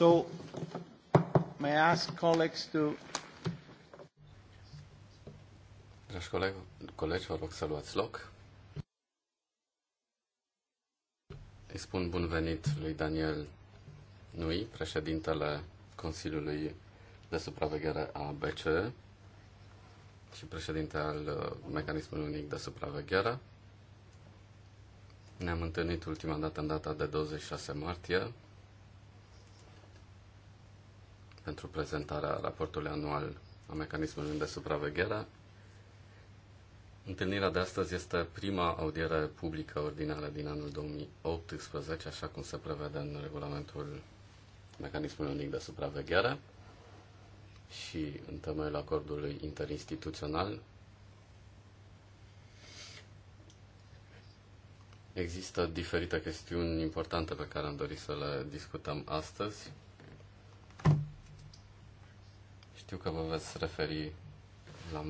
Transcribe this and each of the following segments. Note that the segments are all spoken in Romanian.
So, may I ask colleagues to... Dragi colegi, colegi, vă rog să luați loc. Îi spun bun venit lui Daniel Nui, președintele Consiliului de Supraveghere a BCE și președinte al uh, Mecanismului Unic de Supraveghere. Ne-am întâlnit ultima dată în data de 26 martie pentru prezentarea raportului anual a mecanismului de supraveghere. Întâlnirea de astăzi este prima audiere publică ordinară din anul 2018, așa cum se prevede în regulamentul mecanismului unic de supraveghere și în temeiul acordului interinstituțional Există diferite chestiuni importante pe care am dorit să le discutăm astăzi. Știu că vă veți referi la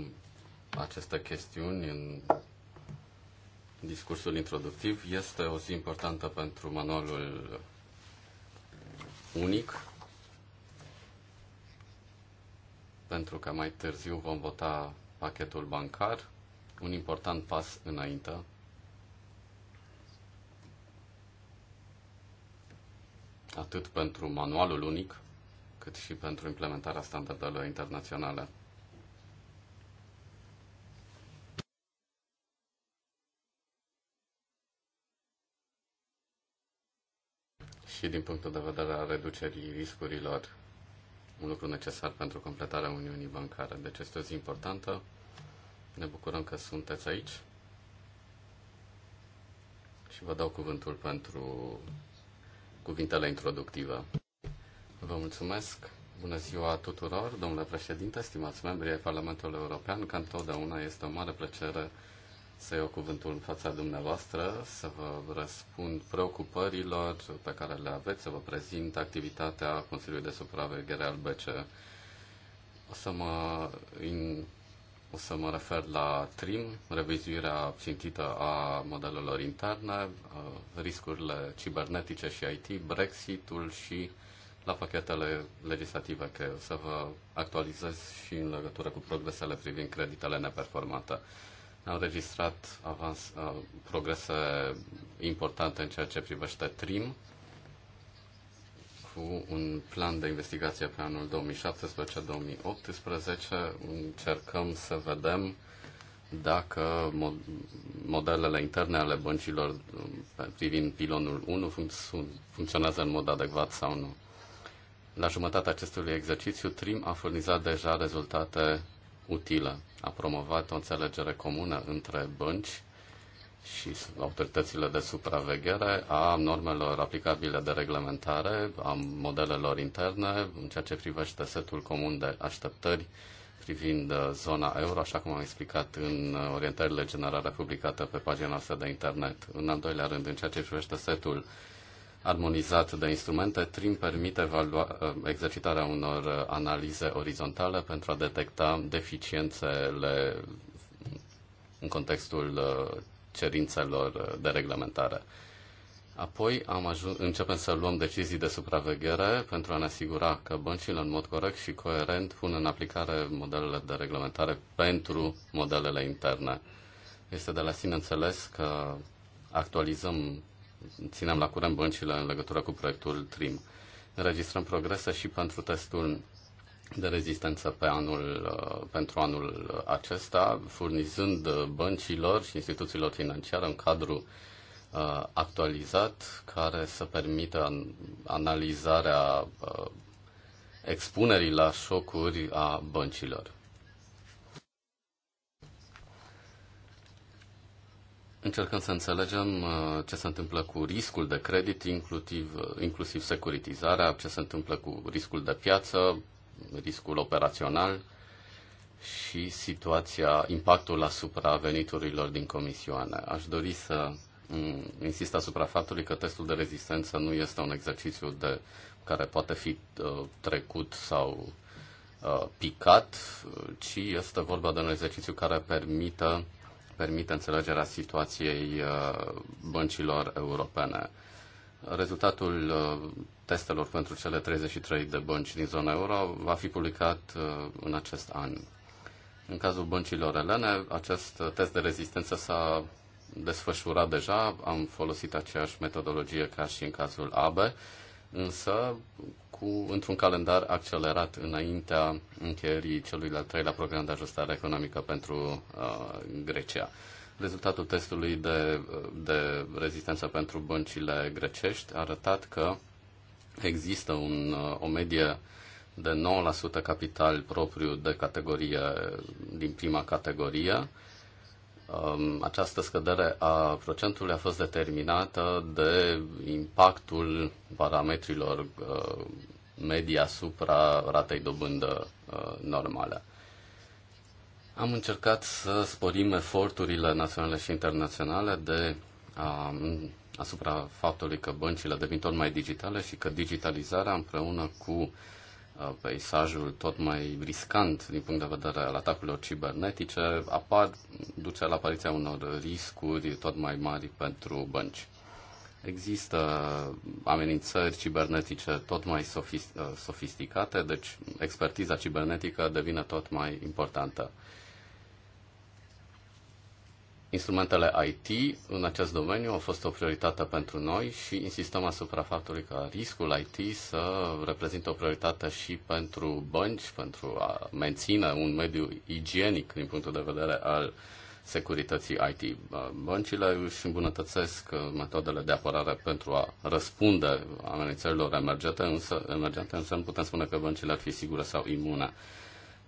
aceste chestiuni în discursul introductiv. Este o zi importantă pentru manualul unic, pentru că mai târziu vom vota pachetul bancar, un important pas înainte. Atât pentru manualul unic, cât și pentru implementarea standardelor internaționale. și din punctul de vedere al reducerii riscurilor, un lucru necesar pentru completarea Uniunii Bancare. Deci este o zi importantă. Ne bucurăm că sunteți aici și vă dau cuvântul pentru cuvintele introductive. Vă mulțumesc. Bună ziua tuturor, domnule președinte, stimați membri ai Parlamentului European, ca întotdeauna este o mare plăcere să iau cuvântul în fața dumneavoastră, să vă răspund preocupărilor pe care le aveți, să vă prezint activitatea Consiliului de Supraveghere al BCE. O să mă, in, o să mă refer la TRIM, revizuirea țintită a modelelor interne, riscurile cibernetice și IT, Brexitul și la pachetele legislative, că să vă actualizez și în legătură cu progresele privind creditele neperformante. Am registrat avans, uh, progrese importante în ceea ce privește TRIM, cu un plan de investigație pe anul 2017-2018. Încercăm să vedem dacă modelele interne ale băncilor uh, privind pilonul 1 fun- funcționează în mod adecvat sau nu. La jumătatea acestui exercițiu, TRIM a furnizat deja rezultate utile. A promovat o înțelegere comună între bănci și autoritățile de supraveghere a normelor aplicabile de reglementare, a modelelor interne, în ceea ce privește setul comun de așteptări privind uh, zona euro, așa cum am explicat în uh, orientările generale publicate pe pagina noastră de internet. În al doilea rând, în ceea ce privește setul armonizat de instrumente, TRIM permite evalua, exercitarea unor analize orizontale pentru a detecta deficiențele în contextul uh, cerințelor uh, de reglementare. Apoi am ajuns, începem să luăm decizii de supraveghere pentru a ne asigura că băncile în mod corect și coerent pun în aplicare modelele de reglementare pentru modelele interne. Este de la sine înțeles că actualizăm ținem la curent băncile în legătură cu proiectul TRIM. Înregistrăm progrese și pentru testul de rezistență pe anul, uh, pentru anul acesta, furnizând băncilor și instituțiilor financiare un cadru uh, actualizat care să permită analizarea uh, expunerii la șocuri a băncilor. Încercăm să înțelegem uh, ce se întâmplă cu riscul de credit, inclusiv, uh, inclusiv securitizarea, ce se întâmplă cu riscul de piață, riscul operațional și situația, impactul asupra veniturilor din comisioane. Aș dori să mm, insist asupra faptului că testul de rezistență nu este un exercițiu de care poate fi uh, trecut sau picat, ci este vorba de un exercițiu care permită permite înțelegerea situației uh, băncilor europene. Rezultatul uh, testelor pentru cele 33 de bănci din zona euro va fi publicat uh, în acest an. În cazul băncilor elene, acest test de rezistență s-a desfășurat deja, am folosit aceeași metodologie ca și în cazul ABE, însă cu, într-un calendar accelerat înaintea încheierii celui de-al treilea program de ajustare economică pentru uh, Grecia. Rezultatul testului de, de rezistență pentru băncile grecești a arătat că există un, uh, o medie de 9% capital propriu de categorie din prima categorie, Um, această scădere a procentului a fost determinată de impactul parametrilor uh, media asupra ratei dobândă uh, normale. Am încercat să sporim eforturile naționale și internaționale de a, asupra faptului că băncile devin tot mai digitale și că digitalizarea împreună cu peisajul tot mai riscant din punct de vedere al atacurilor cibernetice, apar, duce la apariția unor riscuri tot mai mari pentru bănci. Există amenințări cibernetice tot mai sofisticate, deci expertiza cibernetică devine tot mai importantă. Instrumentele IT în acest domeniu au fost o prioritate pentru noi și insistăm asupra faptului că riscul IT să reprezintă o prioritate și pentru bănci, pentru a menține un mediu igienic din punctul de vedere al securității IT. Băncile își îmbunătățesc metodele de apărare pentru a răspunde amenințărilor emergente, însă, emergente, însă nu putem spune că băncile ar fi sigure sau imune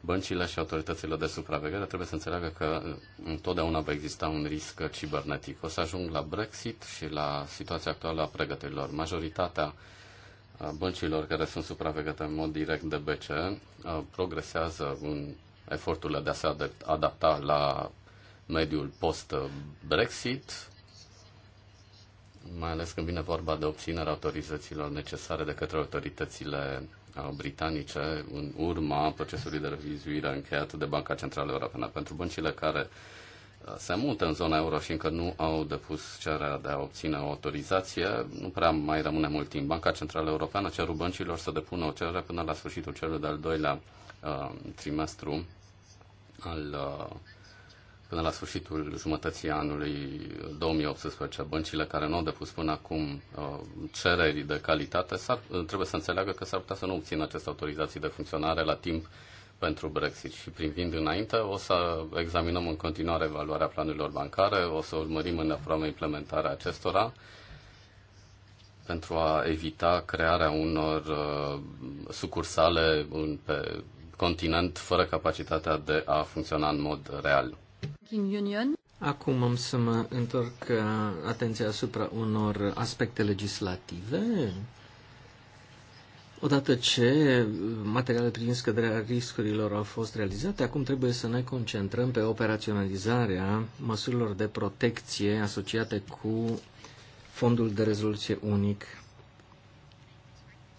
Băncile și autoritățile de supraveghere trebuie să înțeleagă că întotdeauna va exista un risc cibernetic. O să ajung la Brexit și la situația actuală a pregătirilor. Majoritatea băncilor care sunt supravegate în mod direct de BCE progresează în eforturile de a se adapta la mediul post-Brexit, mai ales când vine vorba de obținerea autorizațiilor necesare de către autoritățile britanice în urma procesului de revizuire încheiat de Banca Centrală Europeană. Pentru băncile care uh, se mută în zona euro și încă nu au depus cererea de a obține o autorizație, nu prea mai rămâne mult timp. Banca Centrală Europeană ceru băncilor să depună o cerere până la sfârșitul celui de-al doilea uh, trimestru al uh, până la sfârșitul jumătății anului 2018, băncile care nu au depus până acum uh, cereri de calitate uh, trebuie să înțeleagă că s-ar putea să nu obțină aceste autorizații de funcționare la timp pentru Brexit și privind înainte o să examinăm în continuare evaluarea planurilor bancare, o să urmărim în aproape implementarea acestora pentru a evita crearea unor uh, sucursale în, pe continent fără capacitatea de a funcționa în mod real. Union. Acum am să mă întorc uh, atenția asupra unor aspecte legislative. Odată ce materialele privind scăderea riscurilor au fost realizate, acum trebuie să ne concentrăm pe operaționalizarea măsurilor de protecție asociate cu Fondul de Rezoluție Unic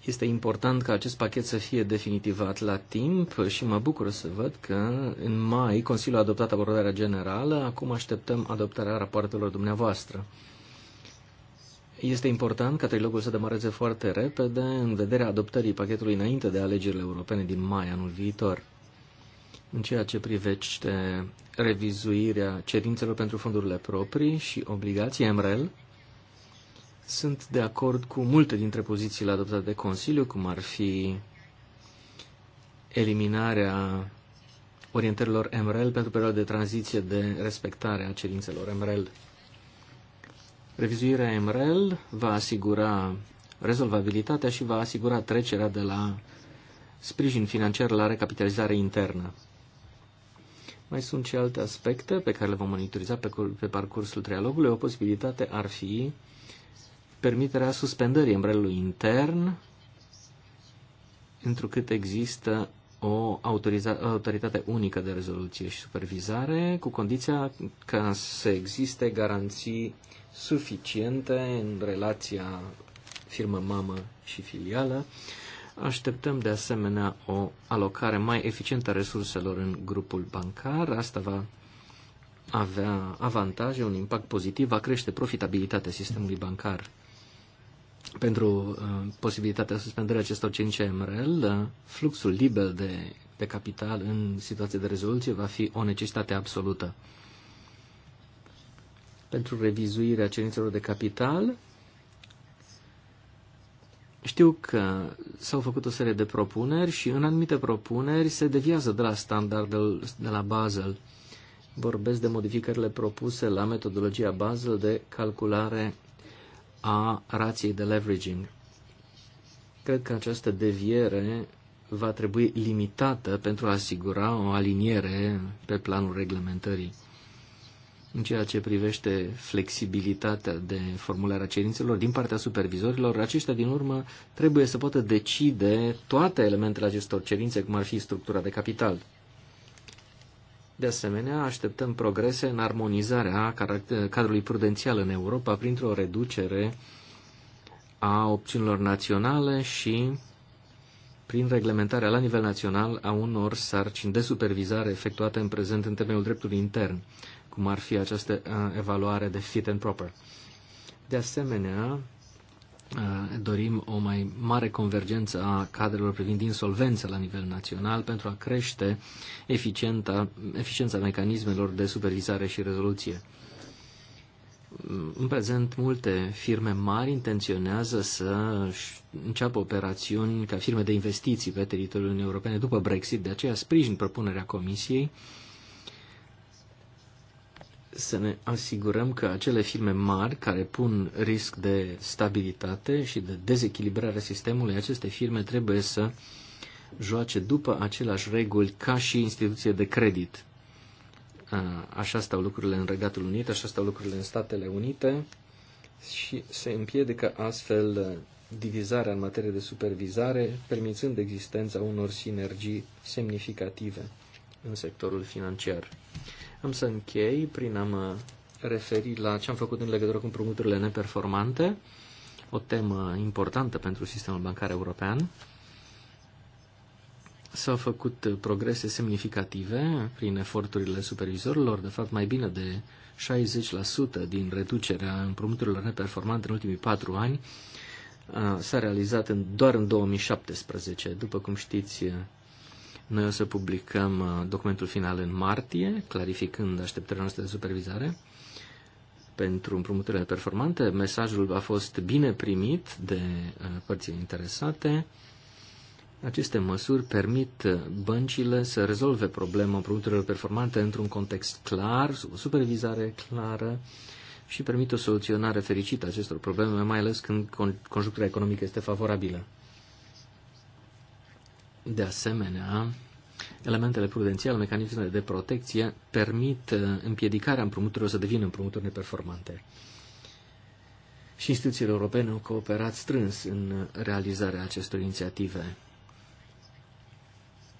este important ca acest pachet să fie definitivat la timp și mă bucur să văd că în mai Consiliul a adoptat abordarea generală, acum așteptăm adoptarea rapoartelor dumneavoastră. Este important ca trilogul să demareze foarte repede în vederea adoptării pachetului înainte de alegerile europene din mai anul viitor. În ceea ce privește revizuirea cerințelor pentru fondurile proprii și obligații MREL, sunt de acord cu multe dintre pozițiile adoptate de Consiliu, cum ar fi eliminarea orientărilor MRL pentru perioada de tranziție de respectare a cerințelor MRL. Revizuirea MRL va asigura rezolvabilitatea și va asigura trecerea de la sprijin financiar la recapitalizare internă. Mai sunt și alte aspecte pe care le vom monitoriza pe, pe parcursul trialogului. O posibilitate ar fi permiterea suspendării umbrelului intern, întrucât există o autoritate unică de rezoluție și supervizare, cu condiția ca să existe garanții suficiente în relația firmă-mamă și filială. Așteptăm de asemenea o alocare mai eficientă a resurselor în grupul bancar. Asta va avea avantaje, un impact pozitiv, va crește profitabilitatea sistemului bancar pentru uh, posibilitatea suspendării acestor 5 MRL, uh, fluxul liber de, de capital în situație de rezoluție va fi o necesitate absolută. Pentru revizuirea cerințelor de capital, știu că s-au făcut o serie de propuneri și în anumite propuneri se deviază de la standardul de la Basel. Vorbesc de modificările propuse la metodologia Basel de calculare a rației de leveraging. Cred că această deviere va trebui limitată pentru a asigura o aliniere pe planul reglementării. În ceea ce privește flexibilitatea de formularea cerințelor din partea supervizorilor, aceștia din urmă trebuie să poată decide toate elementele acestor cerințe, cum ar fi structura de capital. De asemenea, așteptăm progrese în armonizarea cadrului prudențial în Europa printr-o reducere a opțiunilor naționale și prin reglementarea la nivel național a unor sarcini de supervizare efectuate în prezent în temeiul dreptului intern, cum ar fi această uh, evaluare de fit and proper. De asemenea, Eh, dorim o mai mare convergență a cadrelor privind insolvența la nivel național pentru a crește eficienta, eficiența mecanismelor de supervizare și rezoluție. În prezent, multe firme mari intenționează să înceapă operațiuni ca firme de investiții pe teritoriul Uniunii Europene după Brexit, de aceea sprijin propunerea Comisiei uh, să ne asigurăm că acele firme mari care pun risc de stabilitate și de dezechilibrare sistemului, aceste firme trebuie să joace după aceleași reguli ca și instituție de credit. Așa stau lucrurile în Regatul Unit, așa stau lucrurile în Statele Unite și se împiedică astfel divizarea în materie de supervizare, permițând existența unor sinergii semnificative în sectorul financiar. Am să închei prin a mă referi la ce am făcut în legătură cu împrumuturile neperformante, o temă importantă pentru sistemul bancar european. S-au făcut progrese semnificative prin eforturile supervizorilor, de fapt mai bine de 60% din reducerea împrumuturilor neperformante în ultimii patru ani s-a realizat în, doar în 2017. După cum știți, noi o să publicăm uh, documentul final în martie, clarificând așteptările noastre de supervizare pentru împrumuturile performante. Mesajul a fost bine primit de uh, părțile interesate. Aceste măsuri permit uh, băncile să rezolve problema împrumuturilor performante într-un context clar, sub o supervizare clară și permit o soluționare fericită acestor probleme, mai ales când conjunctura economică este favorabilă. De asemenea, elementele prudențiale, mecanismele de protecție, permit uh, împiedicarea împrumuturilor să devină împrumuturi neperformante. Și instituțiile europene au cooperat strâns în realizarea acestor inițiative.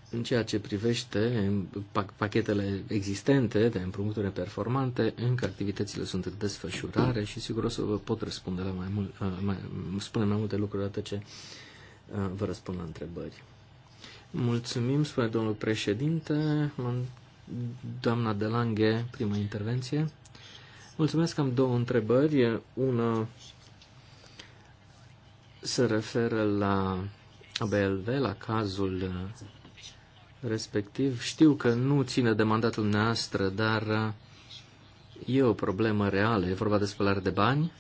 În ceea ce privește pachetele existente de împrumuturi performante, încă activitățile sunt în desfășurare și sigur o să vă pot răspunde la mai mult, uh, mai, spune mai multe lucruri atât ce uh, vă răspund la întrebări. Mulțumim, spune domnul președinte. Doamna Delanghe, prima intervenție. Mulțumesc, am două întrebări. Una se referă la ABLV, la cazul respectiv. Știu că nu ține de mandatul noastră, dar e o problemă reală. E vorba de spălare de bani.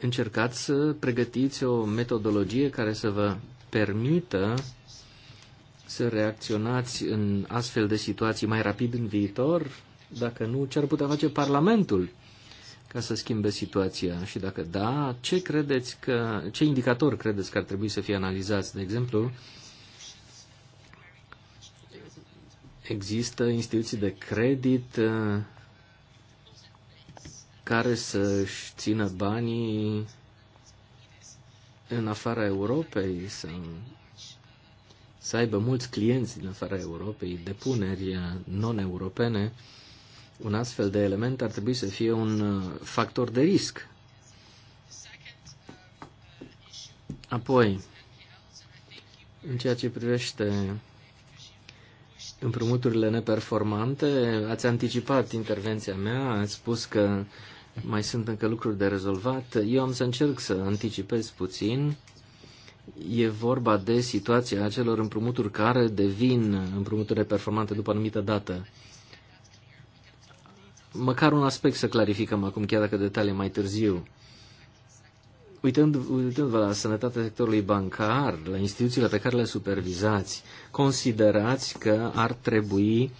Încercați să pregătiți o metodologie care să vă permită să reacționați în astfel de situații mai rapid în viitor? Dacă nu, ce ar putea face Parlamentul ca să schimbe situația? Și dacă da, ce credeți că, ce indicator credeți că ar trebui să fie analizați? De exemplu, există instituții de credit uh, care să-și țină banii în afara Europei sau să aibă mulți clienți din afara Europei, depuneri eh, non-europene, un astfel de element ar trebui să fie un eh, factor de risc. Apoi, în ceea ce privește împrumuturile neperformante, ați anticipat intervenția mea, ați spus că mai sunt încă lucruri de rezolvat. Eu am să încerc să anticipez puțin. E vorba de situația acelor împrumuturi care devin împrumuturi performante după anumită dată. Măcar un aspect să clarificăm acum, chiar dacă detalii mai târziu. uitându-vă la sănătatea sectorului bancar, la instituțiile pe care le supervizați, considerați că ar trebui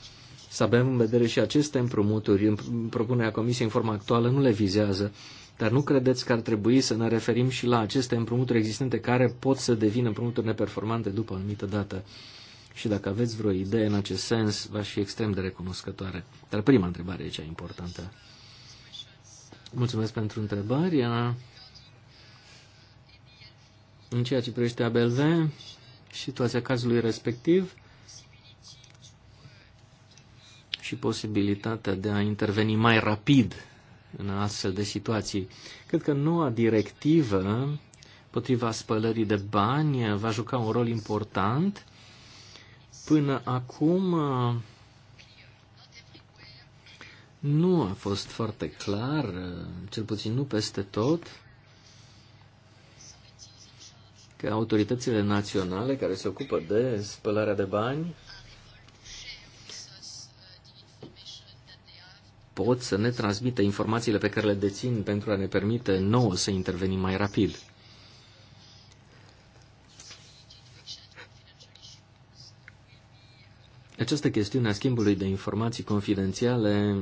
să avem în vedere și aceste împrumuturi. Propunerea Comisiei în forma actuală nu le vizează. Uh, dar nu credeți că ar trebui să ne referim și la aceste împrumuturi existente care pot să devină împrumuturi neperformante după o anumită dată? Și dacă aveți vreo idee în acest sens, v-aș fi extrem de recunoscătoare. Dar prima întrebare e cea importantă. Mulțumesc pentru întrebări. În ceea ce privește ABLV, situația cazului respectiv și posibilitatea de a interveni mai rapid în astfel de situații. Cred că noua directivă potriva spălării de bani va juca un rol important. Până acum nu a fost foarte clar, cel puțin nu peste tot, că autoritățile naționale care se ocupă de spălarea de bani pot să ne transmită informațiile pe care le dețin pentru a ne permite nouă să intervenim mai rapid. Această chestiune a schimbului de informații confidențiale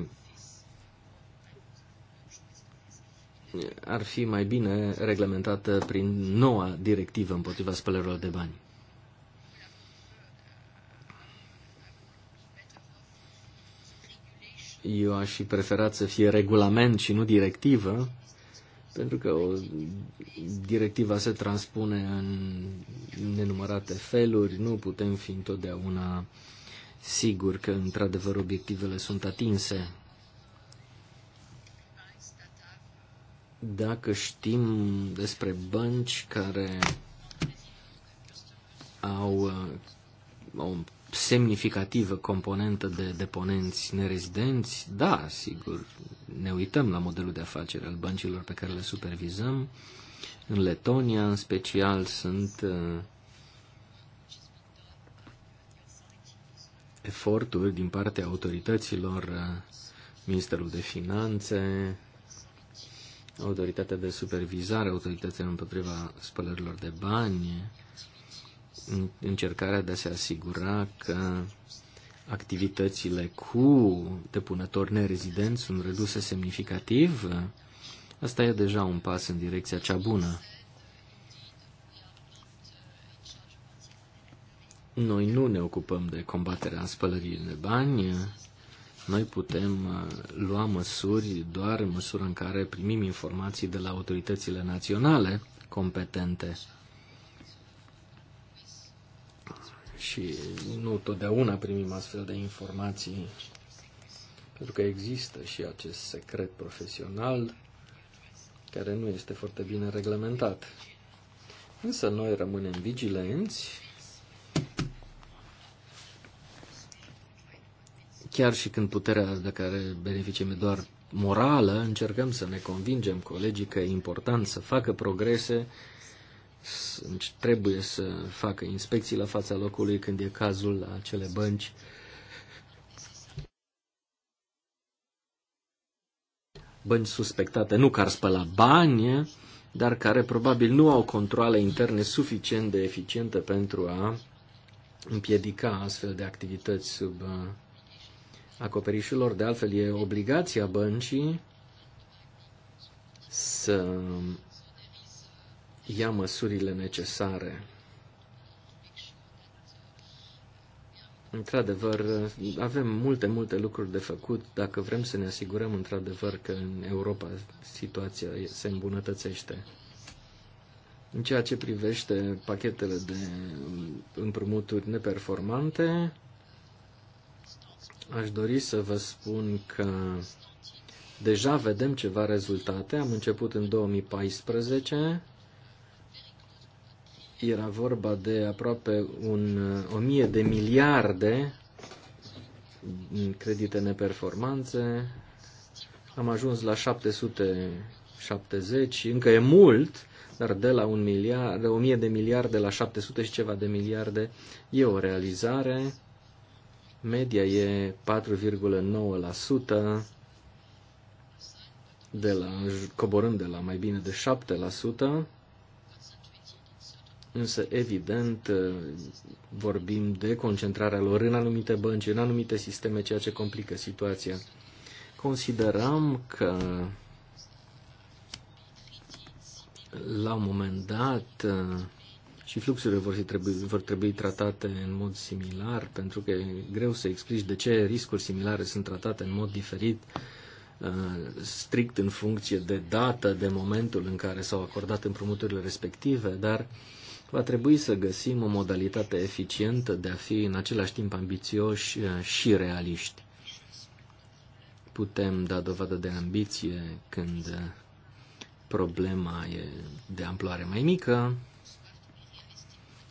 ar fi mai bine reglementată prin noua directivă împotriva spălărilor de bani. Eu aș fi preferat să fie regulament și nu directivă, pentru că o directiva se transpune în nenumărate feluri, nu putem fi întotdeauna siguri că într-adevăr obiectivele sunt atinse. Dacă știm despre bănci care au, uh, au semnificativă componentă de deponenți nerezidenți, da, sigur, ne uităm la modelul de afaceri al băncilor pe care le supervizăm. În Letonia, în special, sunt uh, eforturi din partea autorităților, uh, Ministerul de Finanțe, Autoritatea de Supervizare, Autoritatea împotriva spălărilor de bani, încercarea de a se asigura că activitățile cu depunători nerezidenți sunt reduse semnificativ, asta e deja un pas în direcția cea bună. Noi nu ne ocupăm de combaterea spălării de bani, noi putem uh, lua măsuri doar în măsura în care primim informații de la autoritățile naționale competente și nu totdeauna primim astfel de informații, pentru că există și acest secret profesional care nu este foarte bine reglementat. Însă noi rămânem vigilenți, chiar și când puterea de care beneficiem e doar morală, încercăm să ne convingem colegii că e important să facă progrese trebuie să facă inspecții la fața locului când e cazul la acele bănci. Bănci suspectate nu că ar spăla bani, dar care probabil nu au controle interne suficient de eficiente pentru a împiedica astfel de activități sub uh, acoperișul lor. De altfel, e obligația băncii să ia măsurile necesare. Într-adevăr, avem multe, multe lucruri de făcut dacă vrem să ne asigurăm, într-adevăr, că în Europa situația se îmbunătățește. În ceea ce privește pachetele de împrumuturi neperformante, aș dori să vă spun că deja vedem ceva rezultate. Am început în 2014 era vorba de aproape un, o mie de miliarde credite neperformanțe. Am ajuns la 770, încă e mult, dar de la un miliard, de 1000 de miliarde la 700 și ceva de miliarde e o realizare. Media e 4,9% de la, coborând de la mai bine de 7%. Însă, evident, vorbim de concentrarea lor în anumite bănci, în anumite sisteme, ceea ce complică situația. Considerăm că la un moment dat și fluxurile vor, trebui, vor trebui tratate în mod similar, pentru că e greu să explici de ce riscuri similare sunt tratate în mod diferit, strict în funcție de dată, de momentul în care s-au acordat împrumuturile respective, dar uh, va trebui să găsim o modalitate eficientă de a fi în același timp ambițioși uh, și realiști. Putem da dovadă de ambiție când uh, problema e de amploare mai mică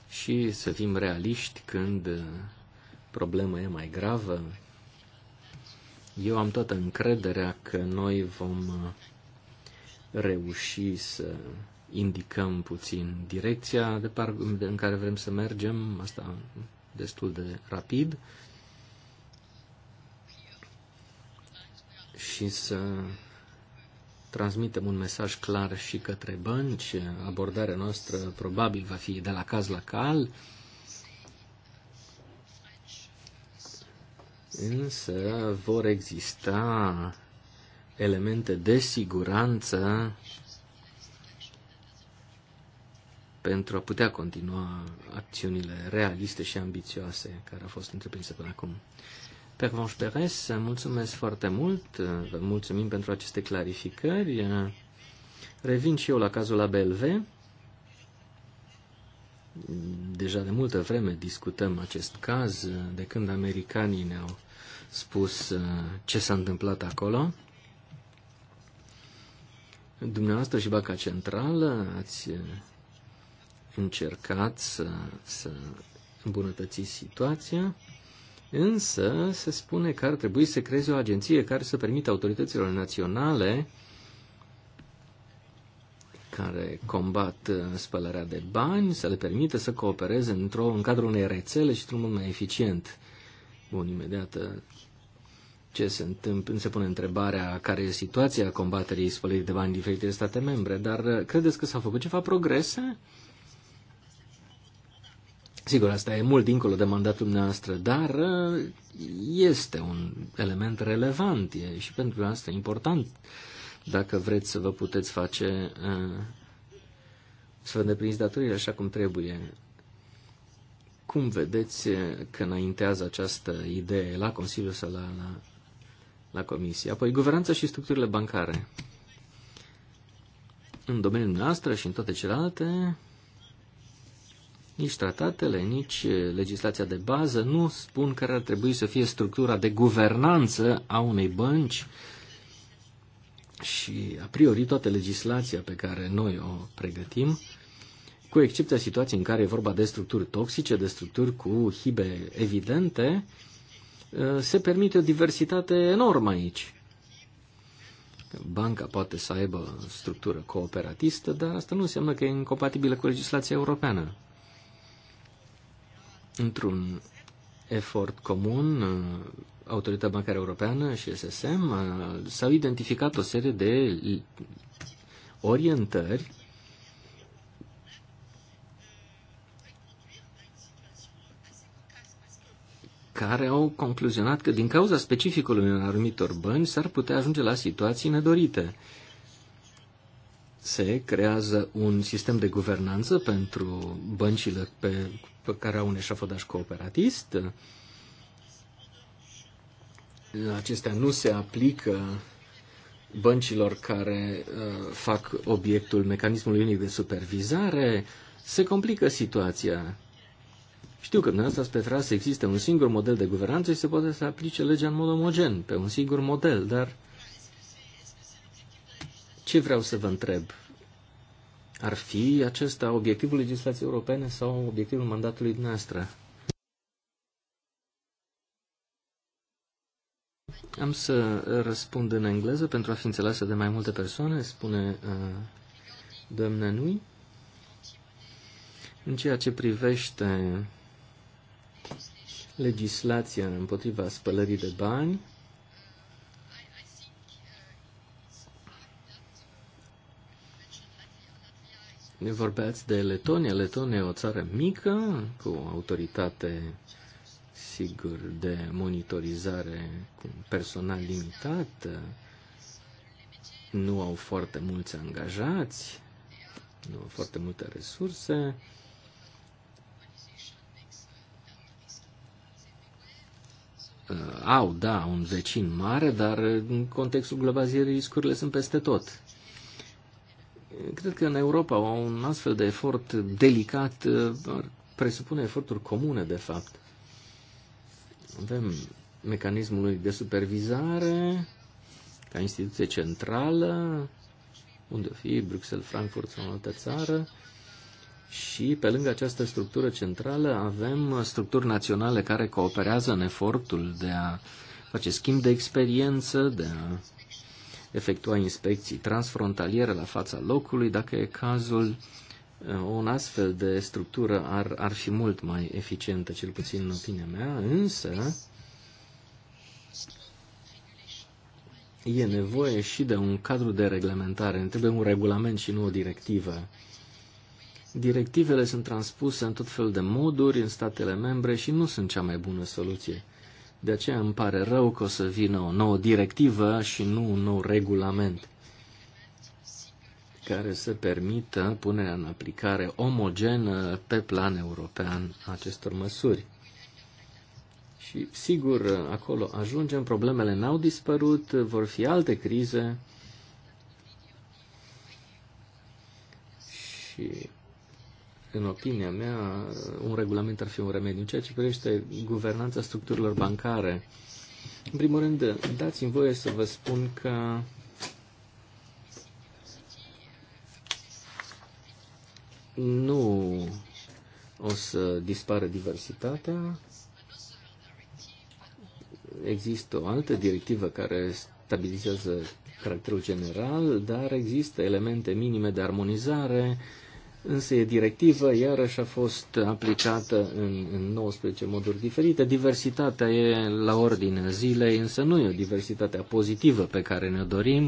și să fim realiști când uh, problema e mai gravă. Eu am toată încrederea că noi vom reuși să indicăm puțin direcția de par- în care vrem să mergem, asta destul de rapid, și să transmitem un mesaj clar și către bănci. Abordarea noastră probabil va fi de la caz la cal, însă vor exista elemente de siguranță pentru a putea continua acțiunile realiste și ambițioase care au fost întreprinse până acum. Pervanș Perez, mulțumesc foarte mult, vă mulțumim pentru aceste clarificări. Revin și eu la cazul la BLV. Deja de multă vreme discutăm acest caz, de când americanii ne-au spus uh, ce s-a întâmplat acolo. Dumneavoastră și Banca Centrală ați uh, încercat să, să îmbunătăți situația, însă se spune că ar trebui să creeze o agenție care să permită autorităților naționale care combat uh, spălarea de bani, să le permită să coopereze într-o, în cadrul unei rețele și într-un mod mai eficient. Bun, imediat uh, ce se întâmplă, se pune întrebarea care e situația combaterii spălării de bani în diferite state membre, dar uh, credeți că s-au făcut ceva progrese? Sigur, asta e mult dincolo de mandatul noastră, dar uh, este un element relevant e și pentru asta important dacă vreți să vă puteți face, uh, să vă îndepliniți datorile așa cum trebuie. Cum vedeți uh, că înaintează această idee la Consiliu sau la, la, la Comisie? Apoi, guvernanța și structurile bancare. În domeniul noastră și în toate celelalte, nici tratatele, nici eh, legislația de bază nu spun care ar trebui să fie structura de guvernanță a unei bănci și, a priori, toată legislația pe care noi o pregătim, cu excepția situației în care e vorba de structuri toxice, de structuri cu hibe evidente, eh, se permite o diversitate enormă aici. Banca poate să aibă structură cooperatistă, dar asta nu înseamnă că e incompatibilă cu legislația europeană într-un efort comun, uh, Autoritatea Bancară Europeană și SSM uh, s-au identificat o serie de orientări care au concluzionat că din cauza specificului în anumitor bănci s-ar putea ajunge la situații nedorite. Se creează un sistem de guvernanță pentru băncile pe pe care au un eșafodaj cooperatist. Acestea nu se aplică băncilor care uh, fac obiectul mecanismului unic de supervizare, se complică situația. Știu că dumneavoastră ați petras să existe un singur model de guvernanță și se poate să aplice legea în mod omogen, pe un singur model, dar ce vreau să vă întreb? Ar fi acesta obiectivul legislației europene sau obiectivul mandatului dumneavoastră? Am să răspund în engleză pentru a fi înțeleasă de mai multe persoane, spune uh, doamna Nui. În ceea ce privește legislația împotriva spălării de bani, Ne vorbeați de Letonia. Letonia e o țară mică, cu autoritate, sigur, de monitorizare cu personal limitat. Nu au foarte mulți angajați, nu au foarte multe resurse. Au, da, un vecin mare, dar în contextul globalizării riscurile sunt peste tot. Cred că în Europa un astfel de efort delicat uh, ar presupune eforturi comune, de fapt. Avem mecanismul de supervizare ca instituție centrală, unde o fi, Bruxelles, Frankfurt sau în altă țară, și pe lângă această structură centrală avem structuri naționale care cooperează în efortul de a face schimb de experiență, de a efectua inspecții transfrontaliere la fața locului, dacă e cazul, uh, un astfel de structură ar, ar fi mult mai eficientă, cel puțin în opinia mea, însă e nevoie și de un cadru de reglementare. Ne trebuie un regulament și nu o directivă. Directivele sunt transpuse în tot felul de moduri în statele membre și nu sunt cea mai bună soluție. De aceea îmi pare rău că o să vină o nouă directivă și nu un nou regulament care să permită punerea în aplicare omogenă pe plan european acestor măsuri. Și sigur, acolo ajungem, problemele n-au dispărut, vor fi alte crize și în opinia mea, un regulament ar fi un remediu. În ceea ce privește guvernanța structurilor bancare, în primul rând, dați-mi voie să vă spun că nu o să dispară diversitatea. Există o altă directivă care stabilizează caracterul general, dar există elemente minime de armonizare uh, Însă e directivă, iarăși a fost aplicată în, în 19 moduri diferite. Diversitatea e la ordinea zilei, însă nu e o diversitate pozitivă pe care ne dorim,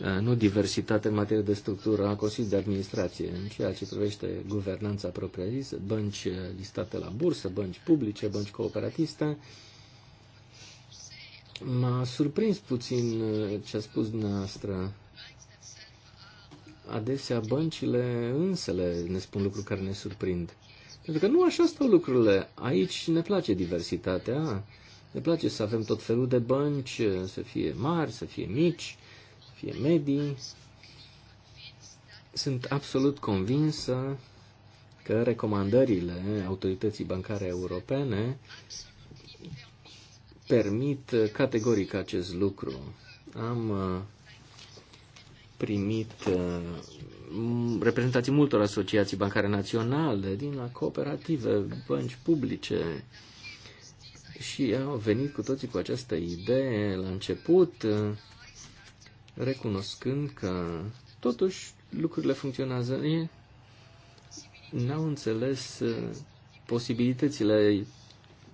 uh, nu diversitate în materie de structură a Consiliului de Administrație, în ceea ce privește guvernanța propriu-zisă, bănci uh, listate la bursă, bănci publice, bănci cooperatiste. M-a surprins puțin uh, ce a spus dumneavoastră Adesea băncile însele ne spun lucruri care ne surprind. Pentru că nu așa stau lucrurile. Aici ne place diversitatea, ne place să avem tot felul de bănci, să fie mari, să fie mici, să fie medii. Sunt absolut convinsă că recomandările autorității bancare europene permit categoric acest lucru. Am uh, primit uh, reprezentații multor asociații bancare naționale, din la cooperative, bănci publice. Și au venit cu toții cu această idee la început, uh, recunoscând că totuși lucrurile funcționează. n-au înțeles uh, posibilitățile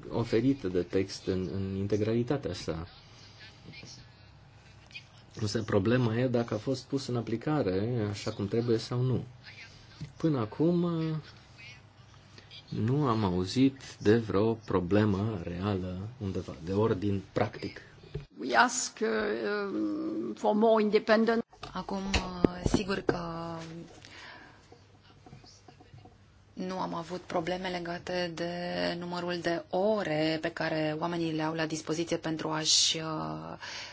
oferite de text în, în integralitatea sa. Problema e dacă a fost pus în aplicare așa cum trebuie sau nu. Până acum nu am auzit de vreo problemă reală undeva, de ordin practic. We ask uh, um, for more independent. Acum, uh, sigur că nu am avut probleme legate de numărul de ore pe care oamenii le au la dispoziție pentru a-și uh,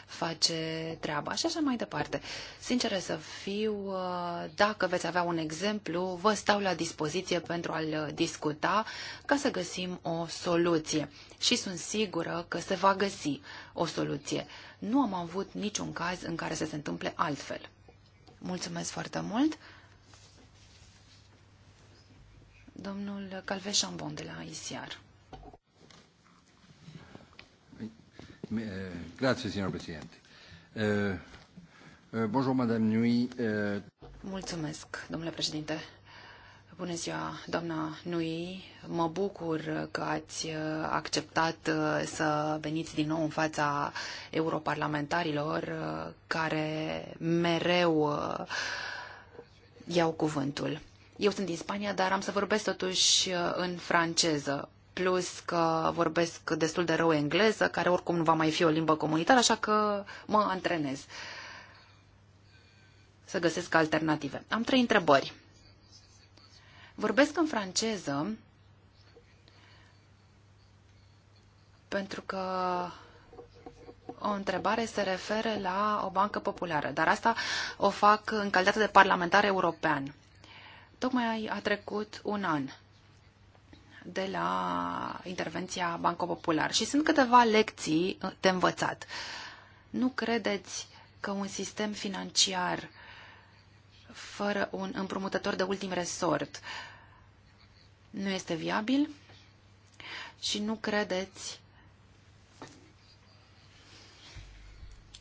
face treaba și așa mai departe. Sincer să fiu, uh, dacă veți avea un exemplu, vă stau la dispoziție pentru a-l discuta ca să găsim o soluție. Și sunt sigură că se va găsi o soluție. Nu am avut niciun caz în care să se întâmple altfel. Mulțumesc foarte mult! Domnul Calve Chambon de la ICR. Eh, grazie, signor Presidente. Eh, eh, bonjour, Madame Nui. Mulțumesc, domnule președinte. Bună ziua, doamna Nui. Mă bucur că ați acceptat să veniți din nou în fața europarlamentarilor care mereu iau cuvântul. Eu sunt din Spania, dar am să vorbesc totuși uh, în franceză. Plus că vorbesc destul de rău engleză, care oricum nu va mai fi o limbă comunitară, așa că mă antrenez să găsesc alternative. Am trei întrebări. Vorbesc în franceză pentru că o întrebare se referă la o bancă populară, dar asta o fac în calitate de parlamentar european. Tocmai a trecut un an de la intervenția Banco Popular și sunt câteva lecții uh, de învățat. Nu credeți că un sistem financiar fără un împrumutător de ultim resort nu este viabil și nu credeți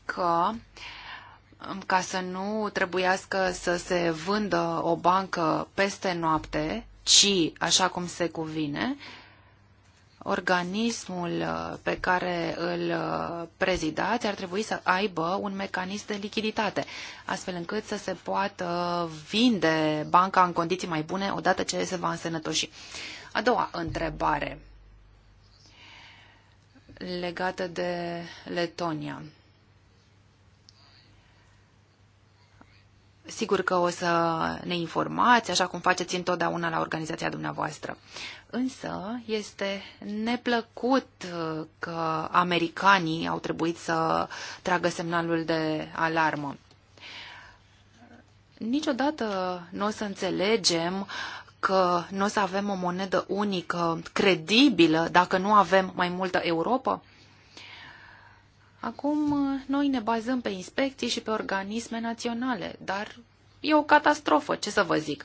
că uh, ca să nu trebuiască să se vândă o bancă peste noapte, ci, așa cum se cuvine, organismul uh, pe care îl uh, prezidați ar trebui să aibă un mecanism de lichiditate, astfel încât să se poată vinde banca în condiții mai bune odată ce se va însănătoși. A doua întrebare legată de Letonia. Sigur că o să ne informați, așa cum faceți întotdeauna la organizația dumneavoastră. Însă este neplăcut uh, că americanii au trebuit să tragă semnalul de alarmă. Niciodată nu o să înțelegem că nu o să avem o monedă unică credibilă dacă nu avem mai multă Europa? Acum uh, noi ne bazăm pe inspecții și pe organisme naționale, dar e o catastrofă, ce să vă zic.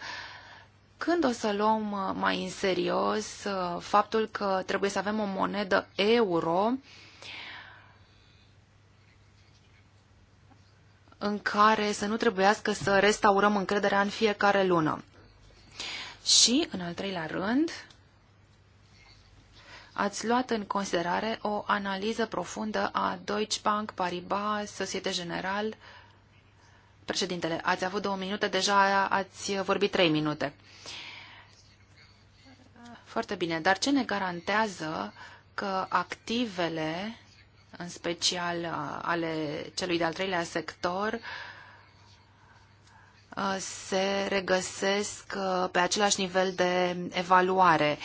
Când o să luăm uh, mai în serios uh, faptul că trebuie să avem o monedă euro în care să nu trebuiască să restaurăm încrederea în fiecare lună? Și, în al treilea rând, ați luat în considerare o analiză profundă a Deutsche Bank, Paribas, Societe General. Președintele, ați avut două minute, deja ați vorbit trei minute. Foarte bine, dar ce ne garantează că activele, în special ale celui de-al treilea sector, se regăsesc pe același nivel de evaluare?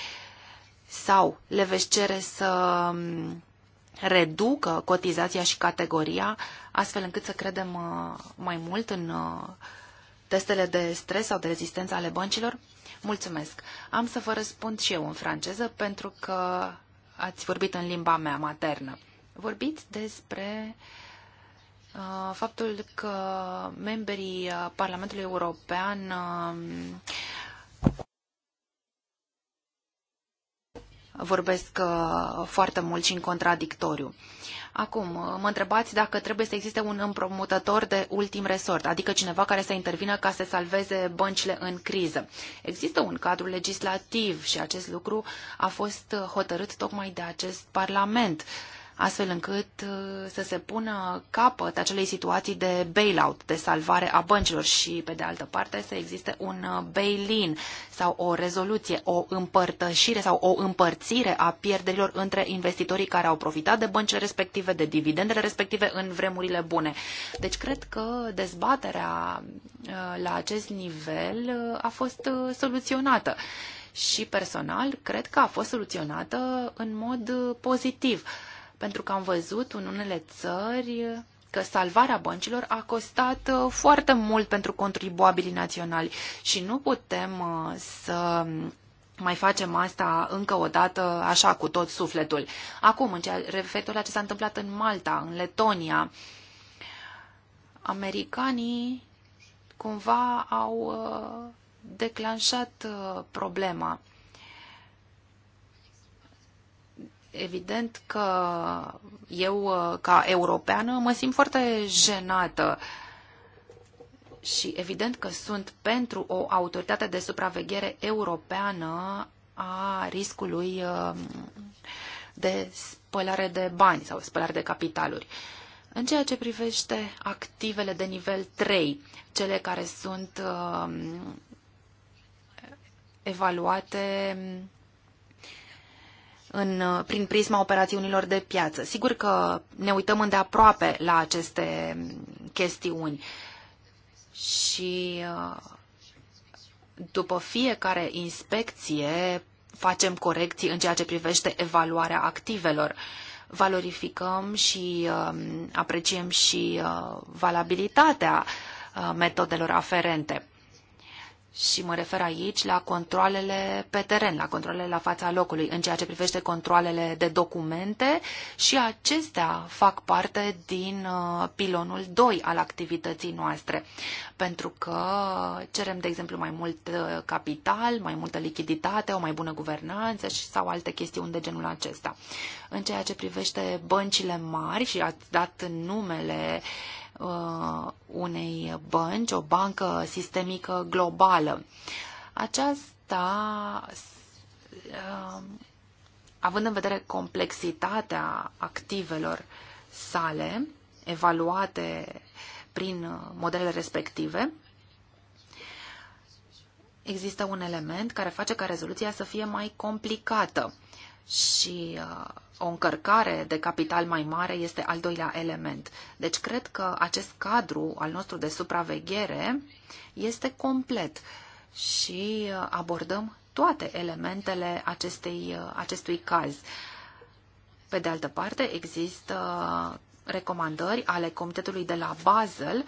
sau le veți cere să um, reducă cotizația și categoria, astfel încât să credem uh, mai mult în uh, testele de stres sau de rezistență ale băncilor? Mulțumesc. Am să vă răspund și eu în franceză, pentru că ați vorbit în limba mea maternă. Vorbiți despre uh, faptul că membrii Parlamentului European um, vorbesc uh, foarte mult și în contradictoriu. Acum, uh, mă întrebați dacă trebuie să existe un împrumutător de ultim resort, adică cineva care să intervină ca să salveze băncile în criză. Există un cadru legislativ și acest lucru a fost uh, hotărât tocmai de acest Parlament astfel încât uh, să se pună capăt acelei situații de bailout, de salvare a băncilor și, pe de altă parte, să existe un uh, bail-in sau o rezoluție, o împărtășire sau o împărțire a pierderilor între investitorii care au profitat de băncile respective, de dividendele respective în vremurile bune. Deci, cred că dezbaterea uh, la acest nivel a fost soluționată și personal cred că a fost soluționată în mod pozitiv pentru că am văzut în unele țări că salvarea băncilor a costat uh, foarte mult pentru contribuabilii naționali și nu putem uh, să mai facem asta încă o dată, așa, cu tot sufletul. Acum, în ceea, referitor la ce s-a întâmplat în Malta, în Letonia, americanii cumva au uh, declanșat problema Evident că eu, uh, ca europeană, mă simt foarte jenată și evident că sunt pentru o autoritate de supraveghere europeană a riscului uh, de spălare de bani sau spălare de capitaluri. În ceea ce privește activele de nivel 3, cele care sunt uh, evaluate în, prin prisma operațiunilor de piață. Sigur că ne uităm îndeaproape la aceste chestiuni și uh, după fiecare inspecție facem corecții în ceea ce privește evaluarea activelor. Valorificăm și um, apreciem și uh, valabilitatea uh, metodelor aferente și mă refer aici la controlele pe teren, la controlele la fața locului, în ceea ce privește controlele de documente și acestea fac parte din uh, pilonul 2 al activității noastre, pentru că cerem, de exemplu, mai mult uh, capital, mai multă lichiditate, o mai bună guvernanță și sau alte chestiuni de genul acesta. În ceea ce privește băncile mari și ați dat numele uh, uh, unei bănci, o bancă sistemică globală. Aceasta, uh, având în vedere complexitatea activelor sale, evaluate prin modelele respective, există un element care face ca rezoluția să fie mai complicată și uh, o încărcare de capital mai mare este al doilea element. Deci cred că acest cadru al nostru de supraveghere este complet și uh, abordăm toate elementele acestei, uh, acestui caz. Pe de altă parte, există recomandări ale Comitetului de la Basel uh,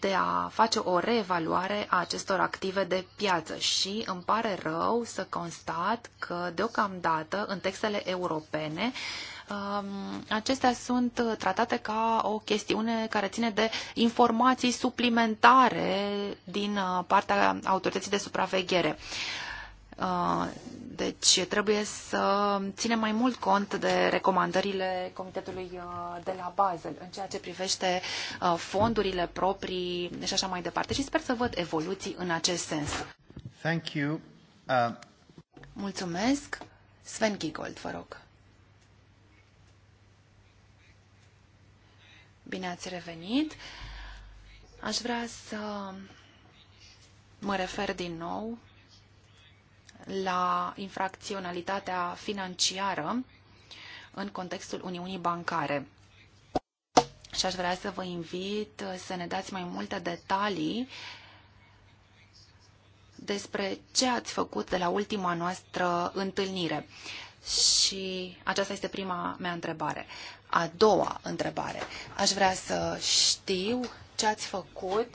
de a face o reevaluare a acestor active de piață și îmi pare rău să constat că deocamdată în textele europene um, acestea sunt tratate ca o chestiune care ține de informații suplimentare din uh, partea autorității de supraveghere. Uh, deci trebuie să ținem mai mult cont de recomandările Comitetului uh, de la Basel în ceea ce privește uh, fondurile proprii și așa mai departe. Și sper să văd evoluții în acest sens. Thank you. Uh... Mulțumesc. Sven Giegold, vă rog. Bine ați revenit. Aș vrea să mă refer din nou la infracționalitatea financiară în contextul Uniunii Bancare. Și aș vrea să vă invit să ne dați mai multe detalii despre ce ați făcut de la ultima noastră întâlnire. Și aceasta este prima mea întrebare. A doua întrebare. Aș vrea să știu ce ați făcut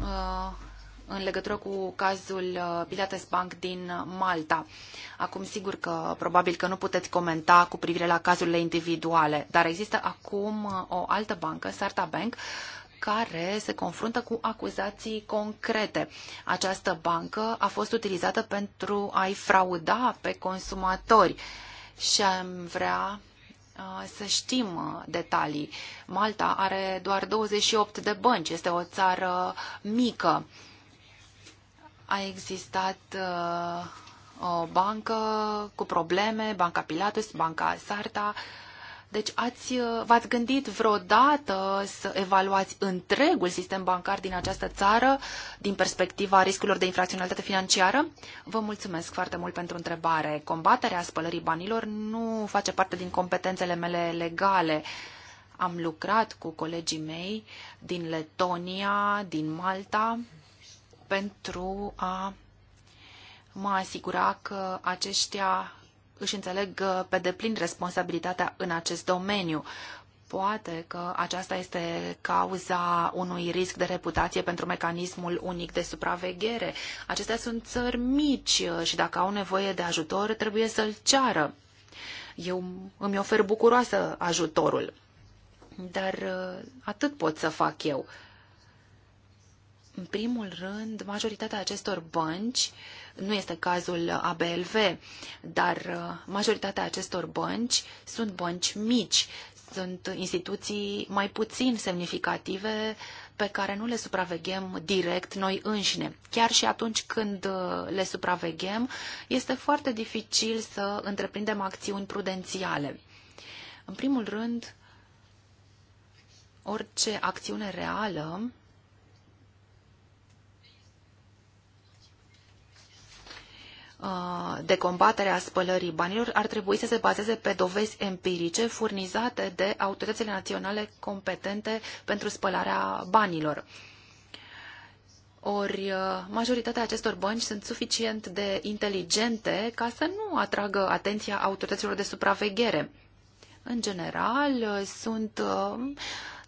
uh, în legătură cu cazul uh, Pilates Bank din Malta. Acum, sigur că probabil că nu puteți comenta cu privire la cazurile individuale, dar există acum uh, o altă bancă, Sarta Bank, care se confruntă cu acuzații concrete. Această bancă a fost utilizată pentru a-i frauda pe consumatori și am vrea uh, să știm detalii. Malta are doar 28 de bănci, este o țară mică a existat uh, o bancă cu probleme, Banca Pilatus, Banca Sarta. Deci ați, uh, v-ați gândit vreodată să evaluați întregul sistem bancar din această țară din perspectiva riscurilor de infracționalitate financiară? Vă mulțumesc foarte mult pentru întrebare. Combaterea spălării banilor nu face parte din competențele mele legale. Am lucrat cu colegii mei din Letonia, din Malta, pentru a mă asigura că aceștia își înțeleg uh, pe deplin responsabilitatea în acest domeniu. Poate că aceasta este cauza unui risc de reputație pentru mecanismul unic de supraveghere. Acestea sunt țări mici uh, și dacă au nevoie de ajutor, trebuie să-l ceară. Eu îmi ofer bucuroasă ajutorul, dar uh, atât pot să fac eu. În primul rând, majoritatea acestor bănci, nu este cazul ABLV, dar uh, majoritatea acestor bănci sunt bănci mici, sunt instituții mai puțin semnificative pe care nu le supraveghem direct noi înșine. Chiar și atunci când uh, le supraveghem, este foarte dificil să întreprindem acțiuni prudențiale. În primul rând, orice acțiune reală de combatere a spălării banilor ar trebui să se bazeze pe dovezi empirice furnizate de autoritățile naționale competente pentru spălarea banilor. Ori majoritatea acestor bănci sunt suficient de inteligente ca să nu atragă atenția autorităților de supraveghere. În general, sunt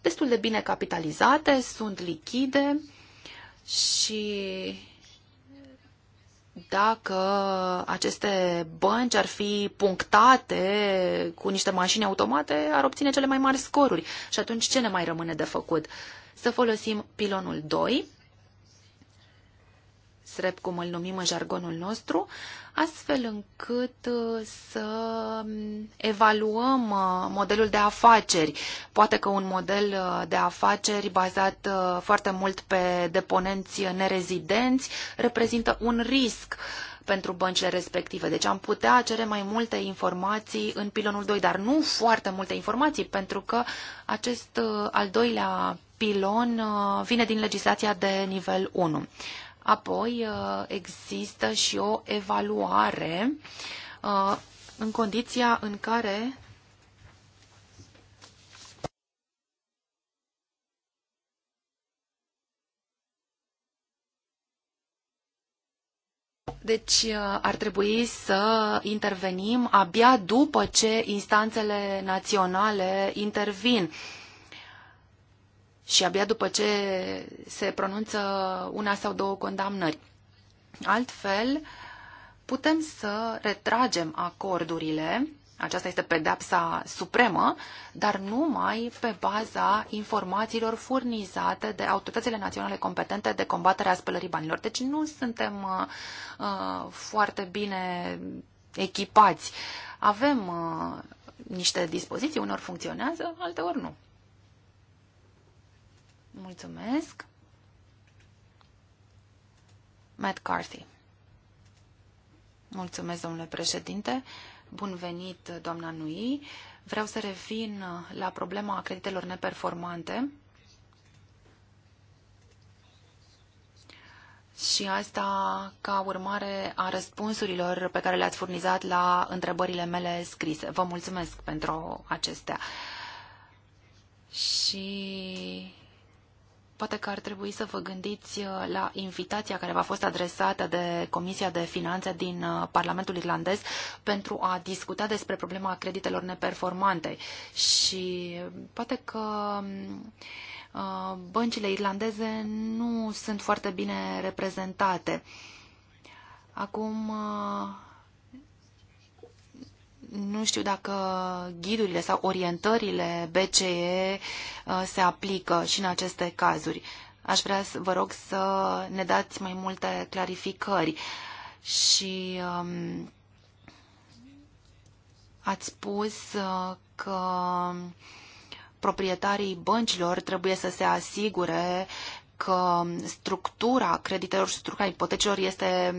destul de bine capitalizate, sunt lichide și dacă aceste bănci ar fi punctate cu niște mașini automate, ar obține cele mai mari scoruri. Și atunci ce ne mai rămâne de făcut? Să folosim pilonul 2 SREP, cum îl numim în jargonul nostru, astfel încât uh, să mm, evaluăm uh, modelul de afaceri. Poate că un model uh, de afaceri bazat foarte mult pe deponenți nerezidenți reprezintă un risc pentru băncile respective. Deci am putea cere mai multe informații în pilonul 2, dar nu foarte multe informații, pentru că acest al doilea pilon vine din legislația de nivel 1. Apoi uh, există și o evaluare uh, în condiția în care Deci uh, ar trebui să intervenim abia după ce instanțele naționale intervin și abia după ce se pronunță una sau două condamnări. Altfel, putem să retragem acordurile, aceasta este pedepsa supremă, dar numai pe baza informațiilor furnizate de autoritățile naționale competente de combaterea spălării banilor. Deci nu suntem uh, uh foarte bine echipați. Avem uh, niște dispoziții, unor funcționează, alteori nu. Mulțumesc. Matt Carthy. Mulțumesc, domnule președinte. Bun venit, doamna Nui. Vreau să revin la problema creditelor neperformante. Și asta ca urmare a răspunsurilor pe care le-ați furnizat la întrebările mele scrise. Vă mulțumesc pentru acestea. Și Poate că ar trebui să vă gândiți uh, la invitația care v-a fost adresată de Comisia de Finanțe din uh, Parlamentul Irlandez pentru a discuta despre problema creditelor neperformante. Și poate că um, uh, băncile irlandeze nu sunt foarte bine reprezentate. Acum nu știu dacă ghidurile sau orientările BCE uh, se aplică și în aceste cazuri. Aș vrea să vă rog să ne dați mai multe clarificări și um, ați spus uh, că proprietarii băncilor trebuie să se asigure că structura creditelor și structura ipotecilor este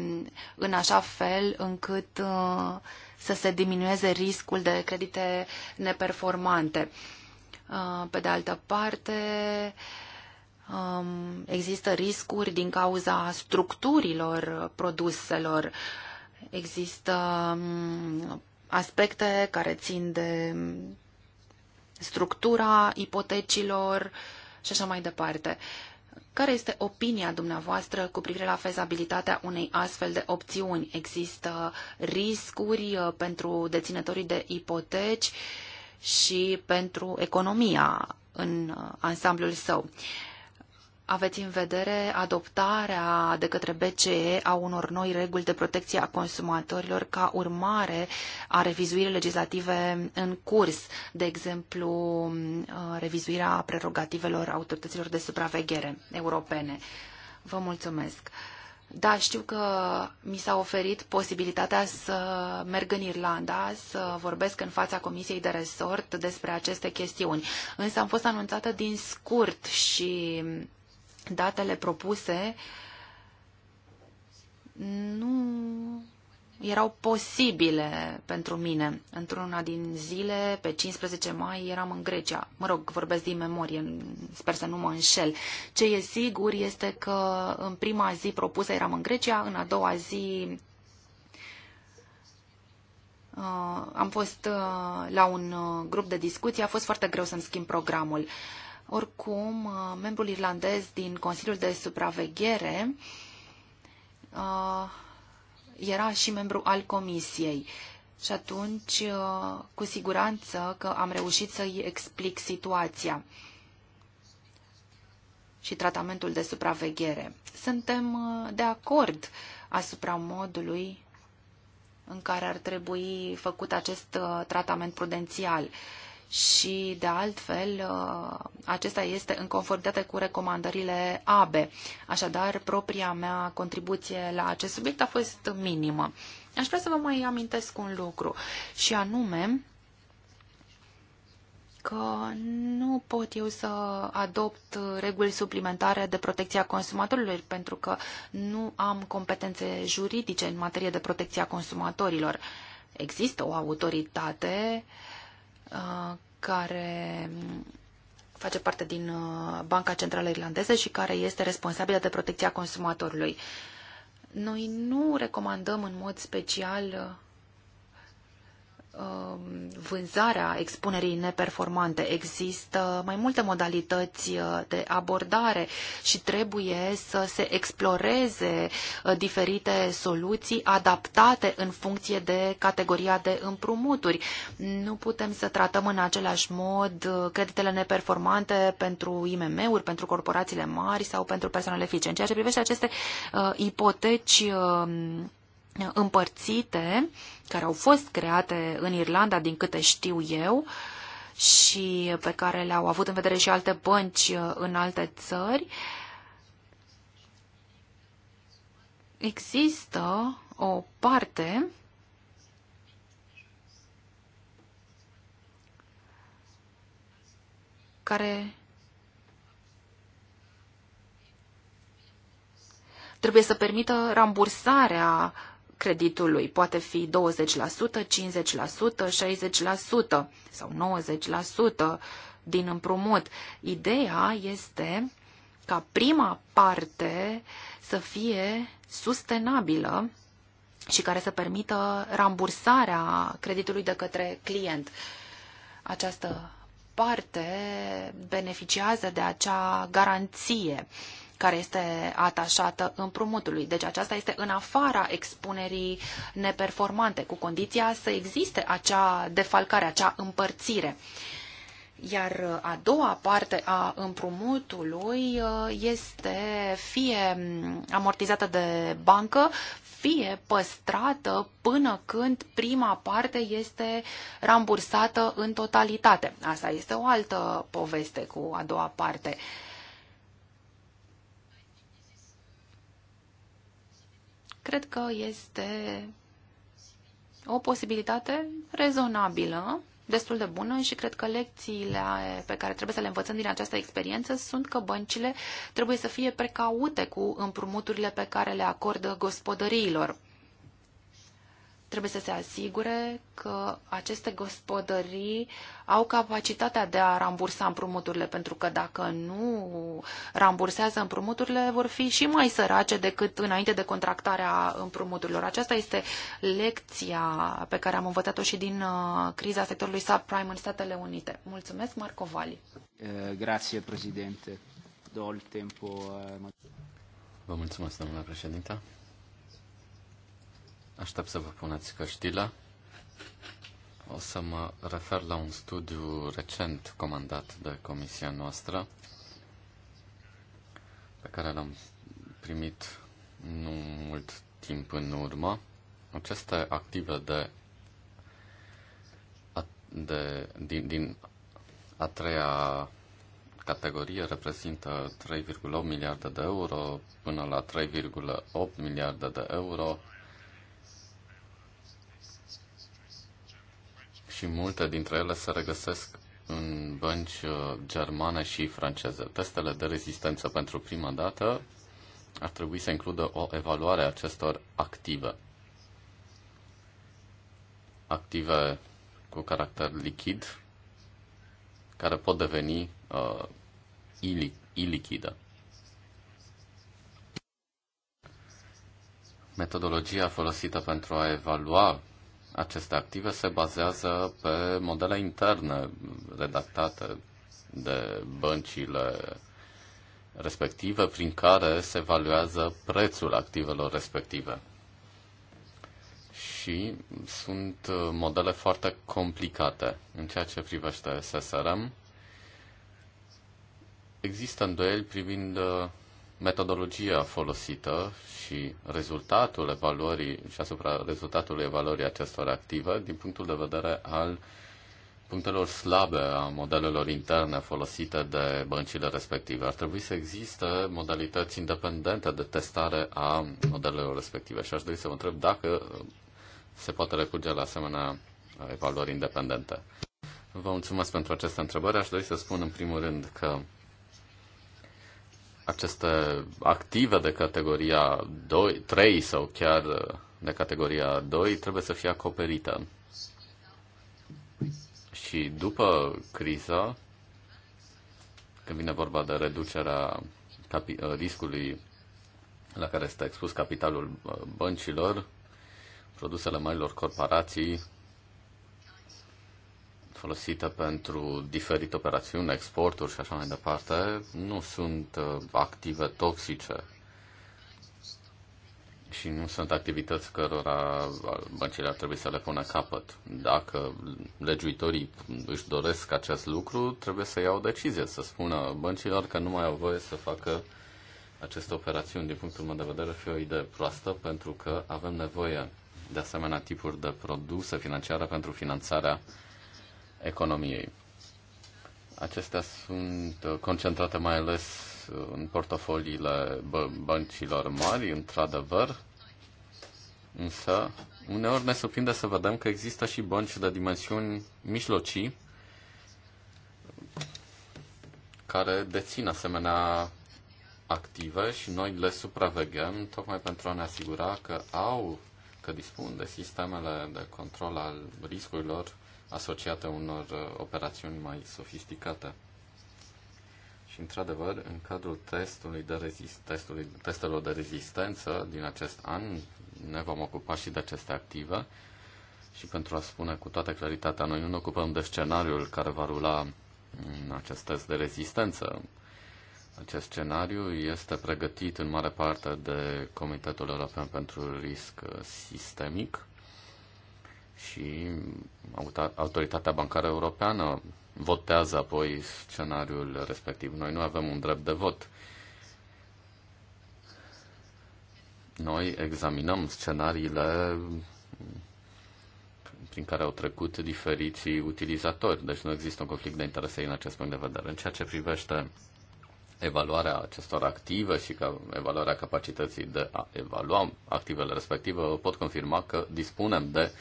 în așa fel încât uh, să se diminueze riscul de credite neperformante. Uh, pe de altă parte, um, există riscuri din cauza structurilor produselor. Există um, aspecte care țin de um, structura ipotecilor și așa mai departe. Uh, care este opinia dumneavoastră cu privire la fezabilitatea unei astfel de opțiuni? Există riscuri uh, pentru deținătorii de ipoteci și pentru economia în uh, ansamblul său? aveți în vedere adoptarea de către BCE a unor noi reguli de protecție a consumatorilor ca urmare a revizuirii legislative în curs, de exemplu revizuirea prerogativelor autorităților de supraveghere europene. Vă mulțumesc. Da, știu că mi s-a oferit posibilitatea să merg în Irlanda, să vorbesc în fața Comisiei de Resort despre aceste chestiuni. Însă am fost anunțată din scurt și datele propuse nu erau posibile pentru mine. Într-una din zile, pe 15 mai, eram în Grecia. Mă rog, vorbesc din memorie, sper să nu mă înșel. Ce e sigur este că în prima zi propusă eram în Grecia, în a doua zi uh, am fost uh, la un uh, grup de discuții, a fost foarte greu să-mi schimb programul. Uh, oricum, uh, membrul irlandez din Consiliul de Supraveghere uh, era și membru al comisiei. Și atunci, uh, cu siguranță că am reușit să-i explic situația și tratamentul de supraveghere. Suntem de acord asupra modului în care ar trebui făcut acest tratament prudențial și, de altfel, uh, acesta este în conformitate cu recomandările ABE. Așadar, propria mea contribuție la acest subiect a fost minimă. Aș vrea să vă mai amintesc un lucru, și anume că nu pot eu să adopt reguli suplimentare de protecție a consumatorilor, pentru că nu am competențe juridice în materie de protecție a consumatorilor. Există o autoritate uh, Uh, care mm, face parte din uh, Banca Centrală Irlandeză și care este responsabilă de protecția consumatorului. Noi nu recomandăm în mod special uh, Um, vânzarea expunerii neperformante. Există mai multe modalități uh, de abordare și trebuie să se exploreze uh, diferite soluții adaptate în funcție de categoria de împrumuturi. Nu putem să tratăm în același mod uh, creditele neperformante pentru IMM-uri, pentru corporațiile mari sau pentru persoanele fizice. În ceea ce privește aceste ipoteci um, împărțite care au fost create în Irlanda, din câte știu eu, și pe care le-au avut în vedere și alte bănci uh, în alte țări, există o parte care trebuie să permită rambursarea creditului. Poate fi 20%, 50%, 60% sau 90% din împrumut. Ideea este ca prima parte să fie sustenabilă și care să permită rambursarea creditului de către client. Această parte beneficiază de acea garanție uh, care este atașată împrumutului. Deci aceasta este în afara expunerii neperformante, cu condiția să existe acea defalcare, acea împărțire. Iar a doua parte a împrumutului uh, este fie amortizată de bancă, fie păstrată până când prima parte este rambursată în totalitate. Asta este o altă poveste cu a doua parte. Uh, Cred că este o posibilitate rezonabilă, destul de bună și cred că lecțiile pe care trebuie să le învățăm din această experiență sunt că băncile trebuie să fie precaute cu împrumuturile pe care le acordă gospodăriilor trebuie să se asigure că aceste gospodării au capacitatea de a rambursa împrumuturile, pentru că dacă nu rambursează împrumuturile, vor fi și mai sărace decât înainte de contractarea împrumuturilor. Aceasta este lecția pe care am învățat-o și din uh, criza sectorului subprime în Statele Unite. Mulțumesc, Marco Vali. Eh, grazie, președinte. Dol tempo. Eh, Vă mulțumesc, domnule președinte. Aștept să vă puneți căștile. O să mă refer la un studiu recent comandat de comisia noastră, pe care l-am primit nu mult timp în urmă. Aceste active de, de, din, din a treia categorie reprezintă 3,8 miliarde de euro până la 3,8 miliarde de euro și multe dintre ele se regăsesc în bănci uh, germane și franceze. Testele de rezistență pentru prima dată ar trebui să includă o evaluare a acestor active. Active cu caracter lichid, care pot deveni uh, ilichidă. Metodologia folosită pentru a evalua aceste active se bazează pe modele interne redactate de băncile respective, prin care se evaluează prețul activelor respective. Și sunt uh, modele foarte complicate în ceea ce privește SSRM. Există îndoieli privind uh, metodologia folosită și rezultatul evaluării și asupra rezultatului evaluării acestor active din punctul de vedere al punctelor slabe a modelelor interne folosite de băncile respective. Ar trebui să existe modalități independente de testare a modelelor respective și aș dori să vă întreb dacă se poate recurge la asemenea evaluări independente. Vă mulțumesc pentru această întrebare. Aș dori să spun în primul rând că aceste active de categoria 2, 3 sau chiar uh, de categoria 2 trebuie să fie acoperite. Și după criză, când vine vorba de reducerea uh, riscului la care este expus capitalul uh, băncilor, produsele marilor corporații Folosită pentru diferite operațiuni, exporturi și așa mai departe, nu sunt uh, active toxice și nu sunt activități cărora uh, băncile ar trebui să le pună capăt. Dacă legiuitorii își doresc acest lucru, trebuie să iau o decizie, să spună băncilor că nu mai au voie să facă aceste operațiuni, din punctul meu de vedere, fi o idee proastă, pentru că avem nevoie de asemenea tipuri de produse financiare pentru finanțarea economiei. Acestea sunt uh, concentrate mai ales uh, în portofoliile băncilor mari, într-adevăr, însă uneori ne surprinde să vedem că există și bănci de dimensiuni mijlocii care dețin asemenea active și noi le supraveghem tocmai pentru a ne asigura că au, că dispun de sistemele de control al riscurilor asociate unor uh, operațiuni mai sofisticate. Și, într-adevăr, în cadrul testului de rezist, testului, testelor de rezistență din acest an, ne vom ocupa și de aceste active. Și pentru a spune cu toată claritatea, noi nu ne ocupăm de scenariul care va rula în acest test de rezistență. Acest scenariu este pregătit în mare parte de Comitetul European pentru Risc Sistemic și autoritatea bancară europeană votează apoi scenariul respectiv. Noi nu avem un drept de vot. Noi examinăm scenariile prin care au trecut diferiții utilizatori, deci nu există un conflict de interese în acest punct de vedere. În ceea ce privește evaluarea acestor active și ca evaluarea capacității de a evalua activele respective, pot confirma că dispunem de uh,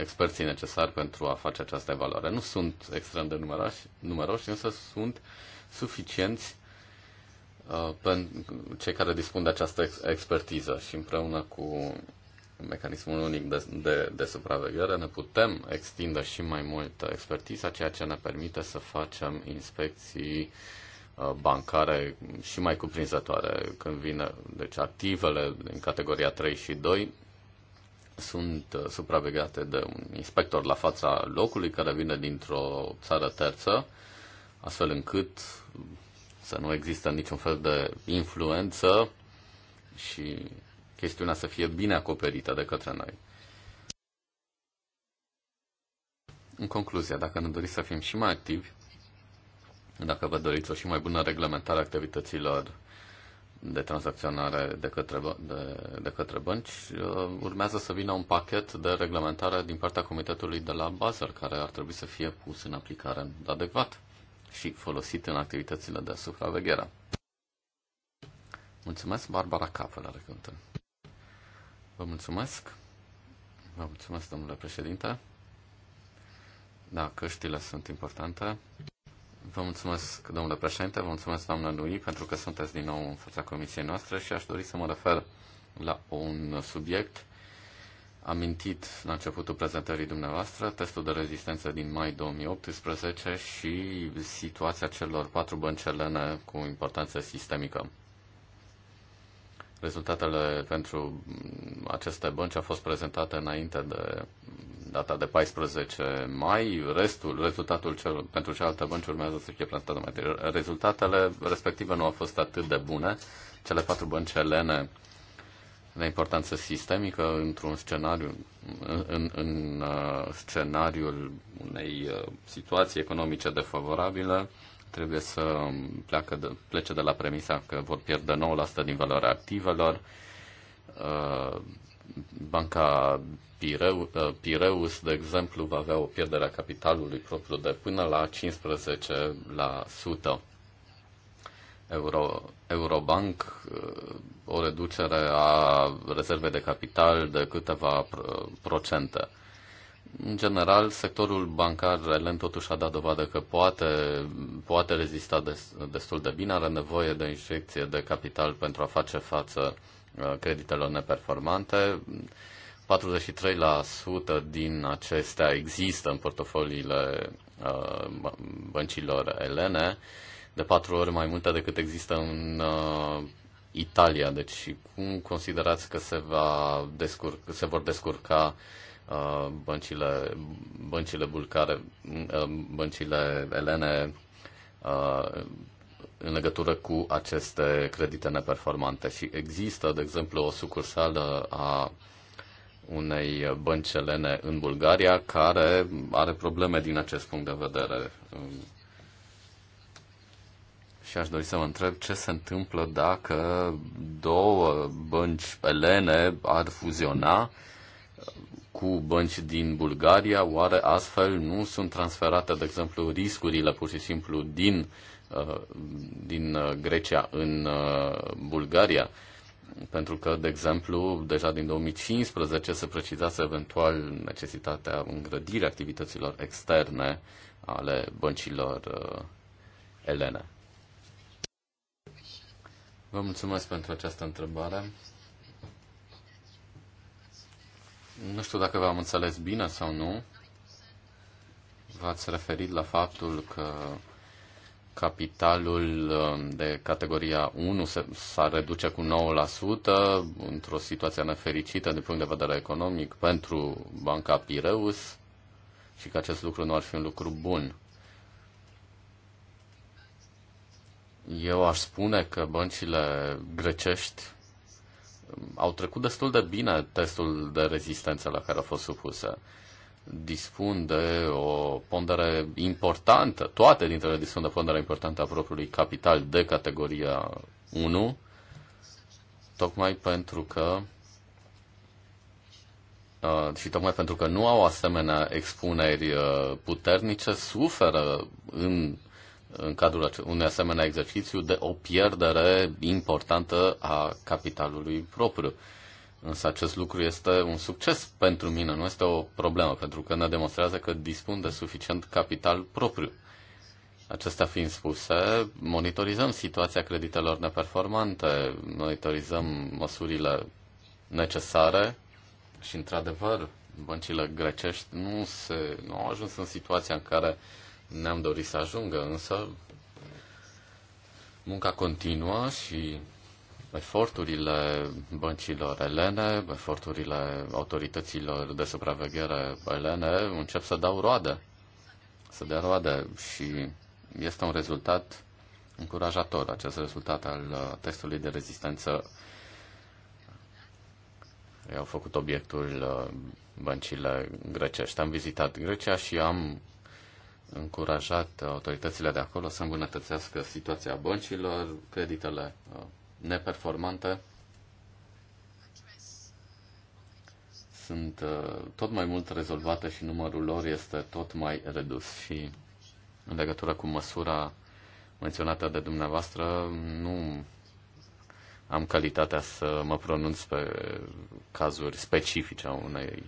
experții necesari pentru a face această evaluare. Nu sunt extrem de numeroși, numeroși însă sunt suficienți uh, pentru cei care dispun de această ex- expertiză și împreună cu mecanismul unic de, de, de supraveghere ne putem extinde și mai mult expertiza, ceea ce ne permite să facem inspecții uh, bancare și mai cuprinzătoare când vine deci activele din categoria 3 și 2 sunt uh, supravegate de un inspector la fața locului care vine dintr-o țară terță, astfel încât să nu există niciun fel de influență și chestiunea să fie bine acoperită de către noi. În concluzie, dacă ne doriți să fim și mai activi, dacă vă doriți o și mai bună reglementare a activităților de tranzacționare de către, de, de către bănci, uh, urmează să vină un pachet de reglementare din partea Comitetului de la Basel, care ar trebui să fie pus în aplicare adecvat și folosit în activitățile de supraveghere. Mulțumesc, Barbara Capă, la recântă. Vă mulțumesc. Vă mulțumesc, domnule președinte. Da, căștile sunt importante. Vă mulțumesc, domnule președinte, vă mulțumesc, doamnă Nui, pentru că sunteți din nou în fața comisiei noastre și aș dori să mă refer la un subiect amintit la începutul prezentării dumneavoastră, testul de rezistență din mai 2018 și situația celor patru bănci elene cu importanță sistemică. Rezultatele pentru aceste bănci au fost prezentate înainte de data de 14 mai. Restul, rezultatul cel, pentru cealaltă bănci urmează să fie prezentat mai târziu. Rezultatele respective nu au fost atât de bune. Cele patru bănci elene de importanță sistemică într-un scenariu, în, în, în uh, scenariul unei uh, situații economice defavorabile, trebuie să pleacă de, plece de la premisa că vor pierde 9% din valoarea activelor, uh, Banca Pireu, uh, Pireus, de exemplu, va avea o pierdere a capitalului propriu de până la 15%. la Euro, Eurobank, uh, o reducere a rezervei de capital de câteva procente. În general, sectorul bancar relent totuși a dat dovadă că poate, poate rezista des, destul de bine, are nevoie de injecție de capital pentru a face față uh, Uh, creditelor neperformante. 43% din acestea există în portofoliile uh, băncilor elene, de patru ori mai multe decât există în uh, Italia. Deci cum considerați că se, va descurca, se vor descurca băncile, băncile bulcare, băncile elene în legătură cu aceste credite neperformante. Și există, de exemplu, o sucursală a unei bănci elene în Bulgaria care are probleme din acest punct de vedere. Um, și aș dori să mă întreb ce se întâmplă dacă două bănci elene ar fuziona cu bănci din Bulgaria, oare astfel nu sunt transferate, de exemplu, riscurile pur și simplu din uh, Uh, din uh, Grecia în uh, Bulgaria. Pentru că, de exemplu, deja din 2015 se precizase eventual necesitatea îngrădirii activităților externe ale băncilor elene. Vă mulțumesc pentru această întrebare. Nu știu dacă v-am înțeles bine sau nu. V-ați referit la faptul că capitalul um, de categoria 1 s-ar reduce cu 9% într-o situație nefericită din punct de vedere economic pentru Banca Pireus și că acest lucru nu ar fi un lucru bun. Eu aș spune că băncile grecești um, au trecut destul de bine testul de rezistență la care au fost supuse dispun de o pondere importantă, toate dintre ele dispun de pondere importantă a propriului capital de categoria 1, tocmai pentru că uh, și tocmai pentru că nu au asemenea expuneri uh, puternice, suferă în, în cadrul unui asemenea exercițiu de o pierdere importantă a capitalului propriu. Însă acest lucru este un succes pentru mine, nu este o problemă, pentru că ne demonstrează că dispun de suficient capital propriu. Acestea fiind spuse, monitorizăm situația creditelor neperformante, monitorizăm măsurile necesare și, într-adevăr, băncile grecești nu, se, nu au ajuns în situația în care ne-am dorit să ajungă, însă munca continuă și eforturile băncilor elene, eforturile autorităților de supraveghere elene încep să dau roade, să dea roade și este un rezultat încurajator, acest rezultat al uh, testului de rezistență i-au făcut obiectul uh, băncile grecești. Am vizitat Grecia și am încurajat autoritățile de acolo să îmbunătățească situația băncilor, creditele uh, neperformante sunt uh, tot mai mult rezolvate și numărul lor este tot mai redus și în legătură cu măsura menționată de dumneavoastră, nu am calitatea să mă pronunț pe cazuri specifice a, unei,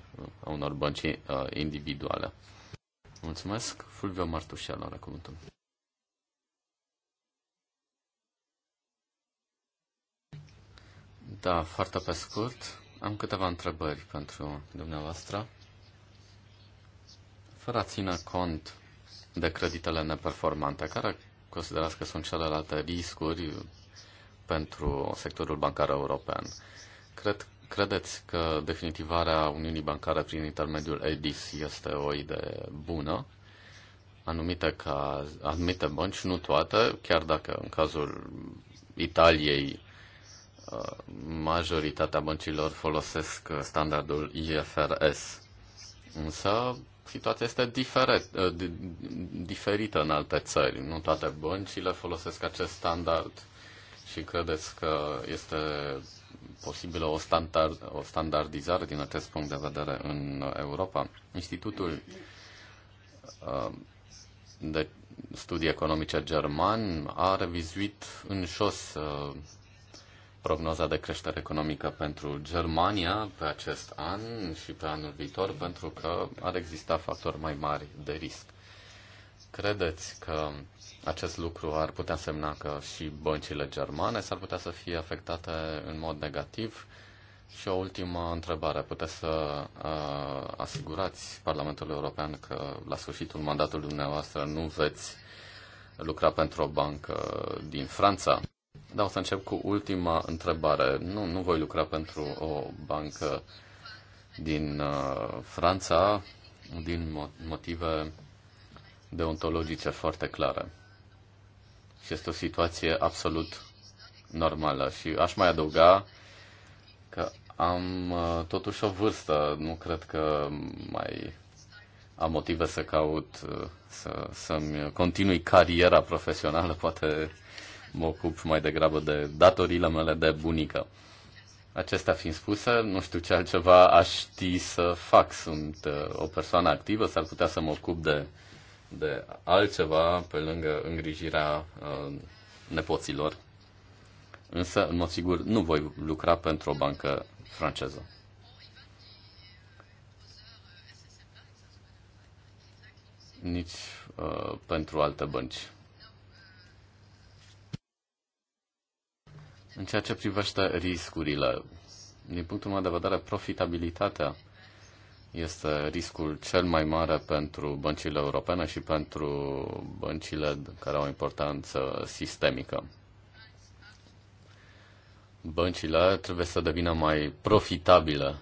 a unor bănci uh, individuale. Mulțumesc. Fulvio Martușial are cuvântul. Da, foarte pe scurt. Am câteva întrebări pentru dumneavoastră. Fără a ține cont de creditele neperformante, care considerați că sunt celelalte riscuri pentru sectorul bancar european? Cred, credeți că definitivarea Uniunii Bancare prin intermediul EDIS este o idee bună? Anumite, ca, anumite bănci, nu toate, chiar dacă în cazul Italiei majoritatea băncilor folosesc uh, standardul IFRS. Însă, situația este diferit, uh, diferită în alte țări. Nu toate băncile folosesc acest standard și credeți că este posibilă o, standard, o standardizare din acest punct de vedere în Europa? Institutul uh, de studii economice german a revizuit în șos prognoza de creștere economică pentru Germania pe acest an și pe anul viitor, pentru că ar exista factori mai mari de risc. Credeți că acest lucru ar putea semna că și băncile germane s-ar putea să fie afectate în mod negativ? Și o ultimă întrebare. Puteți să uh, asigurați Parlamentul European că la sfârșitul mandatului dumneavoastră nu veți lucra pentru o bancă din Franța? Da, o să încep cu ultima întrebare. Nu, nu voi lucra pentru o bancă din uh, Franța din motive deontologice foarte clare. Și este o situație absolut normală. Și aș mai adăuga că am uh, totuși o vârstă. Nu cred că mai am motive să caut, uh, să, să-mi continui cariera profesională, poate mă ocup mai degrabă de datorile mele de bunică. Acestea fiind spuse, nu știu ce altceva aș ști să fac. Sunt uh, o persoană activă, s-ar putea să mă ocup de, de altceva pe lângă îngrijirea uh, nepoților. Însă, în mod sigur, nu voi lucra pentru o bancă franceză. Nici uh, pentru alte bănci. În ceea ce privește riscurile, din punctul meu de vedere, profitabilitatea este riscul cel mai mare pentru băncile europene și pentru băncile care au importanță sistemică. Băncile trebuie să devină mai profitabile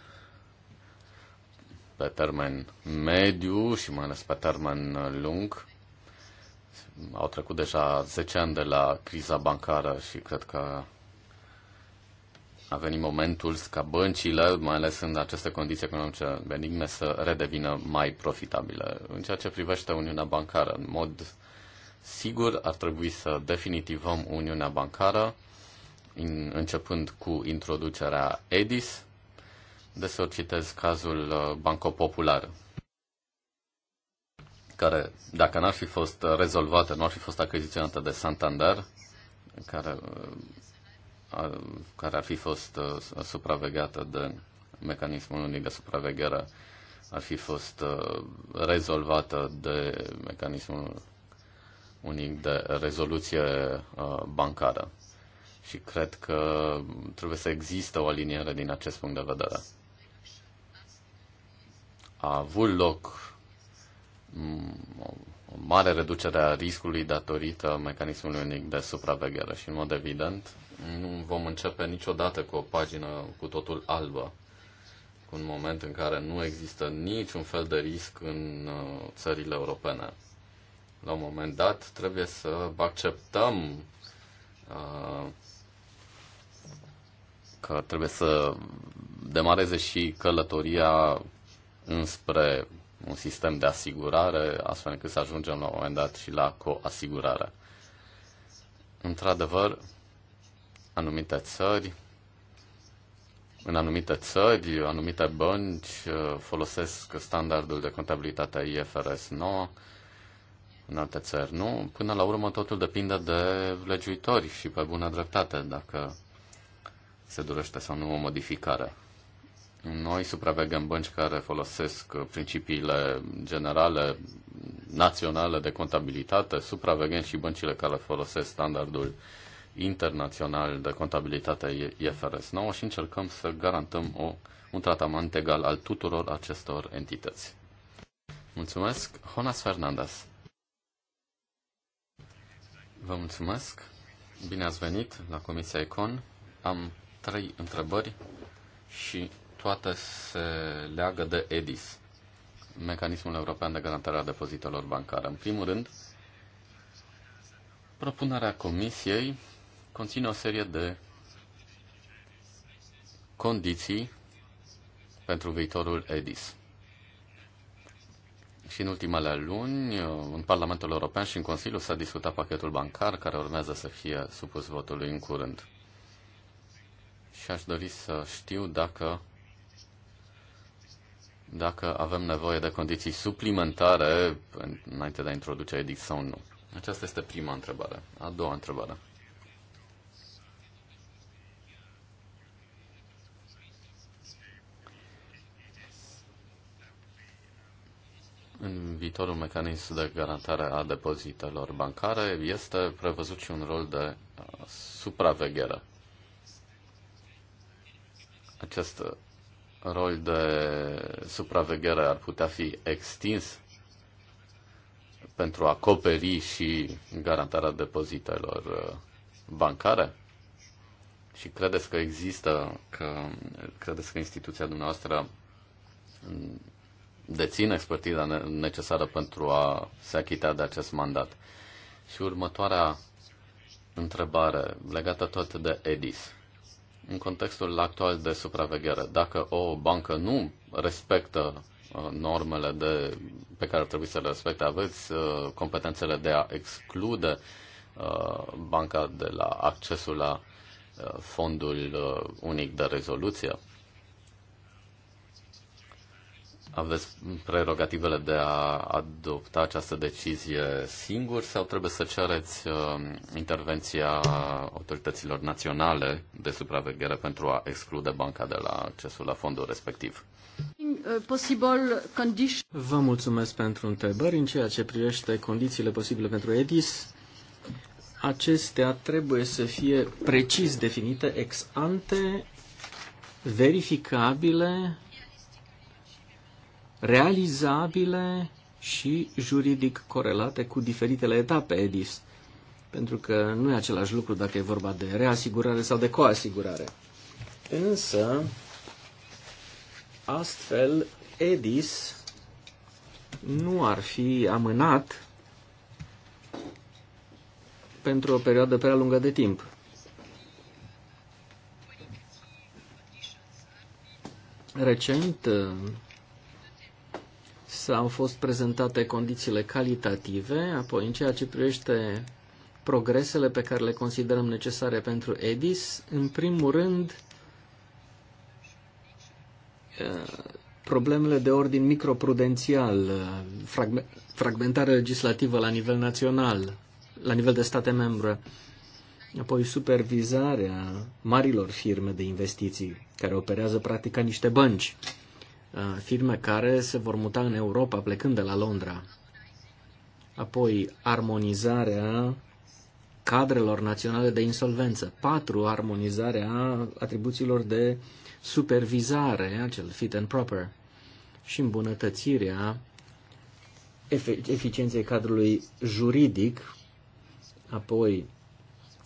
pe termen mediu și mai ales pe termen lung. Au trecut deja 10 ani de la criza bancară și cred că a venit momentul ca băncile, mai ales în aceste condiții economice benigne, să redevină mai profitabile. În ceea ce privește Uniunea Bancară, în mod sigur ar trebui să definitivăm Uniunea Bancară, în, începând cu introducerea EDIS, deseori citez cazul uh, Banco Popular, care, dacă n-ar fi fost rezolvată, nu ar fi fost achiziționată de Santander, care uh, care ar fi fost supravegheată de mecanismul unic de supraveghere ar fi fost rezolvată de mecanismul unic de rezoluție bancară. Și cred că trebuie să există o aliniere din acest punct de vedere. A avut loc o mare reducere a riscului datorită mecanismului unic de supraveghere și, în mod evident, nu vom începe niciodată cu o pagină cu totul albă, cu un moment în care nu există niciun fel de risc în uh, țările europene. La un moment dat trebuie să acceptăm uh, că trebuie să demareze și călătoria înspre un sistem de asigurare, astfel încât să ajungem la un moment dat și la coasigurare. Într-adevăr, anumite țări, în anumite țări, anumite bănci uh, folosesc standardul de contabilitate IFRS 9, în alte țări nu. Până la urmă totul depinde de legiuitori și pe bună dreptate dacă se dorește sau nu o modificare. Noi supraveghem bănci care folosesc principiile generale naționale de contabilitate, supraveghem și băncile care folosesc standardul internațional de contabilitate IFRS 9 și încercăm să garantăm o, un tratament egal al tuturor acestor entități. Mulțumesc, Jonas Fernandez. Vă mulțumesc. Bine ați venit la Comisia Econ. Am trei întrebări și toate se leagă de EDIS, Mecanismul European de Garantare a Depozitelor Bancare. În primul rând, propunerea Comisiei conține o serie de condiții pentru viitorul EDIS. Și în ultimele luni, în Parlamentul European și în Consiliu s-a discutat pachetul bancar care urmează să fie supus votului în curând. Și aș dori să știu dacă dacă avem nevoie de condiții suplimentare înainte de a introduce EDIC sau nu. Aceasta este prima întrebare. A doua întrebare. În viitorul mecanism de garantare a depozitelor bancare este prevăzut și un rol de uh, supraveghere. Acest rol de supraveghere ar putea fi extins pentru a acoperi și garantarea depozitelor uh, bancare? Și credeți că există, că credeți că instituția dumneavoastră deține expertiza necesară pentru a se achita de acest mandat? Și următoarea întrebare legată tot de EDIS în contextul actual de supraveghere. Dacă o bancă nu respectă uh, normele de, pe care ar trebui să le respecte, aveți uh, competențele de a exclude uh, banca de la accesul la fondul unic de rezoluție? aveți prerogativele de a adopta această decizie singur sau trebuie să cereți uh, intervenția autorităților naționale de supraveghere pentru a exclude banca de la accesul la fondul respectiv? Vă mulțumesc pentru întrebări. În ceea ce privește condițiile posibile pentru EDIS, acestea trebuie să fie precis definite ex ante, verificabile realizabile și juridic corelate cu diferitele etape EDIS. Pentru că nu e același lucru dacă e vorba de reasigurare sau de coasigurare. Însă, astfel, EDIS nu ar fi amânat pentru o perioadă prea lungă de timp. Recent, au fost prezentate condițiile calitative, apoi în ceea ce privește progresele pe care le considerăm necesare pentru EDIS, în primul rând eh, problemele de ordin microprudențial, eh, fragmentare legislativă la nivel național, la nivel de state membre, apoi supervizarea marilor firme de investiții care operează practic ca niște bănci. Uh, firme care se vor muta în Europa plecând de la Londra. Apoi, armonizarea cadrelor naționale de insolvență. Patru, armonizarea atribuțiilor de supervizare, acel fit and proper, și îmbunătățirea eficienței cadrului juridic, apoi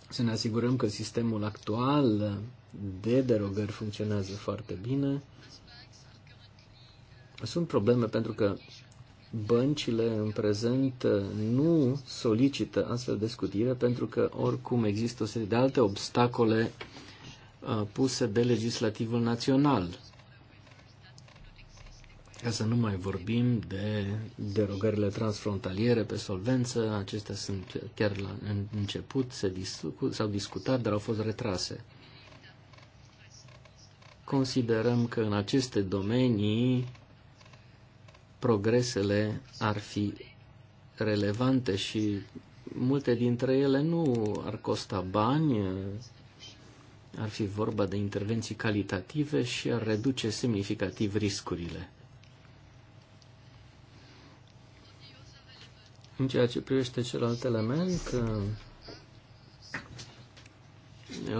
să ne asigurăm că sistemul actual de derogări funcționează foarte bine, sunt probleme pentru că băncile în prezent uh, nu solicită astfel de scutire pentru că oricum există o serie de alte obstacole uh, puse de legislativul național. Ca să nu mai vorbim de derogările transfrontaliere pe solvență, acestea sunt chiar la început, se discu- s-au discutat, dar au fost retrase. Considerăm că în aceste domenii progresele ar fi relevante și multe dintre ele nu ar costa bani, ar fi vorba de intervenții calitative și ar reduce semnificativ riscurile. În ceea ce privește celălalt element,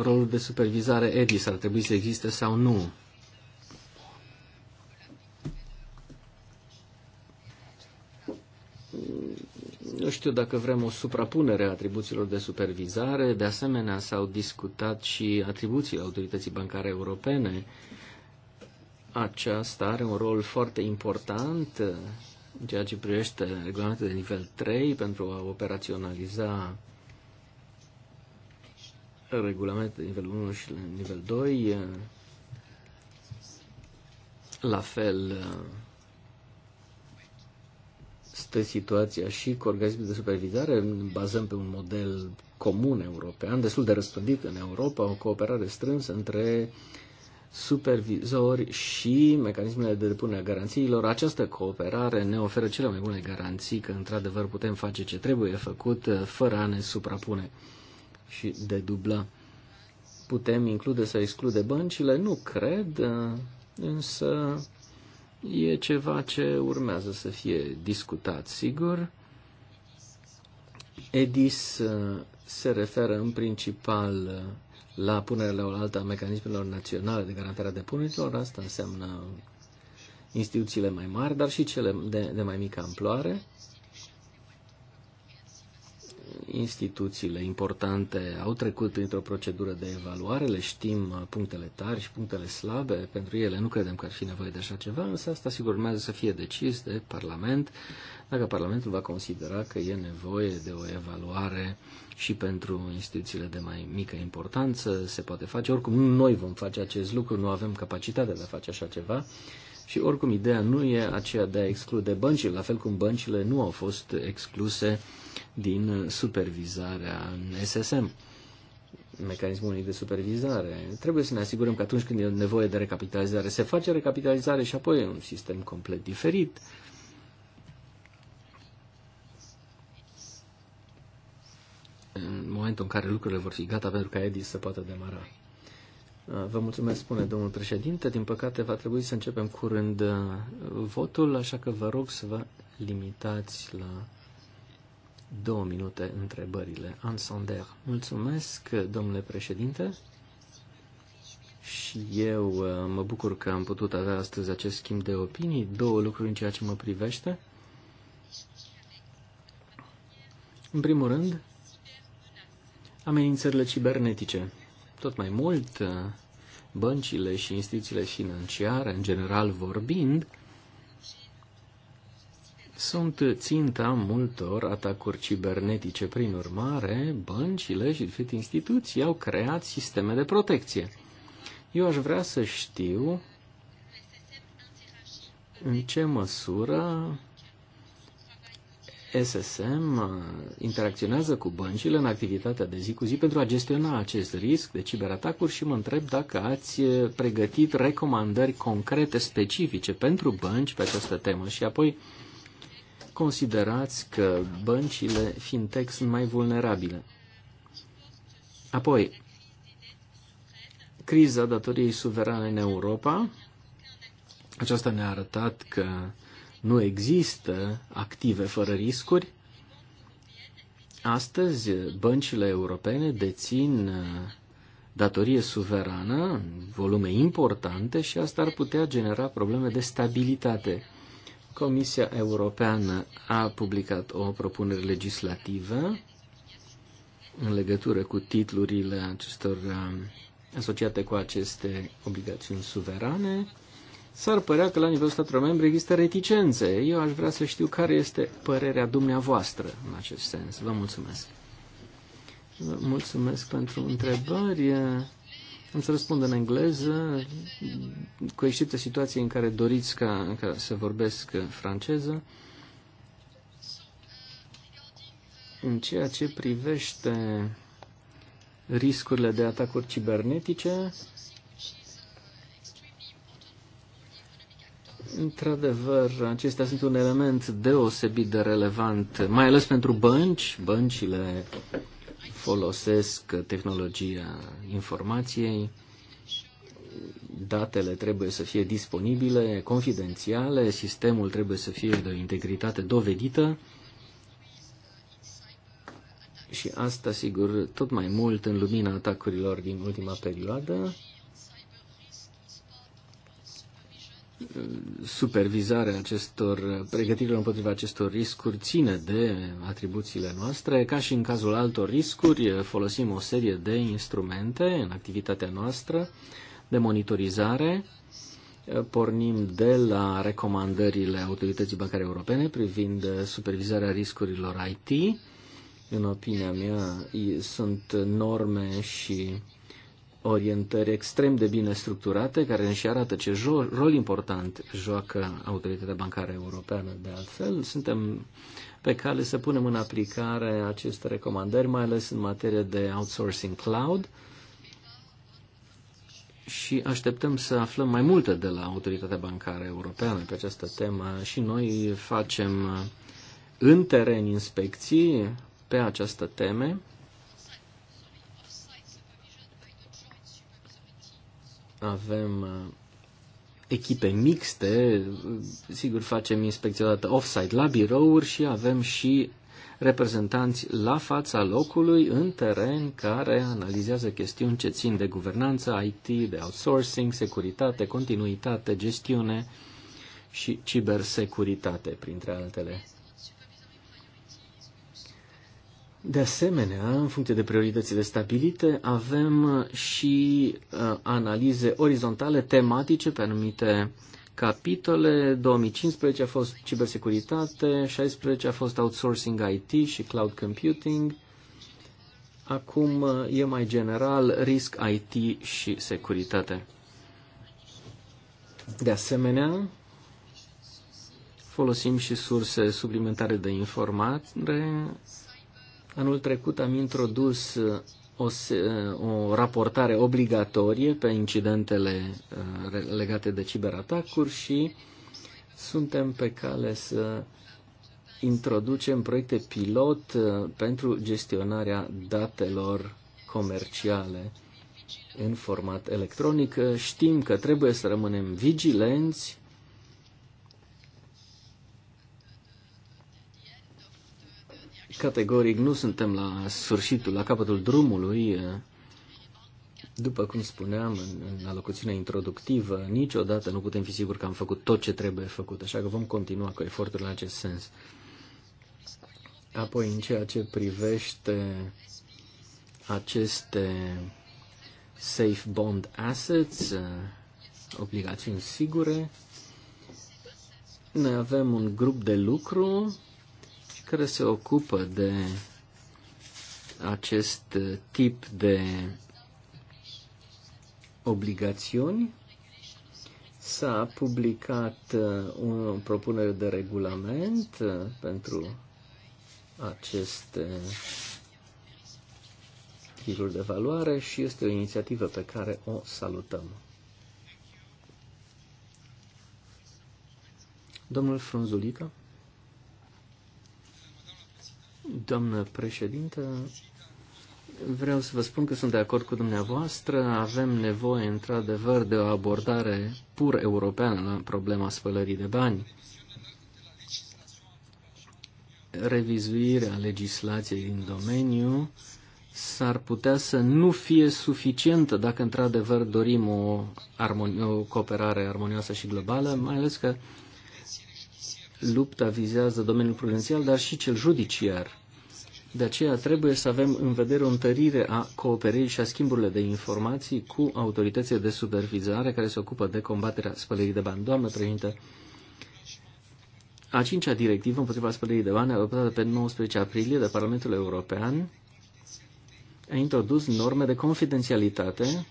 rolul de supervizare EDIS ar trebui să existe sau nu. Nu știu dacă vrem o suprapunere a atribuțiilor de supervizare. De asemenea, s-au discutat și atribuțiile Autorității Bancare Europene. Aceasta are un rol foarte important uh, în ceea ce privește regulamentul de nivel 3 pentru a operaționaliza regulamentul de nivel 1 și nivel 2. Uh, la fel, uh, stă situația și cu organismul de supervizare. Bazăm pe un model comun european, destul de răspândit în Europa, o cooperare strânsă între supervizori și mecanismele de depunere a garanțiilor. Această cooperare ne oferă cele mai bune garanții că, într-adevăr, putem face ce trebuie făcut uh, fără a ne suprapune și dedubla. Putem include sau exclude băncile? Nu cred, uh, însă e ceva ce urmează să fie discutat, sigur. EDIS uh, se referă în principal uh, la punerea la oaltă a mecanismelor naționale de garantare a depunerilor. Asta înseamnă instituțiile mai mari, dar și cele de, de mai mică amploare instituțiile importante au trecut printr-o procedură de evaluare, le știm uh, punctele tari și punctele slabe pentru ele, nu credem că ar fi nevoie de așa ceva, însă asta sigur urmează să fie decis de Parlament, dacă Parlamentul va considera că e nevoie de o evaluare și pentru instituțiile de mai mică importanță, se poate face. Oricum, noi vom face acest lucru, nu avem capacitatea de a face așa ceva. Și oricum, ideea nu e aceea de a exclude băncile, la fel cum băncile nu au fost excluse uh, din supervizarea în SSM, mecanismul unic de supervizare. Trebuie să ne asigurăm că atunci când e nevoie de recapitalizare, se face recapitalizare și apoi e un sistem complet diferit. În momentul în care lucrurile vor fi gata pentru ca Edis să poată demara. Vă mulțumesc, spune domnul președinte. Din păcate, va trebui să începem curând votul, așa că vă rog să vă limitați la două minute întrebările. Ansonder, mulțumesc, domnule președinte. Și eu uh, mă bucur că am putut avea astăzi acest schimb de opinii, două lucruri în ceea ce mă privește. În primul rând, amenințările cibernetice. Tot mai mult, uh, băncile și instituțiile financiare, în general vorbind, sunt ținta multor atacuri cibernetice. Prin urmare, băncile și diferite instituții au creat sisteme de protecție. Eu aș vrea să știu în ce măsură SSM interacționează cu băncile în activitatea de zi cu zi pentru a gestiona acest risc de ciberatacuri și mă întreb dacă ați pregătit recomandări concrete, specifice pentru bănci pe această temă. Și apoi considerați că băncile fintech sunt mai vulnerabile? Apoi, criza datoriei suverane în Europa, aceasta ne-a arătat că nu există active fără riscuri. Astăzi, băncile europene dețin uh, datorie suverană, volume importante și asta ar putea genera probleme de stabilitate. Comisia Europeană a publicat o propunere legislativă în legătură cu titlurile acestor um, asociate cu aceste obligațiuni suverane, s-ar părea că la nivelul statelor membre există reticențe. Eu aș vrea să știu care este părerea dumneavoastră în acest sens. Vă mulțumesc. Vă mulțumesc pentru întrebări. Am să răspund în engleză, cu excepția situației în care doriți ca, ca să vorbesc franceză. În ceea ce privește riscurile de atacuri cibernetice, Într-adevăr, acestea sunt un element deosebit de relevant, mai ales pentru bănci. Băncile folosesc tehnologia informației, datele trebuie să fie disponibile, confidențiale, sistemul trebuie să fie de o integritate dovedită și asta, sigur, tot mai mult în lumina atacurilor din ultima perioadă. supervizarea acestor, pregătirilor împotriva acestor riscuri ține de atribuțiile noastre. Ca și în cazul altor riscuri, folosim o serie de instrumente în activitatea noastră de monitorizare. Pornim de la recomandările Autorității Bancare Europene privind supervizarea riscurilor IT. În opinia mea, sunt norme și orientări extrem de bine structurate, care își arată ce rol important joacă Autoritatea Bancară Europeană. De altfel, suntem pe cale să punem în aplicare aceste recomandări, mai ales în materie de outsourcing cloud și așteptăm să aflăm mai multe de la Autoritatea Bancară Europeană pe această temă și noi facem uh, în teren inspecții pe această teme avem uh, echipe mixte, uh, sigur facem inspecția dată off-site la birouri și avem și reprezentanți la fața locului în teren care analizează chestiuni ce țin de guvernanță, IT, de outsourcing, securitate, continuitate, gestiune și cibersecuritate, printre altele. De asemenea, în funcție de prioritățile stabilite, avem și uh, analize orizontale, tematice pe anumite capitole. 2015 a fost cibersecuritate, 16 a fost outsourcing IT și cloud computing. Acum uh, e mai general risc IT și securitate. De asemenea, folosim și surse suplimentare de informare Anul trecut am introdus uh, o, uh, o raportare obligatorie pe incidentele uh, legate de ciberatacuri și suntem pe cale să introducem proiecte pilot pentru gestionarea datelor comerciale în format electronic. Știm că trebuie să rămânem vigilenți Categoric nu suntem la sfârșitul, la capătul drumului. Eh, după cum spuneam în, în alocuțiunea introductivă, niciodată nu putem fi siguri că am făcut tot ce trebuie făcut, așa că vom continua cu eforturile în acest sens. Apoi, în ceea ce privește aceste safe bond assets, eh, obligațiuni sigure, noi avem un grup de lucru care se ocupă de acest tip de obligațiuni s-a publicat uh, o propunere de regulament uh, pentru aceste uh, titluri de valoare și este o inițiativă pe care o salutăm. Domnul Frunzulica? Doamnă președintă, vreau să vă spun că sunt de acord cu dumneavoastră. Avem nevoie, într-adevăr, de o abordare pur europeană la problema spălării de bani. Revizuirea legislației din domeniu s-ar putea să nu fie suficientă dacă într-adevăr dorim o, armoni- o cooperare armonioasă și globală, mai ales că Lupta vizează domeniul prudențial, dar și cel judiciar. De aceea trebuie să avem în vedere o întărire a cooperării și a schimburilor de informații cu autoritățile de supervizare care se ocupă de combaterea spălării de bani. Doamnă președinte, a cincea directivă împotriva spălării de bani, adoptată pe 19 aprilie de Parlamentul European, a introdus norme de confidențialitate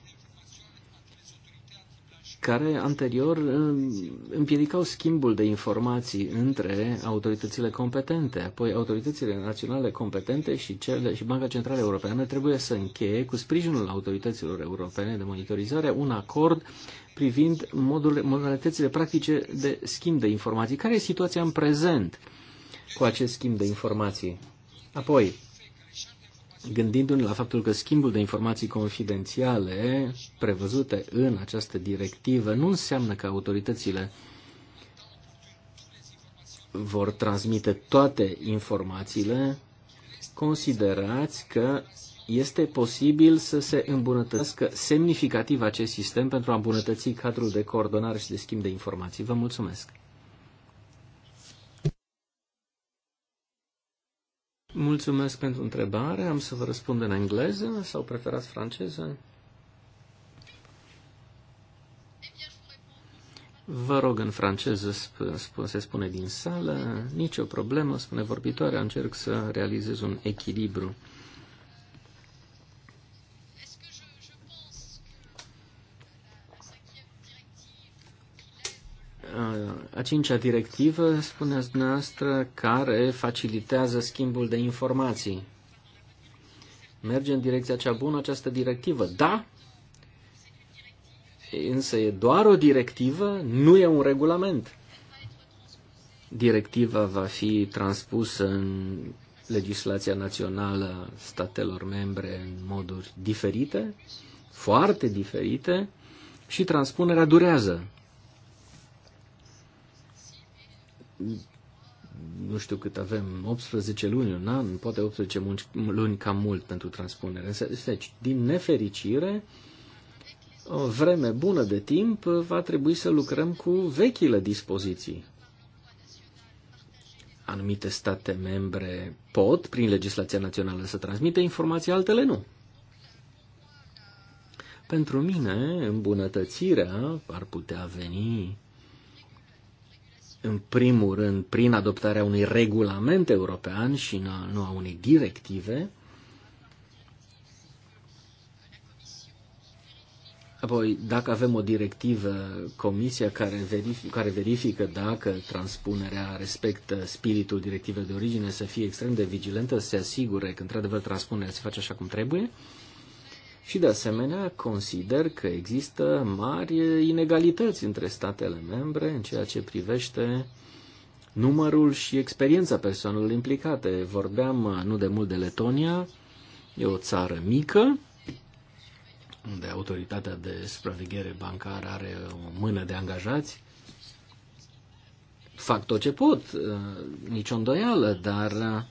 care anterior um, împiedicau schimbul de informații între autoritățile competente. Apoi autoritățile naționale competente și, cele, și Banca Centrală Europeană trebuie să încheie cu sprijinul autorităților europene de monitorizare un acord privind modul, modalitățile practice de schimb de informații. Care e situația în prezent cu acest schimb de informații? Apoi, gândindu-ne la faptul că schimbul de informații confidențiale prevăzute în această directivă nu înseamnă că autoritățile vor transmite toate informațiile, considerați că este posibil să se îmbunătățească semnificativ acest sistem pentru a îmbunătăți cadrul de coordonare și de schimb de informații. Vă mulțumesc! Mulțumesc pentru întrebare. Am să vă răspund în engleză sau preferați franceză? Vă rog în franceză, se spune din sală, nicio problemă, spune vorbitoarea, încerc să realizez un echilibru a cincea directivă, spuneți dumneavoastră, care facilitează schimbul de informații. Merge în direcția cea bună această directivă? Da, însă e doar o directivă, nu e un regulament. Directiva va fi transpusă în legislația națională statelor membre în moduri diferite, foarte diferite, și transpunerea durează. nu știu cât avem, 18 luni, un an, poate 18 munci, luni cam mult pentru transpunere. Deci, din nefericire, o vreme bună de timp, va trebui să lucrăm cu vechile dispoziții. Anumite state membre pot, prin legislația națională, să transmită informații, altele nu. Pentru mine, îmbunătățirea ar putea veni în primul rând, prin adoptarea unui regulament european și nu a unei directive, Apoi, dacă avem o directivă, comisia care, verific, care verifică dacă transpunerea respectă spiritul directivei de origine, să fie extrem de vigilentă, să se asigure că, într-adevăr, transpunerea se face așa cum trebuie. Uh, și de asemenea consider că există mari inegalități între statele membre în ceea ce privește numărul și experiența persoanelor implicate. Vorbeam uh, nu de mult de Letonia, e o țară mică, unde autoritatea de supraveghere bancară are o mână de angajați. Fac tot ce pot, uh, nicio îndoială, dar uh,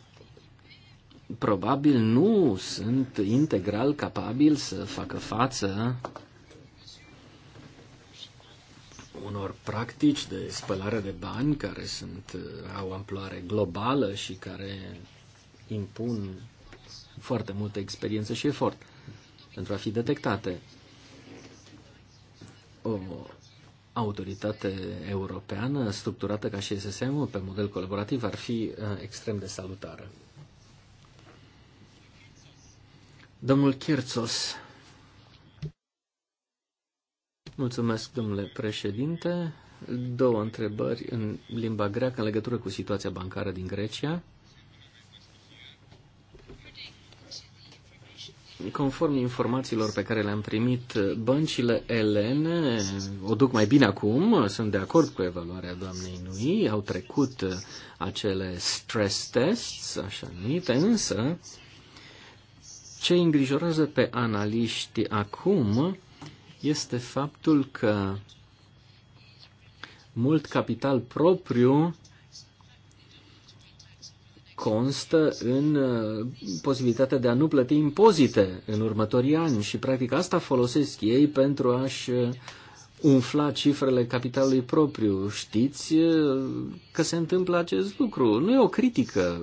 probabil nu sunt integral capabili să facă față unor practici de spălare de bani care sunt, uh, au amploare globală și care impun foarte multă experiență și efort pentru a fi detectate. O autoritate europeană structurată ca și SSM-ul pe model colaborativ ar fi uh, extrem de salutară. Domnul Chirțos. Mulțumesc, domnule președinte. Două întrebări în limba greacă în legătură cu situația bancară din Grecia. Conform informațiilor pe care le-am primit, băncile elene o duc mai bine acum, sunt de acord cu evaluarea doamnei Nui, au trecut acele stress tests, așa numite, însă ce îngrijorează pe analiști acum este faptul că mult capital propriu constă în uh, posibilitatea de a nu plăti impozite în următorii ani și practic asta folosesc ei pentru a-și uh, umfla cifrele capitalului propriu. Știți că se întâmplă acest lucru. Nu e o critică,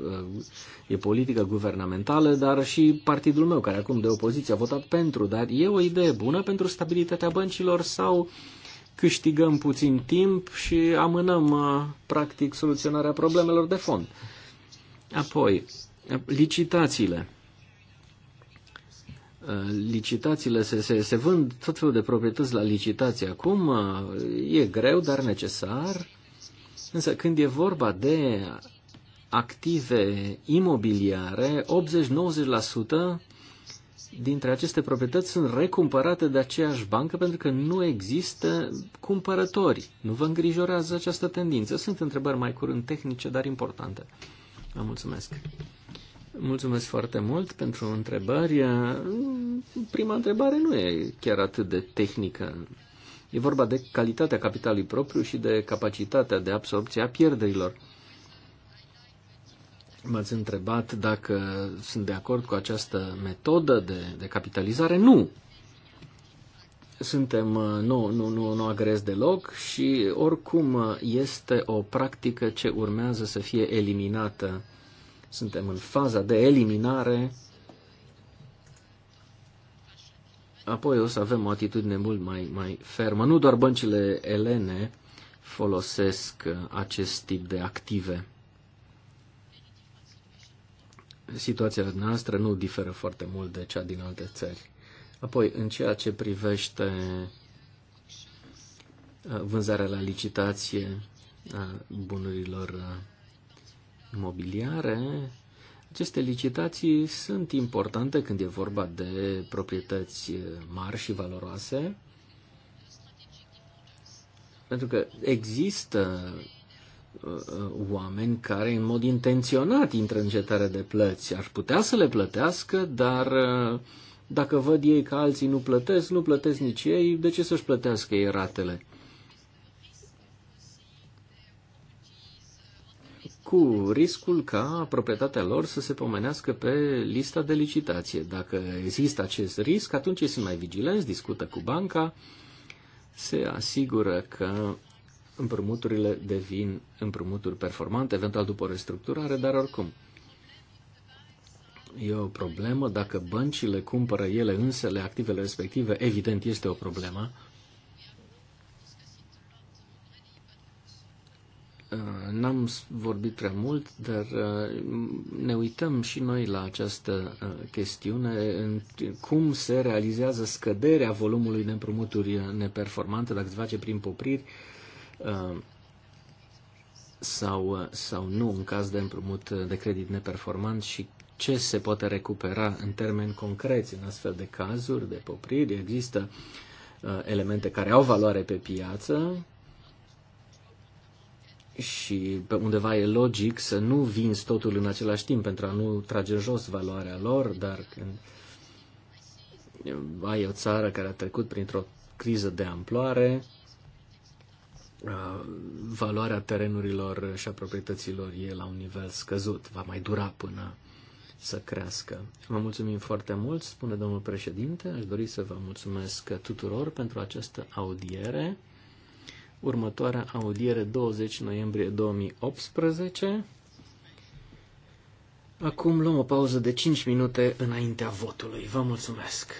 e politică guvernamentală, dar și partidul meu, care acum de opoziție a votat pentru, dar e o idee bună pentru stabilitatea băncilor sau câștigăm puțin timp și amânăm, practic, soluționarea problemelor de fond. Apoi, licitațiile. Eh, licitațiile, se, se, se vând tot felul de proprietăți la licitații acum, eh, e greu, dar necesar. Însă când e vorba de active imobiliare, 80-90% dintre aceste proprietăți sunt recumpărate de aceeași bancă pentru că nu există cumpărători. Nu vă îngrijorează această tendință. Sunt întrebări mai curând tehnice, dar importante. Vă mulțumesc. Mulțumesc foarte mult pentru întrebări. Prima întrebare nu e chiar atât de tehnică. E vorba de calitatea capitalului propriu și de capacitatea de absorpție a pierderilor. M-ați întrebat dacă sunt de acord cu această metodă de, de capitalizare. Nu! Suntem, nu, nu, nu, nu agrez deloc și oricum este o practică ce urmează să fie eliminată suntem în faza de eliminare. Apoi o să avem o atitudine mult mai, mai fermă. Nu doar băncile elene folosesc acest tip de active. Situația noastră nu diferă foarte mult de cea din alte țări. Apoi, în ceea ce privește uh, vânzarea la licitație a bunurilor uh, imobiliare, aceste licitații sunt importante când e vorba de proprietăți eh, mari și valoroase, pentru că există eh, oameni care în mod intenționat intră în jetare de plăți. Ar putea să le plătească, dar eh, dacă văd ei că alții nu plătesc, nu plătesc nici ei, de ce să-și plătească ei ratele? cu riscul ca proprietatea lor să se pomenească pe lista de licitație. Dacă există acest risc, atunci ei sunt mai vigilenți, discută cu banca, se asigură că împrumuturile devin împrumuturi performante, eventual după o restructurare, dar oricum. E o problemă dacă băncile cumpără ele însele activele respective, evident este o problemă, Uh, n-am vorbit prea mult, dar uh, ne uităm și noi la această uh, chestiune, în cum se realizează scăderea volumului de împrumuturi neperformante, dacă se face prin popriri sau, sau nu în caz de împrumut de credit neperformant și ce se poate recupera în termeni concreți în astfel de cazuri de popriri. Există elemente care au valoare pe piață, și pe undeva e logic să nu vinzi totul în același timp pentru a nu trage jos valoarea lor, dar când ai o țară care a trecut printr-o criză de amploare, valoarea terenurilor și a proprietăților e la un nivel scăzut, va mai dura până să crească. Vă mulțumim foarte mult, spune domnul președinte, aș dori să vă mulțumesc tuturor pentru această audiere următoarea audiere 20 noiembrie 2018. Acum luăm o pauză de 5 minute înaintea votului. Vă mulțumesc!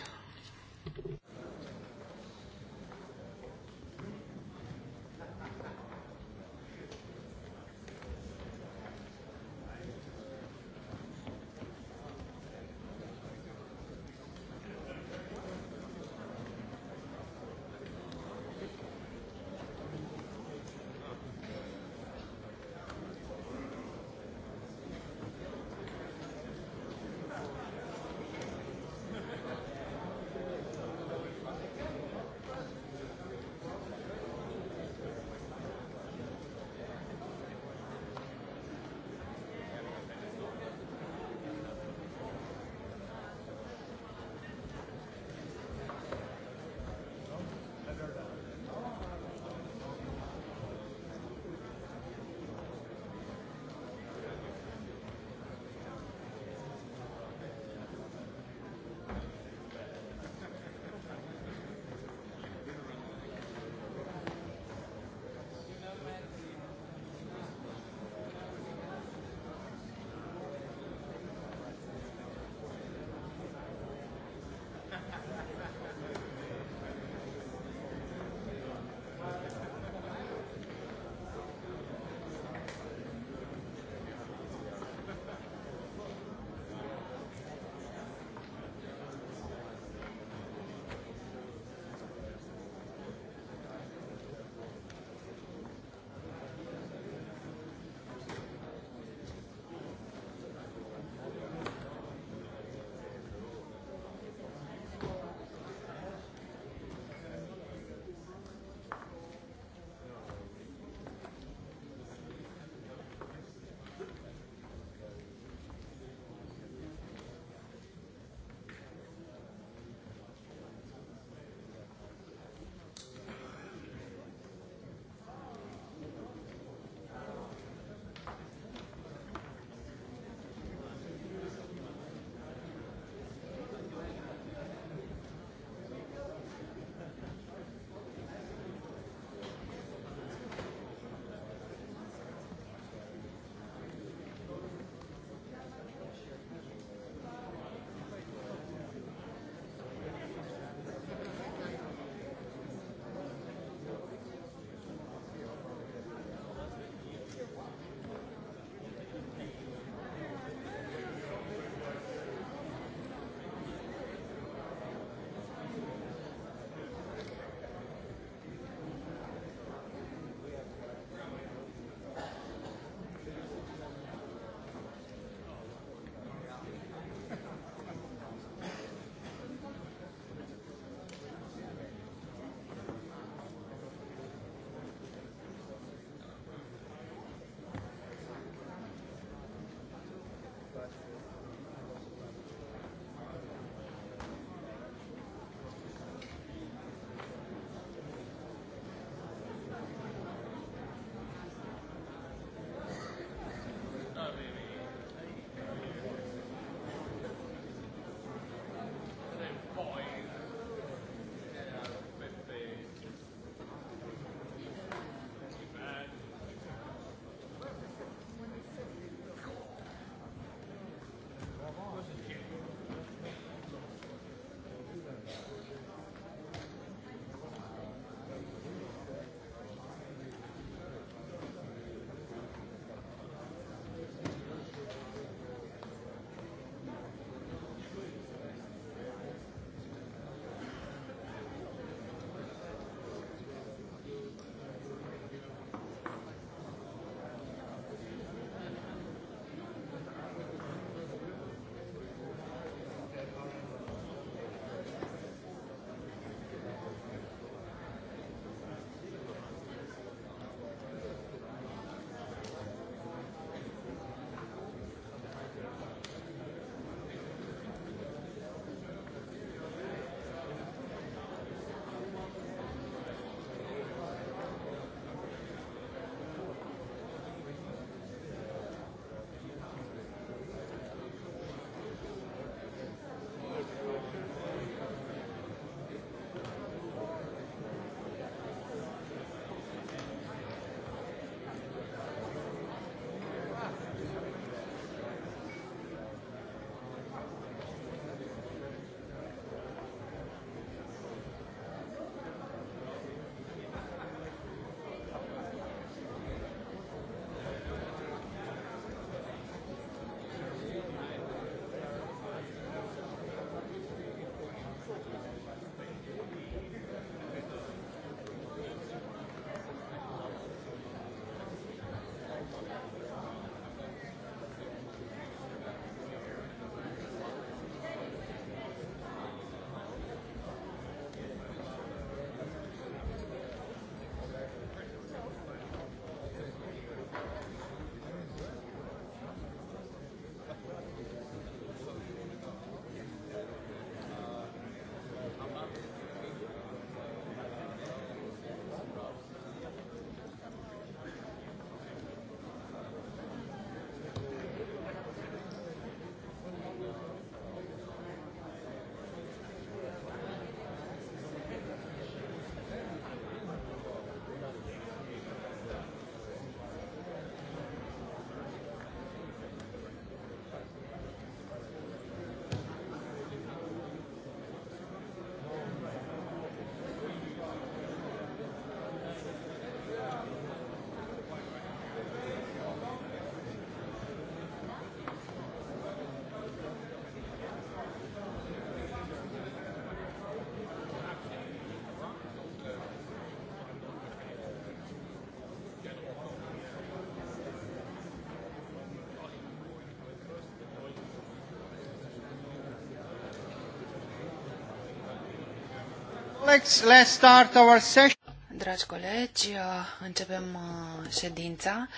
let's start our session. Dragi colegi, uh, începem uh, ședința.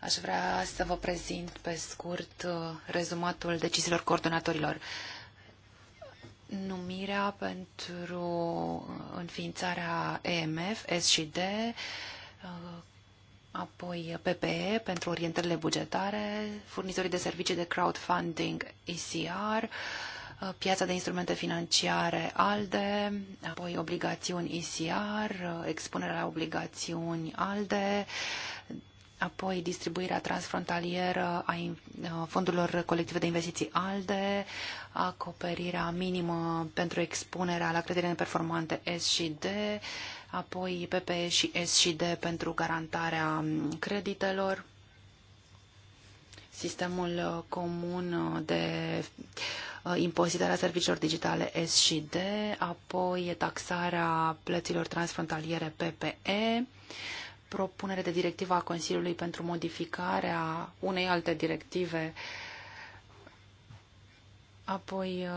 Aș vrea să vă prezint pe scurt uh, rezumatul deciziilor coordonatorilor. Numirea pentru înființarea EMF, S și D, apoi PPE pentru orientările bugetare, furnizorii de servicii de crowdfunding, ECR, Uh, piața de instrumente financiare ALDE, apoi obligațiuni ICR, uh, expunerea la obligațiuni ALDE, apoi distribuirea transfrontalieră a uh, fondurilor colective de investiții ALDE, acoperirea minimă pentru expunerea la credere neperformante S și D, apoi PPE și S și D pentru garantarea um, creditelor, sistemul comun de uh, Uh, impozitarea serviciilor digitale S și D, apoi taxarea plăților transfrontaliere PPE, propunere de directivă a Consiliului pentru modificarea unei alte directive, apoi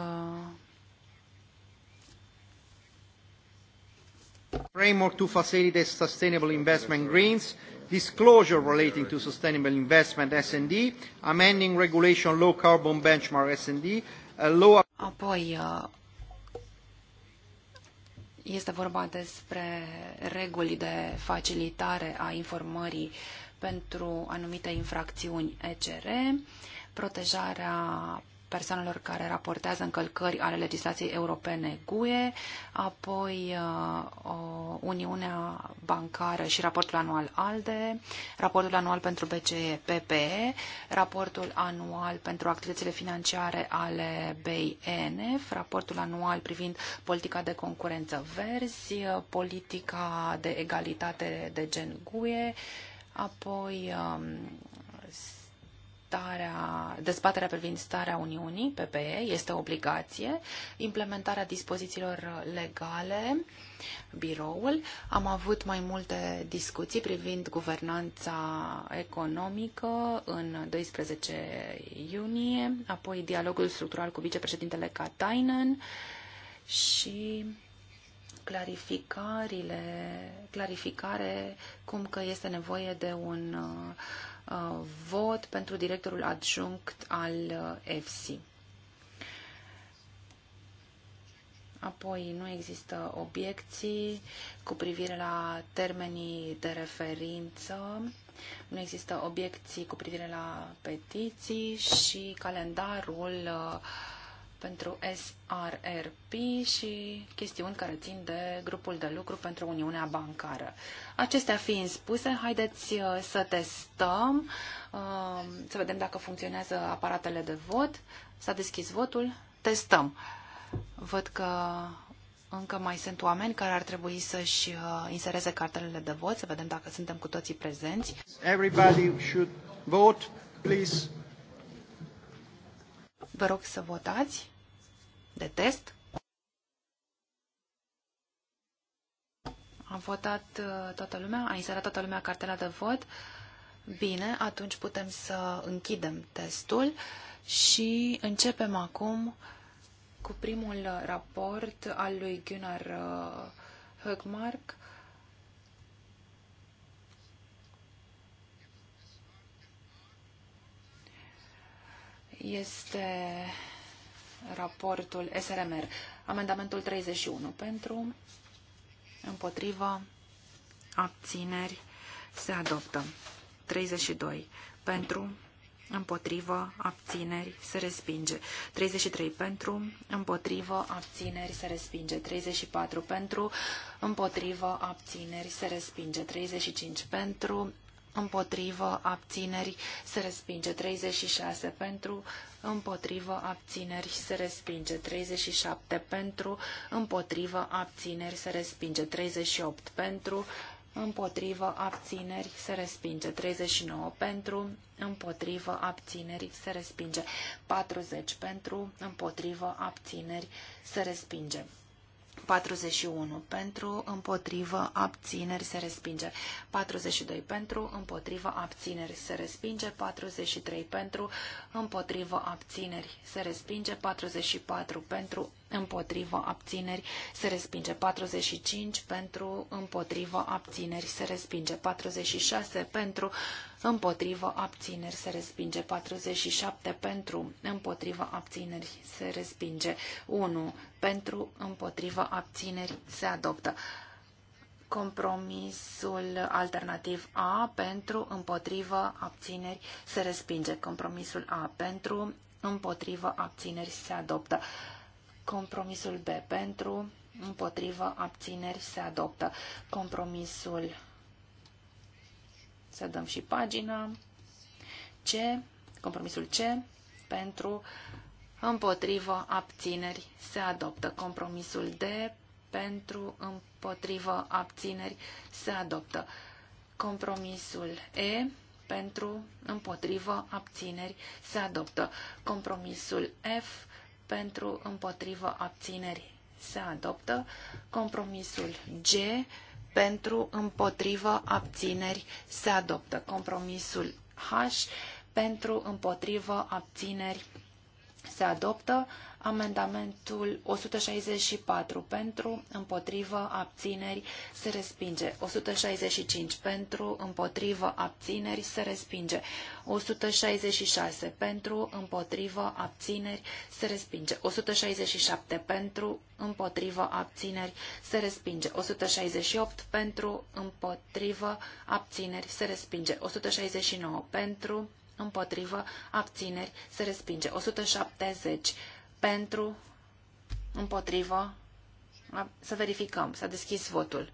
uh, framework to facilitate sustainable investment greens, disclosure relating to sustainable investment S&D, amending regulation low carbon benchmark S&D, Apoi, uh, este vorba despre reguli de facilitare a informării pentru anumite infracțiuni ECR, protejarea persoanelor care raportează încălcări ale legislației europene GUE, apoi uh, Uniunea Bancară și raportul anual ALDE, raportul anual pentru BCE PPE, raportul anual pentru activitățile financiare ale BNF, raportul anual privind politica de concurență verzi, politica de egalitate de gen GUE, apoi uh, starea, dezbaterea privind starea Uniunii, PPE, este o obligație, implementarea dispozițiilor legale, biroul. Am avut mai multe discuții privind guvernanța economică în 12 iunie, apoi dialogul structural cu vicepreședintele Katainen și clarificările, clarificare cum că este nevoie de un uh, Uh, vot pentru directorul adjunct al EFSI. Uh, Apoi nu există obiecții cu privire la termenii de referință, nu există obiecții cu privire la petiții și calendarul uh, pentru SRRP și chestiuni care țin de grupul de lucru pentru Uniunea Bancară. Acestea fiind spuse, haideți uh, să testăm, uh, să vedem dacă funcționează aparatele de vot. S-a deschis votul, testăm. Văd că încă mai sunt oameni care ar trebui să-și uh, insereze cartelele de vot, să vedem dacă suntem cu toții prezenți. Everybody should vote, please. Vă rog să votați de test. A votat uh, toată lumea? A inserat toată lumea cartela de vot? Bine, atunci putem să închidem testul și începem acum cu primul raport al lui Gunnar uh, Högmark este raportul SRMR. Amendamentul 31 pentru, împotrivă, abțineri, se adoptă. 32 pentru, împotrivă, abțineri, se respinge. 33 pentru, împotrivă, abțineri, se respinge. 34 pentru, împotrivă, abțineri, se respinge. 35 pentru, împotrivă, abțineri, se respinge. 36 pentru, împotrivă, abțineri, se respinge. 37 pentru, împotrivă, abțineri, se respinge. 38 pentru, împotrivă, abțineri, se respinge. 39 pentru, împotrivă, abțineri, se respinge. 40 pentru, împotrivă, abțineri, se respinge. 41 pentru, împotrivă, abțineri, se respinge. 42 pentru, împotrivă, abțineri, se respinge. 43 pentru, împotrivă, abțineri, se respinge. 44 pentru, împotrivă, abțineri, se respinge. 45 pentru, împotrivă, abțineri, se respinge. 46 pentru, împotrivă abțineri se respinge, 47 pentru, împotrivă abțineri se respinge, 1 pentru, împotrivă abțineri se adoptă. Compromisul alternativ A pentru, împotrivă abțineri se respinge, compromisul A pentru, împotrivă abțineri se adoptă. Compromisul B pentru, împotrivă abțineri se adoptă. Compromisul să dăm și pagina. C, compromisul C, pentru, împotrivă, abțineri. Se adoptă compromisul D, pentru, împotrivă, abțineri. Se adoptă compromisul E, pentru, împotrivă, abțineri. Se adoptă compromisul F, pentru, împotrivă, abțineri. Se adoptă compromisul G, pentru, împotrivă, abțineri, se adoptă. Compromisul H, pentru, împotrivă, abțineri, se adoptă. Amendamentul 164 pentru, împotrivă, abțineri, se respinge. 165 pentru, împotrivă, abțineri, se respinge. 166 pentru, împotrivă, abțineri, se respinge. 167 pentru, împotrivă, abțineri, se respinge. 168 pentru, împotrivă, abțineri, se respinge. 169 pentru, împotrivă, abțineri, se respinge. 170 pentru, împotrivă, să verificăm, s-a deschis votul.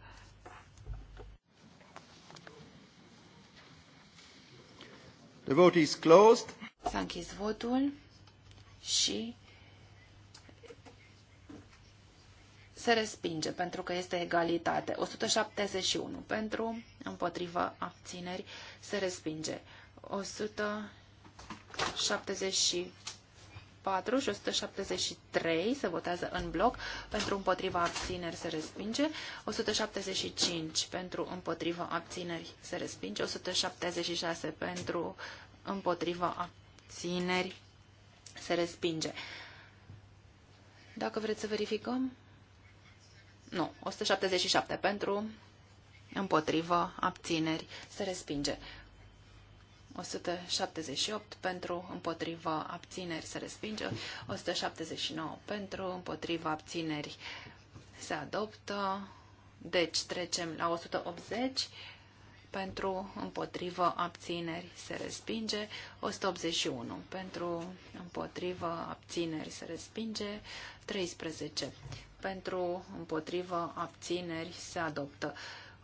The vote is closed. S-a închis votul și se respinge pentru că este egalitate. 171 pentru, împotrivă abțineri, se respinge. 170 174 și 173 se votează în bloc, pentru împotriva abțineri se respinge, 175 pentru împotriva abțineri se respinge, 176 pentru împotriva abțineri se respinge. Dacă vreți să verificăm? Nu, 177 pentru împotriva abțineri se respinge. 178 pentru, împotriva abțineri se respinge, 179 pentru, împotriva abțineri se adoptă, deci trecem la 180 pentru, împotrivă, abțineri, se respinge. 181, pentru, împotrivă, abțineri, se respinge. 13, pentru, împotrivă, abțineri, se adoptă.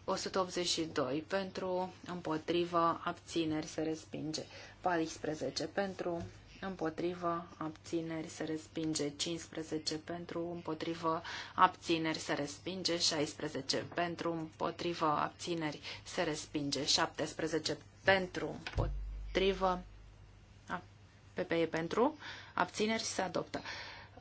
182 pentru, împotrivă, abțineri se respinge. 14 pentru, împotrivă, abțineri se respinge. 15 pentru, împotrivă, abțineri se respinge. 16 pentru, împotrivă, abțineri se respinge. 17 pentru, împotrivă, PPE pentru, abțineri se adoptă.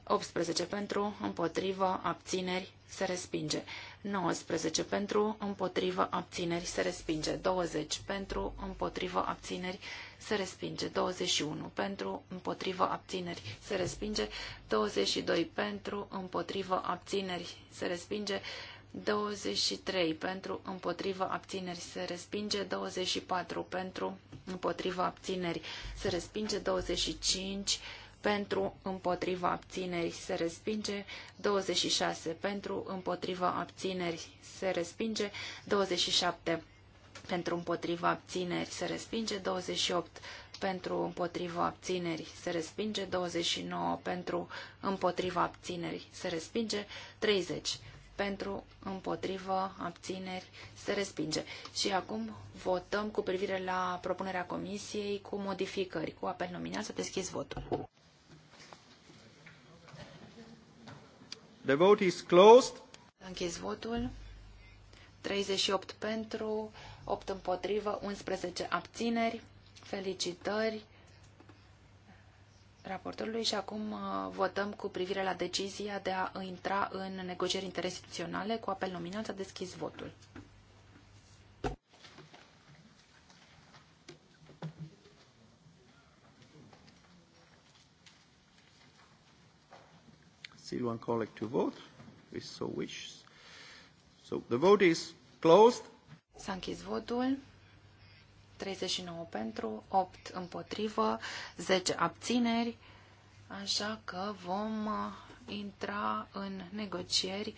18 pentru, împotrivă, abțineri, se respinge. 19 pentru, împotrivă, abțineri, se respinge. 20 pentru, împotrivă, abțineri, se respinge. 21 pentru, împotrivă, abțineri, se respinge. 22 pentru, împotrivă, abțineri, se respinge. 23 pentru, împotrivă, abțineri, se respinge. 24 pentru, împotrivă, abțineri, se respinge. 25 pentru împotriva abțineri se respinge, 26 pentru împotriva abțineri se respinge, 27 pentru împotriva abțineri se respinge, 28 pentru împotriva abțineri se respinge, 29 pentru împotriva abțineri se respinge, 30 pentru împotriva abțineri se respinge. Și acum votăm cu privire la propunerea comisiei cu modificări. Cu apel nominal să deschizi votul. The vote is closed. Închis votul. 38 pentru, 8 împotrivă, 11 abțineri. Felicitări raportorului și acum uh, votăm cu privire la decizia de a intra în negocieri interinstituționale cu apel nominal. S-a deschis votul. still one colleague to vote, if so wishes. So the vote is closed. S-a închis votul. 39 pentru, 8 împotrivă, 10 abțineri. Așa că vom uh, intra în negocieri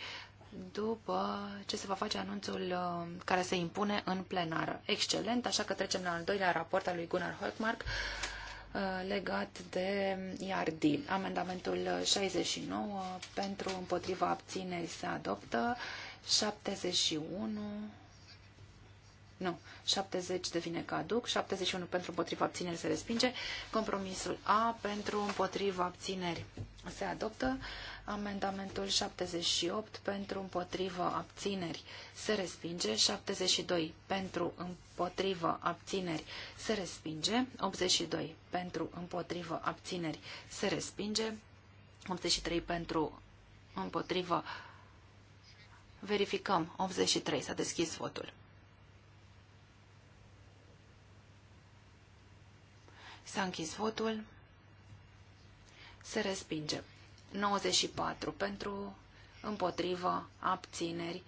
după ce se va face anunțul uh, care se impune în plenară. Excelent, așa că trecem la al doilea raport al lui Gunnar Holkmark Uh, legat de IARDI. Amendamentul 69 pentru împotriva abțineri se adoptă, 71 nu. 70 devine caduc. 71 pentru împotriva abțineri se respinge. Compromisul A pentru împotriva abțineri se adoptă. Amendamentul 78 pentru împotriva abțineri se respinge. 72 pentru împotriva abțineri se respinge. 82 pentru împotriva abțineri se respinge. 83 pentru împotriva Verificăm. 83. S-a deschis votul. S-a închis votul. Se respinge. 94 pentru, împotrivă, abțineri,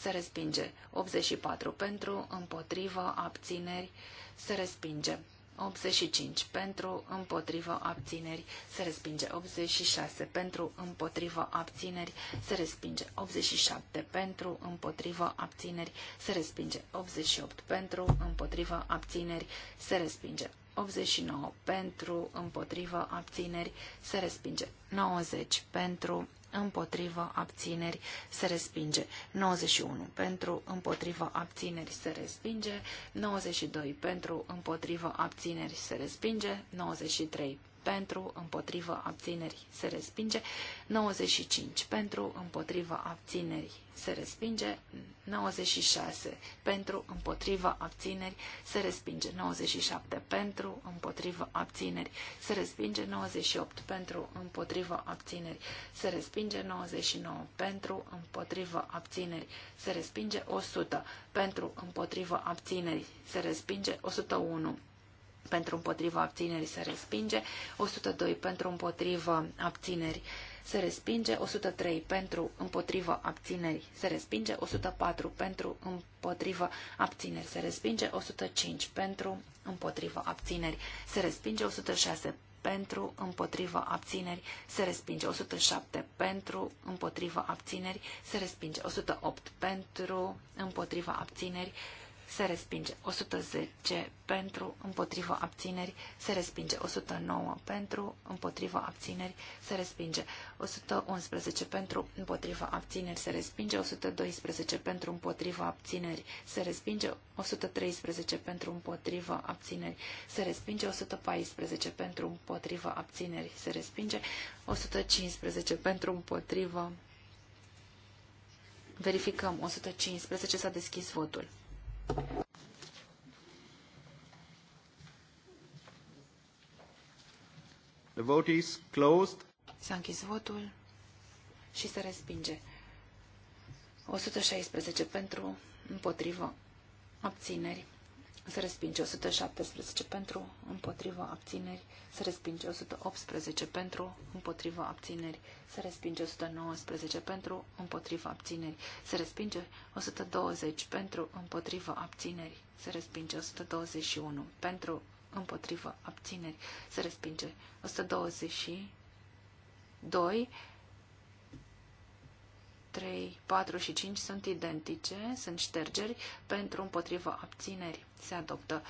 se respinge. 84 pentru, împotrivă, abțineri, se respinge. 85 pentru, împotrivă, abțineri, se respinge. 86 pentru, împotrivă, abțineri, se respinge. 87 pentru, împotrivă, abțineri, se respinge. 88 pentru, împotrivă, abțineri, se respinge. 89 pentru, împotrivă, abțineri, se respinge. 90 pentru, împotrivă, abțineri, se respinge. 91 pentru, împotrivă, abțineri, se respinge. 92 pentru, împotrivă, abțineri, se respinge. 93 pentru, împotrivă, abțineri, se respinge. 95 pentru, împotrivă, abțineri, se respinge. 96 pentru, împotrivă, abțineri, se respinge. 97 pentru, împotrivă, abțineri, se respinge. 98 pentru, împotrivă, abțineri, se respinge. 99 pentru, împotrivă, abțineri, se respinge. 100 pentru, împotrivă, abțineri, se respinge. 101 pentru împotriva abțineri se respinge, 102 pentru împotriva abțineri se respinge, 103 pentru împotriva abțineri se respinge, 104 pentru împotriva abțineri se respinge, 105 pentru împotriva abțineri se respinge, 106 pentru, împotriva abțineri, se respinge 107 pentru, împotriva abțineri, se respinge 108 pentru, împotriva abțineri, se respinge 110 pentru, împotriva abțineri, se respinge 109 pentru, împotriva abțineri, se respinge 111 pentru, împotriva abțineri, se respinge 112 pentru, împotriva abțineri, se respinge 113 pentru, împotriva abțineri, se respinge 114 pentru, împotriva abțineri, se respinge 115 pentru, împotriva Verificăm 115 s-a deschis votul. The vote is closed. S-a închis votul și se respinge. 116 pentru, împotrivă, abțineri se respinge 117 pentru, împotriva abțineri, se respinge 118 pentru, împotriva abțineri, se respinge 119 pentru, împotriva abțineri, se respinge 120 pentru, împotriva abțineri, se respinge 121 pentru, împotriva abțineri, se respinge 122 3, 4 și 5 sunt identice, sunt ștergeri pentru împotrivă abțineri. Se adoptă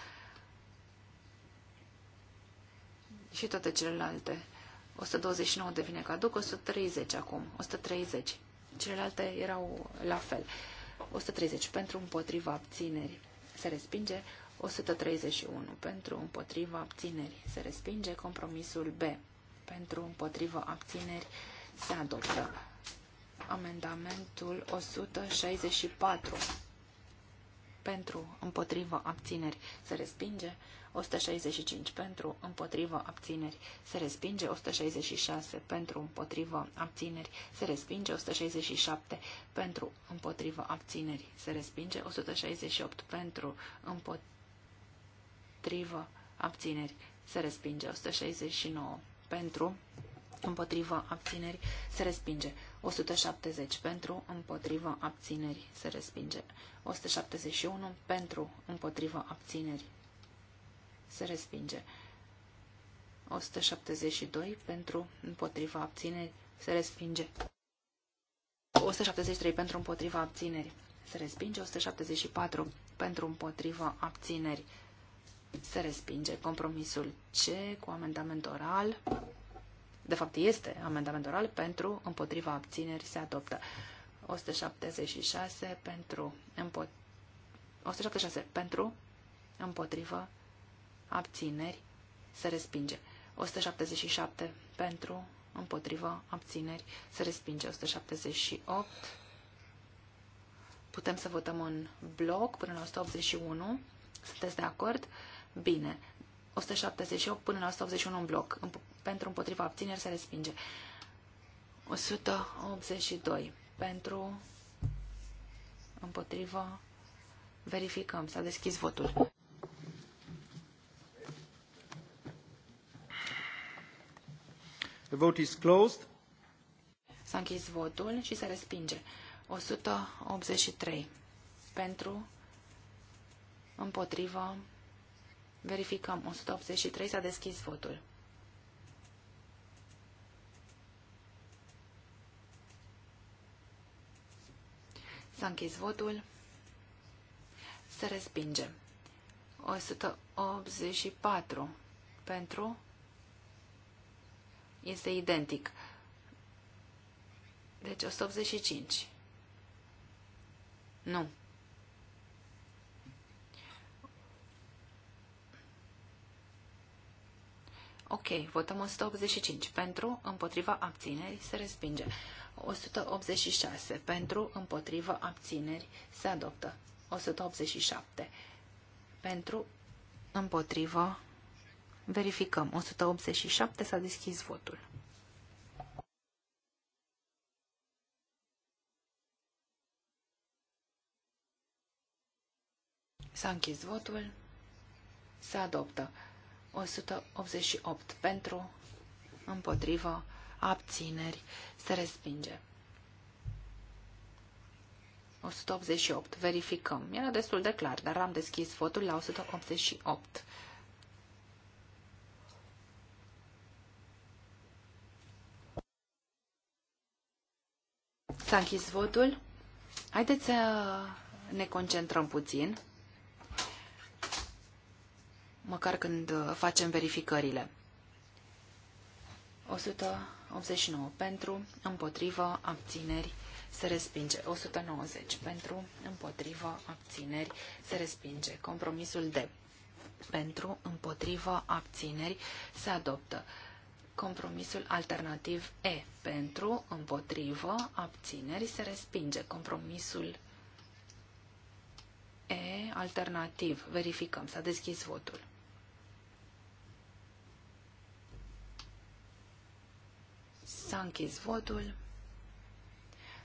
și toate celelalte. 129 devine caduc, 130 acum, 130. Celelalte erau la fel. 130 pentru împotriva abțineri se respinge, 131 pentru împotriva abțineri se respinge, compromisul B pentru împotriva abțineri se adoptă amendamentul 164 pentru, împotrivă, abțineri, se respinge. 165 pentru, împotrivă, abțineri, se respinge. 166 pentru, împotrivă, abțineri, se respinge. 167 pentru, împotrivă, abțineri, se respinge. 168 pentru, împotrivă, abțineri, se respinge. 169 pentru, împotriva abțineri se respinge. 170 pentru, împotriva abțineri se respinge. 171 pentru, împotriva abțineri se respinge. 172 pentru, împotriva abțineri se respinge. 173 pentru, împotriva abțineri se respinge. 174 pentru, împotriva abțineri se respinge. Compromisul C cu amendament oral de fapt este amendament oral, pentru, împotriva abțineri se adoptă. 176 pentru, împo, 176 pentru, împotriva abțineri se respinge. 177 pentru, împotriva abțineri se respinge. 178 Putem să votăm în bloc până la 181. Sunteți de acord? Bine. 178 până la 181 în bloc pentru împotriva abțineri se respinge. 182 pentru împotriva verificăm. S-a deschis votul. The vote is closed. S-a închis votul și se respinge. 183 pentru împotriva verificăm. 183 s-a deschis votul. S-a închis votul. Se respinge. 184 pentru este identic. Deci 185. Nu. Ok, votăm 185. Pentru, împotriva, abțineri, se respinge. 186 pentru, împotrivă, abțineri, se adoptă. 187 pentru, împotrivă, verificăm. 187 s-a deschis votul. S-a închis votul. Se adoptă. 188 pentru, împotrivă, abțineri, se respinge. 188. Verificăm. Era destul de clar, dar am deschis votul la 188. S-a închis votul. Haideți să ne concentrăm puțin, măcar când facem verificările. 100. 89 pentru, împotrivă, abțineri, se respinge. 190 pentru, împotrivă, abțineri, se respinge. Compromisul D. Pentru, împotrivă, abțineri, se adoptă. Compromisul alternativ E. Pentru, împotrivă, abțineri, se respinge. Compromisul E, alternativ. Verificăm. S-a deschis votul. S-a închis votul.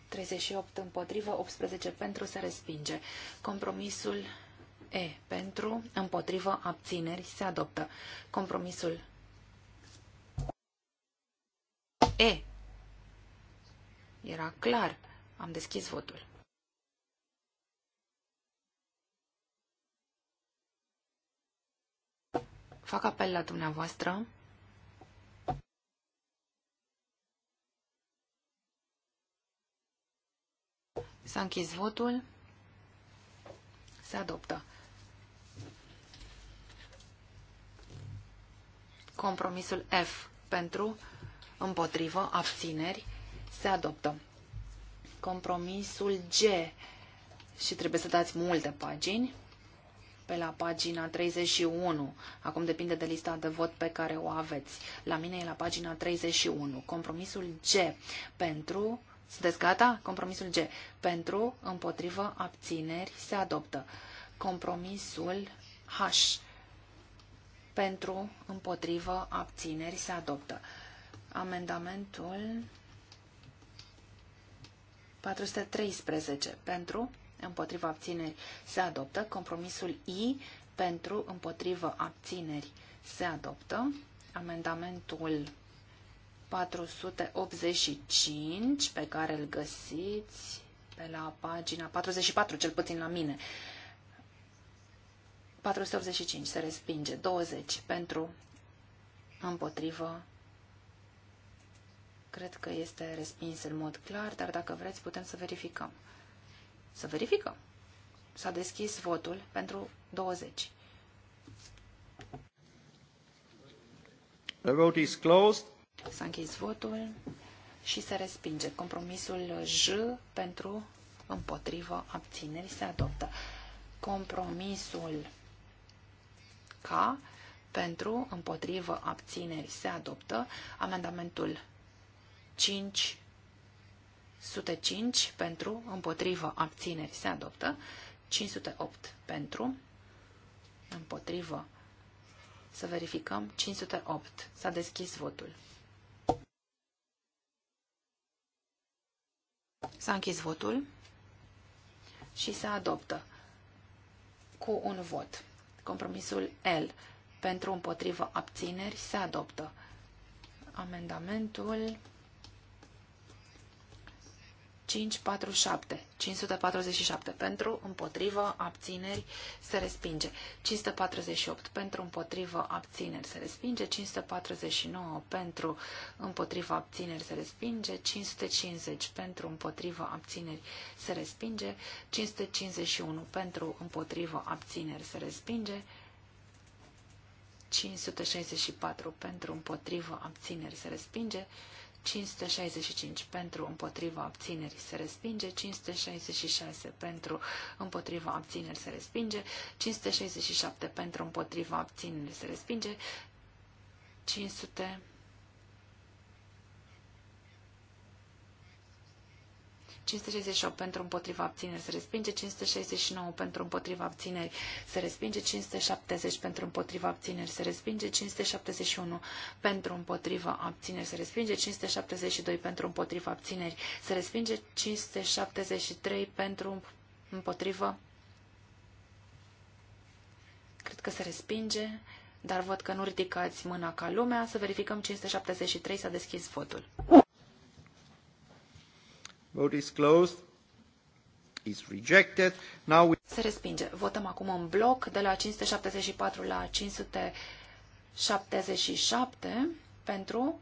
38 împotrivă, 18 pentru, se respinge. Compromisul E pentru, împotrivă, abțineri, se adoptă. Compromisul E. Era clar. Am deschis votul. Fac apel la dumneavoastră S-a închis votul. Se adoptă. Compromisul F pentru, împotrivă, abțineri, se adoptă. Compromisul G și trebuie să dați multe pagini pe la pagina 31. Acum depinde de lista de vot pe care o aveți. La mine e la pagina 31. Compromisul G pentru sunteți gata? Compromisul G. Pentru, împotrivă, abțineri, se adoptă. Compromisul H. Pentru, împotrivă, abțineri, se adoptă. Amendamentul 413. Pentru, împotrivă, abțineri, se adoptă. Compromisul I. Pentru, împotrivă, abțineri, se adoptă. Amendamentul 485 pe care îl găsiți pe la pagina 44, cel puțin la mine. 485 se respinge, 20 pentru împotrivă. Cred că este respins în mod clar, dar dacă vreți putem să verificăm. Să verificăm. S-a deschis votul pentru 20. The vote is closed. S-a închis votul și se respinge. Compromisul J pentru împotrivă abțineri se adoptă. Compromisul K pentru împotrivă abțineri se adoptă. Amendamentul 5 505 pentru, împotrivă, abțineri se adoptă, 508 pentru, împotrivă, să verificăm, 508, s-a deschis votul. S-a închis votul și se adoptă cu un vot. Compromisul L pentru împotrivă abțineri se adoptă. Amendamentul 547, 547 pentru, împotrivă, abțineri, se respinge. 548 pentru, împotrivă, abțineri, se respinge. 549 pentru, împotrivă, abțineri, se respinge. 550 pentru, împotrivă, abțineri, se respinge. 551 pentru, împotrivă, abțineri, se respinge. 564 pentru, împotrivă, abțineri, se respinge. 565 pentru împotriva abținerii se respinge, 566 pentru împotriva abținerii se respinge, 567 pentru împotriva abținerii se respinge, 500 568 pentru împotriva abțineri se respinge, 569 pentru împotriva abțineri se respinge, 570 pentru împotriva abțineri se respinge, 571 pentru împotriva abțineri se respinge, 572 pentru împotriva abțineri se respinge, 573 pentru împotriva Cred că se respinge, dar văd că nu ridicați mâna ca lumea. Să verificăm 573 s-a deschis votul. Vote is closed. Is rejected. Now we... Se respinge. Votăm acum în bloc de la 574 la 577 pentru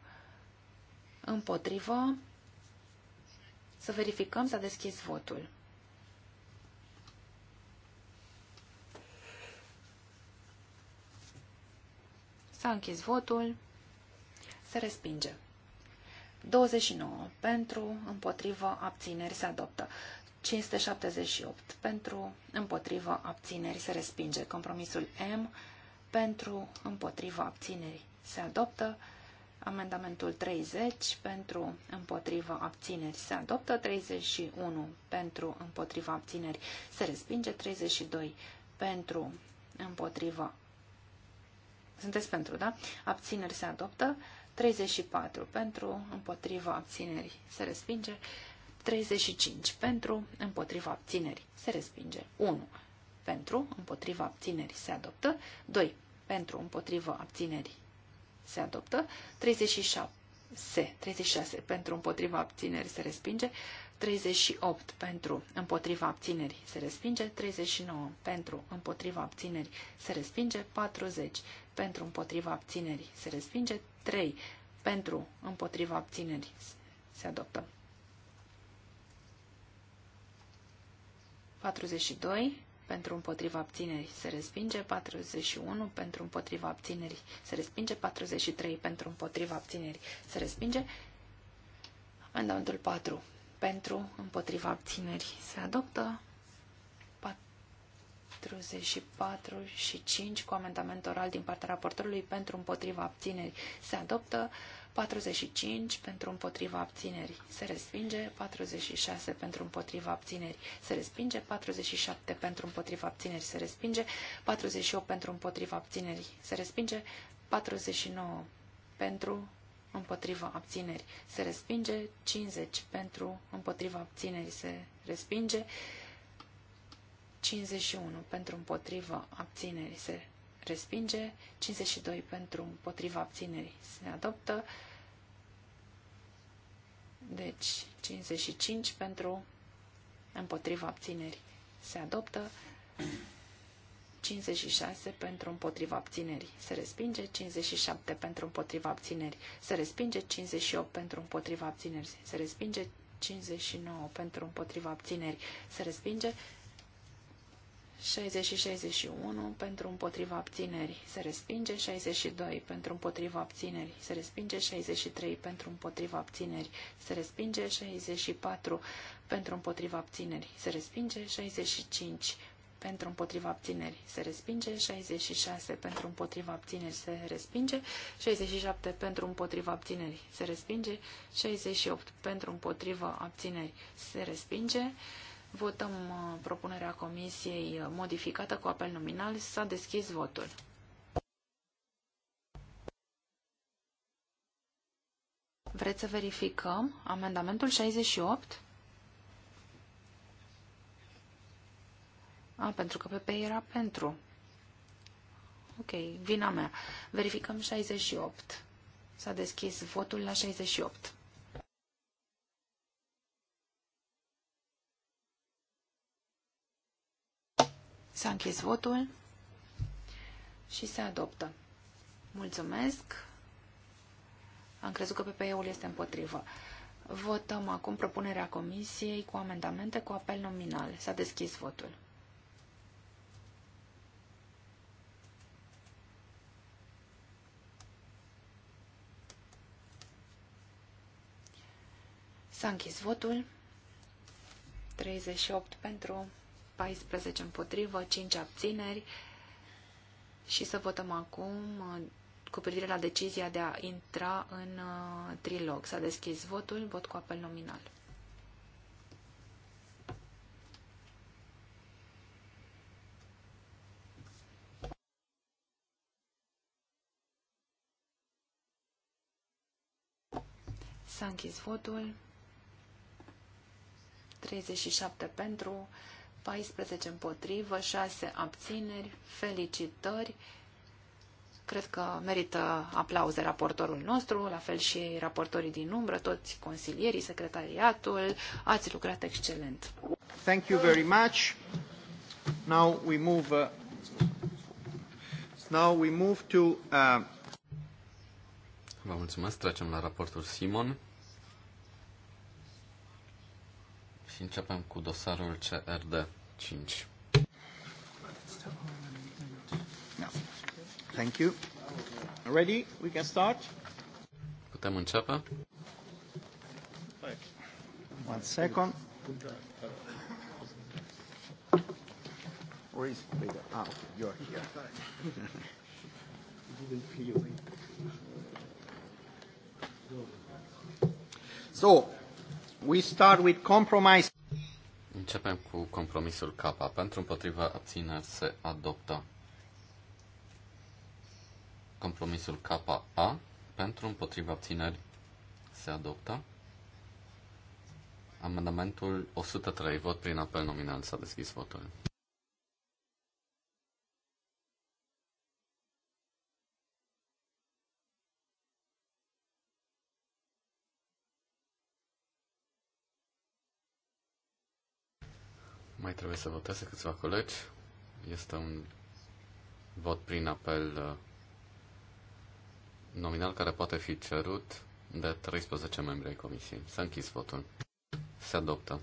împotrivă. Să verificăm, s-a deschis votul. S-a închis votul. Se respinge. 29 pentru, împotrivă, abțineri se adoptă. 578 pentru, împotrivă, abțineri se respinge. Compromisul M pentru, împotrivă, abțineri se adoptă. Amendamentul 30 pentru împotrivă, abțineri se adoptă, 31 pentru împotrivă, abțineri se respinge, 32 pentru împotrivă, Sunteți pentru, da? Abțineri se adoptă, 34 pentru, împotriva abținerii, se respinge. 35 pentru, împotriva abținerii, se respinge. 1 pentru, împotriva abținerii, se adoptă. 2 pentru, împotriva abținerii, se adoptă. 37 se, 36 pentru, împotriva abținerii, se respinge. 38 pentru împotriva abțineri se respinge, 39 pentru împotriva abțineri se respinge, 40 pentru împotriva abțineri se respinge, 3 pentru împotriva abțineri se adoptă. 42 pentru împotriva abținerii se respinge, 41 pentru împotriva abținerii se respinge, 43 pentru împotriva abținerii se respinge, amendamentul 4 pentru, împotriva abțineri se adoptă. 44 și 5 cu amendament oral din partea raportorului pentru împotriva abțineri se adoptă. 45 pentru împotriva abțineri se respinge, 46 pentru împotriva abțineri se respinge, 47 pentru împotriva abțineri se respinge, 48 pentru împotriva abțineri se respinge, 49 pentru împotriva abțineri se respinge, 50 pentru împotriva abțineri se respinge, 51 pentru împotriva abțineri se respinge, 52 pentru împotriva abținerii se adoptă, deci 55 pentru împotriva abținerii se adoptă, 56 pentru împotriva abținerii. Se respinge 57 pentru împotriva abținerii. Se respinge 58 pentru împotriva abținerii. Se respinge 59 pentru împotriva abținerii. Se respinge 60 și 61 pentru împotriva abținerii. Se respinge 62 pentru împotriva abținerii. Se respinge 63 pentru împotriva abținerii. Se respinge 64 pentru împotriva abținerii. Se respinge 65 pentru împotriva abțineri se respinge, 66 pentru împotriva abțineri se respinge, 67 pentru împotriva abțineri se respinge, 68 pentru împotriva abțineri se respinge. Votăm uh, propunerea comisiei uh, modificată cu apel nominal. S-a deschis votul. Vreți să verificăm amendamentul 68? A, pentru că PP era pentru. Ok, vina mea. Verificăm 68. S-a deschis votul la 68. S-a închis votul și se adoptă. Mulțumesc. Am crezut că PPE-ul este împotrivă. Votăm acum propunerea comisiei cu amendamente cu apel nominal. S-a deschis votul. S-a închis votul. 38 pentru, 14 împotrivă, 5 abțineri. Și să votăm acum uh, cu privire la decizia de a intra în uh, trilog. S-a deschis votul, vot cu apel nominal. S-a închis votul. 37 pentru, 14 împotrivă, 6 abțineri, felicitări. Cred că merită aplauze raportorul nostru, la fel și raportorii din umbră, toți consilierii, secretariatul. Ați lucrat excelent. Thank you very much. Now we move uh, Now we move to uh... Vă mulțumesc, trecem la raportul Simon. și începem cu dosarul CRD 5. Thank you. Ready? We can start? Putem începe? One second. Where is Peter? Ah, okay, you're here. so, We start with compromise. Începem cu compromisul K. Pentru împotriva abțineri se adoptă. Compromisul K. A. Pentru împotriva abțineri se adoptă. Amendamentul 103. Vot prin apel nominal. S-a deschis votul. mai trebuie să voteze câțiva colegi. Este un vot prin apel uh, nominal care poate fi cerut de 13 membri ai comisiei. S-a închis votul. Se adoptă.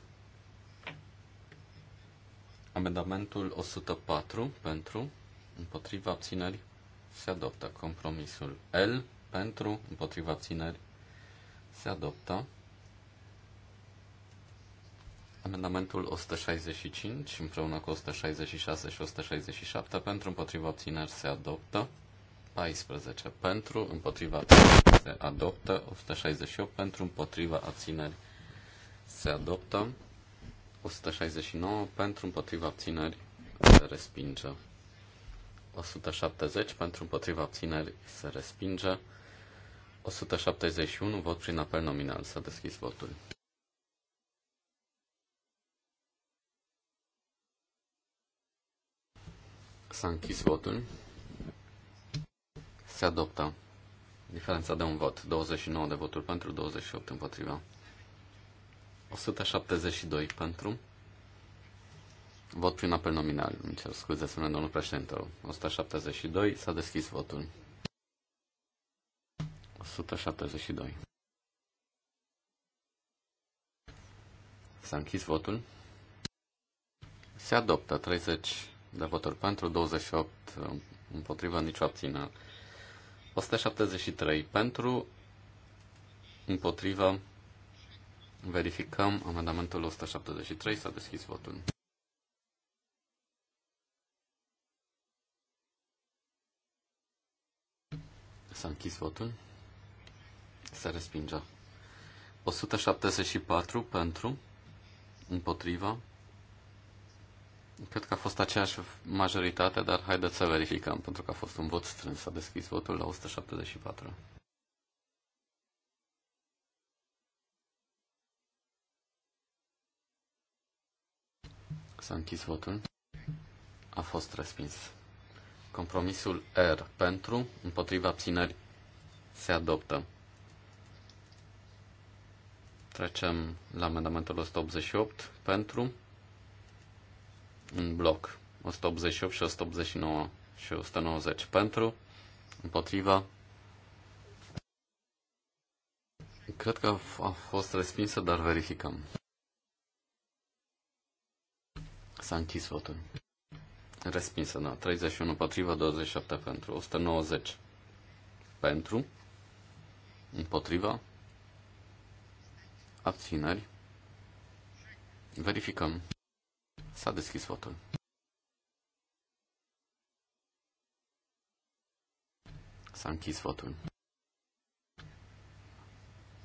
Amendamentul 104 pentru, împotriva abțineri, se adoptă. Compromisul L pentru, împotriva abțineri, se adoptă. Amendamentul 165 împreună cu 166 și 167 pentru împotriva obțineri se adoptă. 14 pentru, împotriva abțineri se adoptă, 168 pentru, împotriva abțineri se adoptă, 169 pentru, împotriva abțineri se respinge, 170 pentru, împotriva abțineri se respinge, 171 vot prin apel nominal. S-a deschis votul. S-a închis votul. Se adoptă. Diferența de un vot. 29 de voturi pentru, 28 împotriva. 172 pentru. Vot prin apel nominal. Îmi cer scuze, spune domnul președinte. 172. S-a deschis votul. 172. S-a închis votul. Se adoptă 30 de voturi pentru, 28 împotriva, nicio abținere. 173 pentru, împotriva, verificăm amendamentul 173, s-a deschis votul. S-a închis votul. Se respingea. 174 pentru, împotriva, Cred că a fost aceeași majoritate, dar haideți să verificăm, pentru că a fost un vot strâns. S-a deschis votul la 174. S-a închis votul. A fost respins. Compromisul R pentru, împotriva abțineri, se adoptă. Trecem la amendamentul 188 pentru, în bloc 188 și 189 și 190 pentru, împotriva. Cred că a fost respinsă, dar verificăm. S-a închis votul. Respinsă, da. 31 împotriva, 27 pentru, 190 pentru, împotriva, abțineri. Verificăm. S-a deschis votul. S-a închis votul.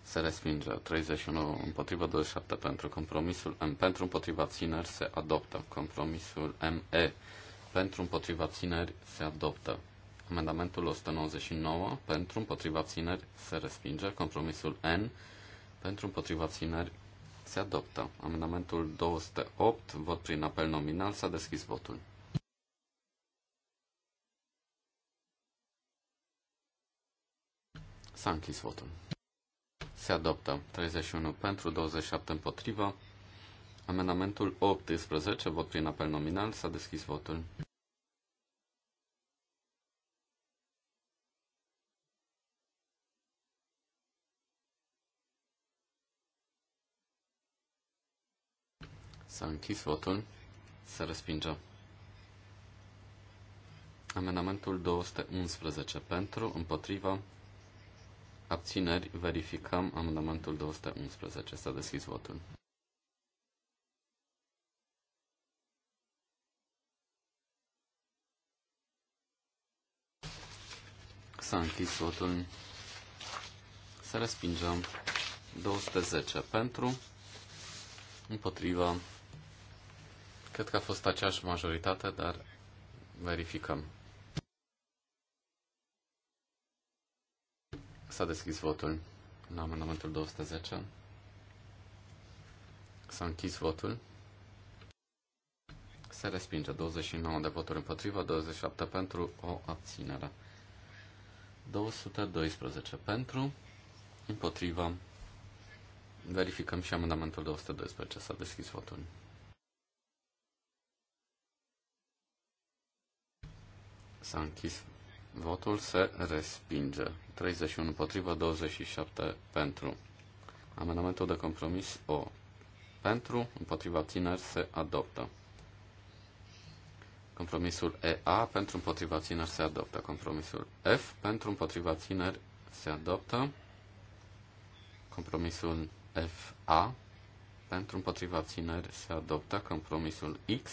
Se respinge 31 împotriva 27 pentru compromisul M. Pentru împotriva țineri se adoptă. Compromisul ME. Pentru împotriva țineri se adoptă. Amendamentul 199 pentru împotriva țineri se respinge. Compromisul N pentru împotriva țineri se adoptă. Amendamentul 208, vot prin apel nominal, s-a deschis votul. S-a închis votul. Se adoptă 31 pentru, 27 împotrivă. Amendamentul 18, vot prin apel nominal, s-a deschis votul. S-a închis votul. Se respinge. Amendamentul 211 pentru, împotriva, abțineri, verificăm amendamentul 211. S-a deschis votul. S-a închis votul. Se respingem 210 pentru, împotriva, Cred că a fost aceeași majoritate, dar verificăm. S-a deschis votul la amendamentul 210. S-a închis votul. Se respinge 29 de voturi împotriva, 27 pentru o abținere. 212 pentru, împotriva. Verificăm și amendamentul 212. S-a deschis votul. S-a închis votul, se respinge. 31 împotrivă, 27 pentru. Amendamentul de compromis O. Pentru, împotriva țineri, se adoptă. Compromisul EA pentru împotriva țineri se adoptă. Compromisul F pentru împotriva țineri se adoptă. Compromisul FA pentru împotriva țineri se adoptă. Compromisul X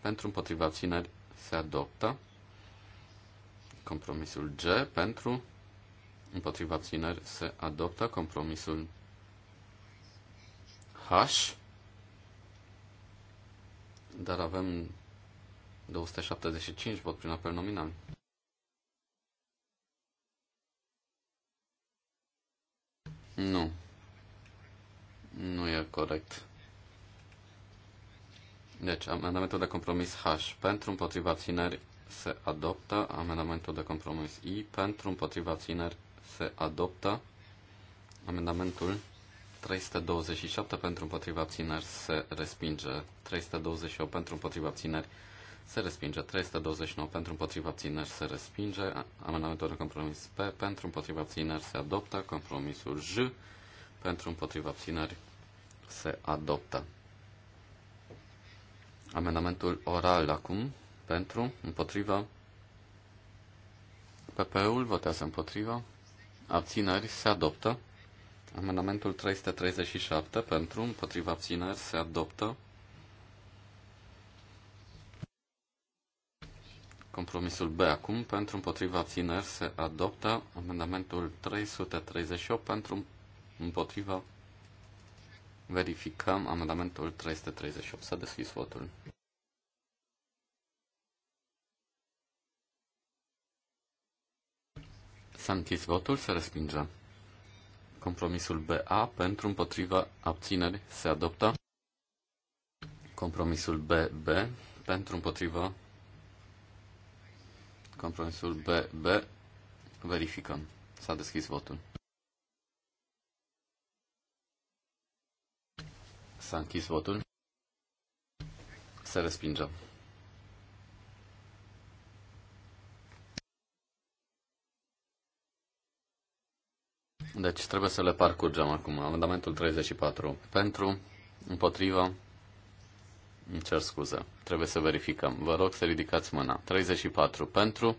pentru împotriva țineri se adoptă. Compromisul G pentru, împotriva țineri se adoptă. Compromisul H, dar avem 275 vot prin apel nominal. Nu. Nu e corect. Deci, amendamentul de compromis H pentru împotriva țineri se adoptă. Amendamentul de compromis I pentru împotriva țineri se adoptă. Amendamentul 327 pentru împotriva țineri se respinge, 328 pentru împotriva țineri se respinge, 329 pentru împotriva țineri se respinge, amendamentul de compromis P pentru împotriva țineri se adoptă, compromisul J pentru împotriva țineri se adoptă. Amendamentul oral acum pentru, împotriva. PP-ul votează împotriva. Abțineri se adoptă. Amendamentul 337 pentru, împotriva abțineri se adoptă. Compromisul B acum, pentru împotriva abțineri se adoptă amendamentul 338 pentru împotriva verificăm amendamentul 338. S-a deschis votul. s închis votul, se respinge. Compromisul BA pentru împotriva abțineri se adoptă. Compromisul BB pentru împotriva compromisul BB verificăm. S-a deschis votul. S-a închis votul. Se respinge. Deci trebuie să le parcurgem acum. Amendamentul 34. Pentru, împotriva, îmi cer scuze. Trebuie să verificăm. Vă rog să ridicați mâna. 34. Pentru,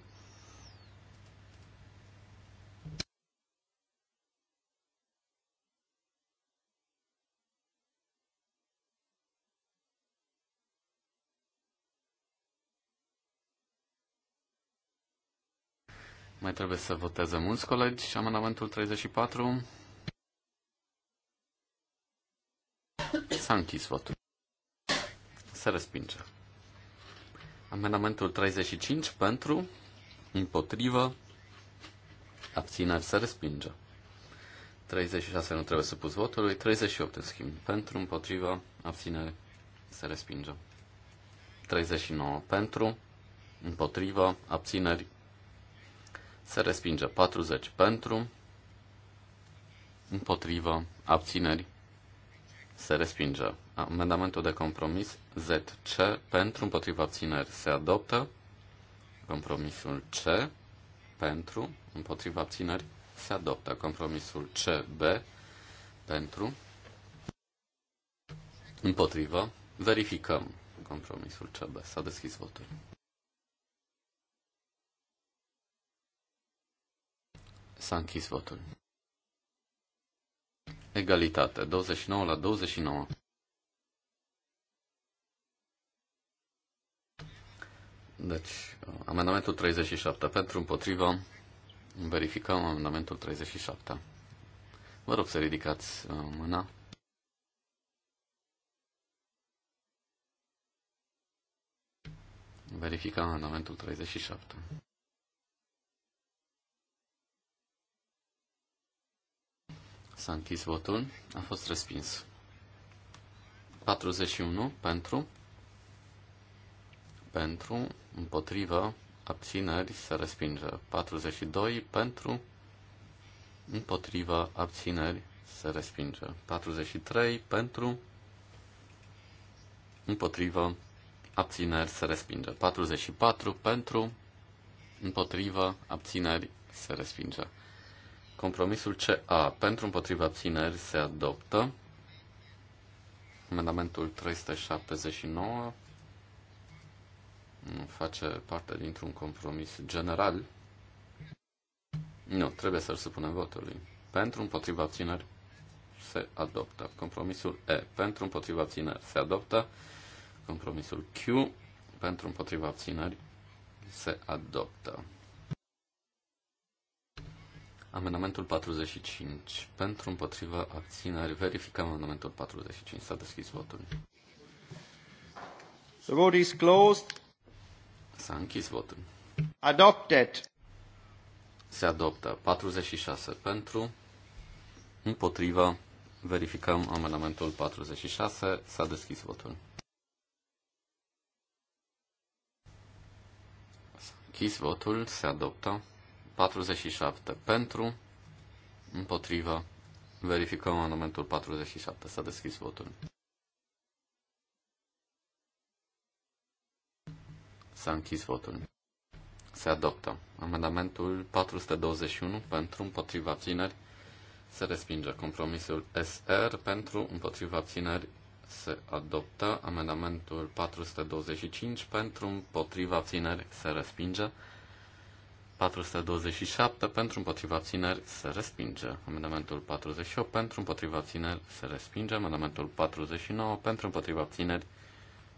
Mai trebuie să voteze mulți colegi și amendamentul 34. S-a închis votul. Se respinge. Amendamentul 35 pentru, împotrivă, abțineri se respinge. 36 nu trebuie să pus votului, 38 în schimb. Pentru, împotrivă, abțineri se respinge. 39 pentru, împotrivă, abțineri se respinge 40 pentru, împotrivă, abțineri, se respinge. Amendamentul de compromis ZC pentru, împotriva abțineri, se adoptă. Compromisul C pentru, împotriva abțineri, se adoptă. Compromisul CB pentru, împotriva, verificăm compromisul CB. S-a deschis votul. S-a închis votul. Egalitate. 29 la 29. Deci, amendamentul 37 pentru împotriva. Verificăm amendamentul 37. Vă rog să ridicați uh, mâna. Verificăm amendamentul 37. S-a închis votul. A fost respins. 41 pentru. Pentru. Împotrivă. Abțineri. Se respinge. 42 pentru. Împotrivă. Abțineri. Se respinge. 43 pentru. Împotrivă. Abțineri. Se respinge. 44 pentru. Împotrivă. Abțineri. Se respinge. Compromisul CA pentru împotriva abțineri se adoptă. Amendamentul 379 face parte dintr-un compromis general. Nu, trebuie să-l supunem votului. Pentru împotriva abțineri se adoptă. Compromisul E pentru împotriva abțineri se adoptă. Compromisul Q pentru împotriva abțineri se adoptă. Amendamentul 45. Pentru, împotriva, abțineri. Verificăm amendamentul 45. S-a deschis votul. The vote is closed. S-a închis votul. Adopted. Se adoptă. 46 pentru. Împotriva. Verificăm amendamentul 46. S-a deschis votul. S-a închis votul. Se adoptă. 47 pentru, împotriva, verificăm amendamentul 47, s-a deschis votul. S-a închis votul. Se adoptă. Amendamentul 421 pentru împotriva abțineri se respinge. Compromisul SR pentru împotriva abțineri se adoptă. Amendamentul 425 pentru împotriva abțineri se respinge. 427 pentru împotriva țineri se respinge. Amendamentul 48 pentru împotriva țineri se respinge. Amendamentul 49 pentru împotriva țineri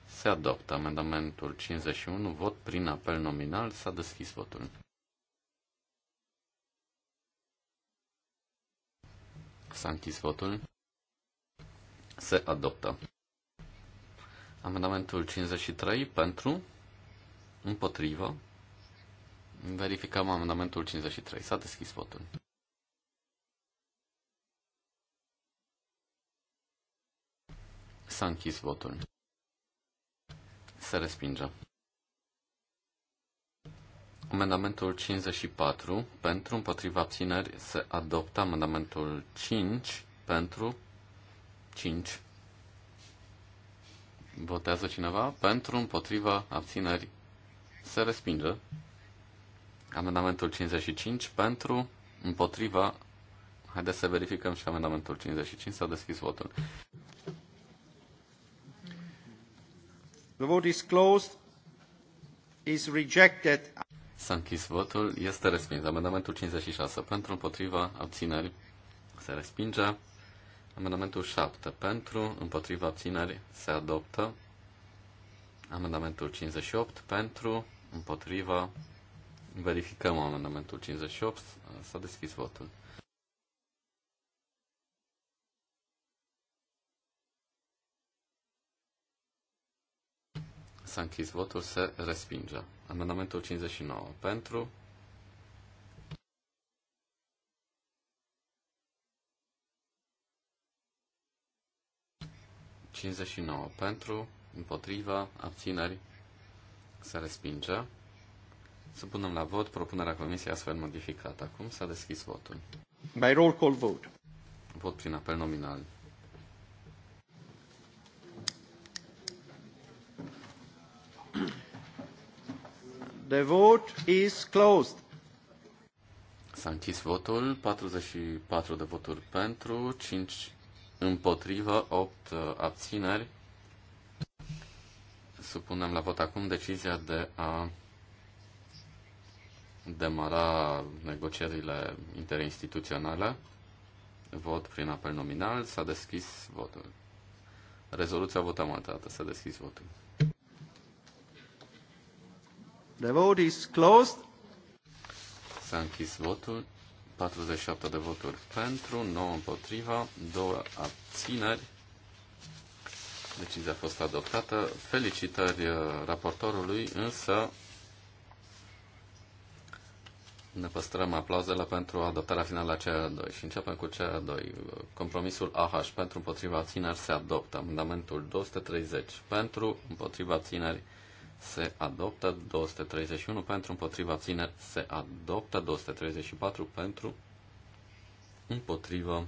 se adoptă. Amendamentul 51 vot prin apel nominal s-a deschis votul. S-a închis votul. Se adoptă. Amendamentul 53 pentru împotriva Verificăm amendamentul 53. S-a deschis votul. S-a închis votul. Se respinge. Amendamentul 54 pentru, împotriva abțineri, se adoptă amendamentul 5 pentru 5. Votează cineva? Pentru, împotriva, abțineri, se respinge. Amendamentul 55 pentru, împotriva. Haideți să verificăm și amendamentul 55. S-a deschis votul. The vote is closed. Is rejected. S-a închis votul. Este respins. Amendamentul 56 pentru, împotriva, abțineri. Se respinge. Amendamentul 7 pentru, împotriva, abțineri. Se adoptă. Amendamentul 58 pentru, împotriva, Verificăm amendamentul 58. S-a deschis votul. S-a închis votul, se respinge. Amendamentul 59. Pentru. ...59 pentru, împotriva, abțineri, se respinge. Să punem la vot propunerea comisiei astfel modificată. Acum s-a deschis votul. By roll call vote. Vot prin apel nominal. The vote is closed. S-a închis votul, 44 de voturi pentru, 5 împotrivă, 8 uh, abțineri. Supunem la vot acum decizia de a demara negocierile interinstituționale. Vot prin apel nominal. S-a deschis votul. Rezoluția votăm altă dată. S-a deschis votul. The vote is closed. S-a închis votul. 47 de voturi pentru, 9 împotriva, 2 abțineri. Decizia a fost adoptată. Felicitări eh, raportorului, însă ne păstrăm aplauzele pentru adoptarea finală a CR2 și începem cu CR2. Compromisul AH pentru împotriva țineri se adoptă. Amendamentul 230 pentru împotriva țineri se adoptă. 231 pentru împotriva țineri se adoptă. 234 pentru împotriva.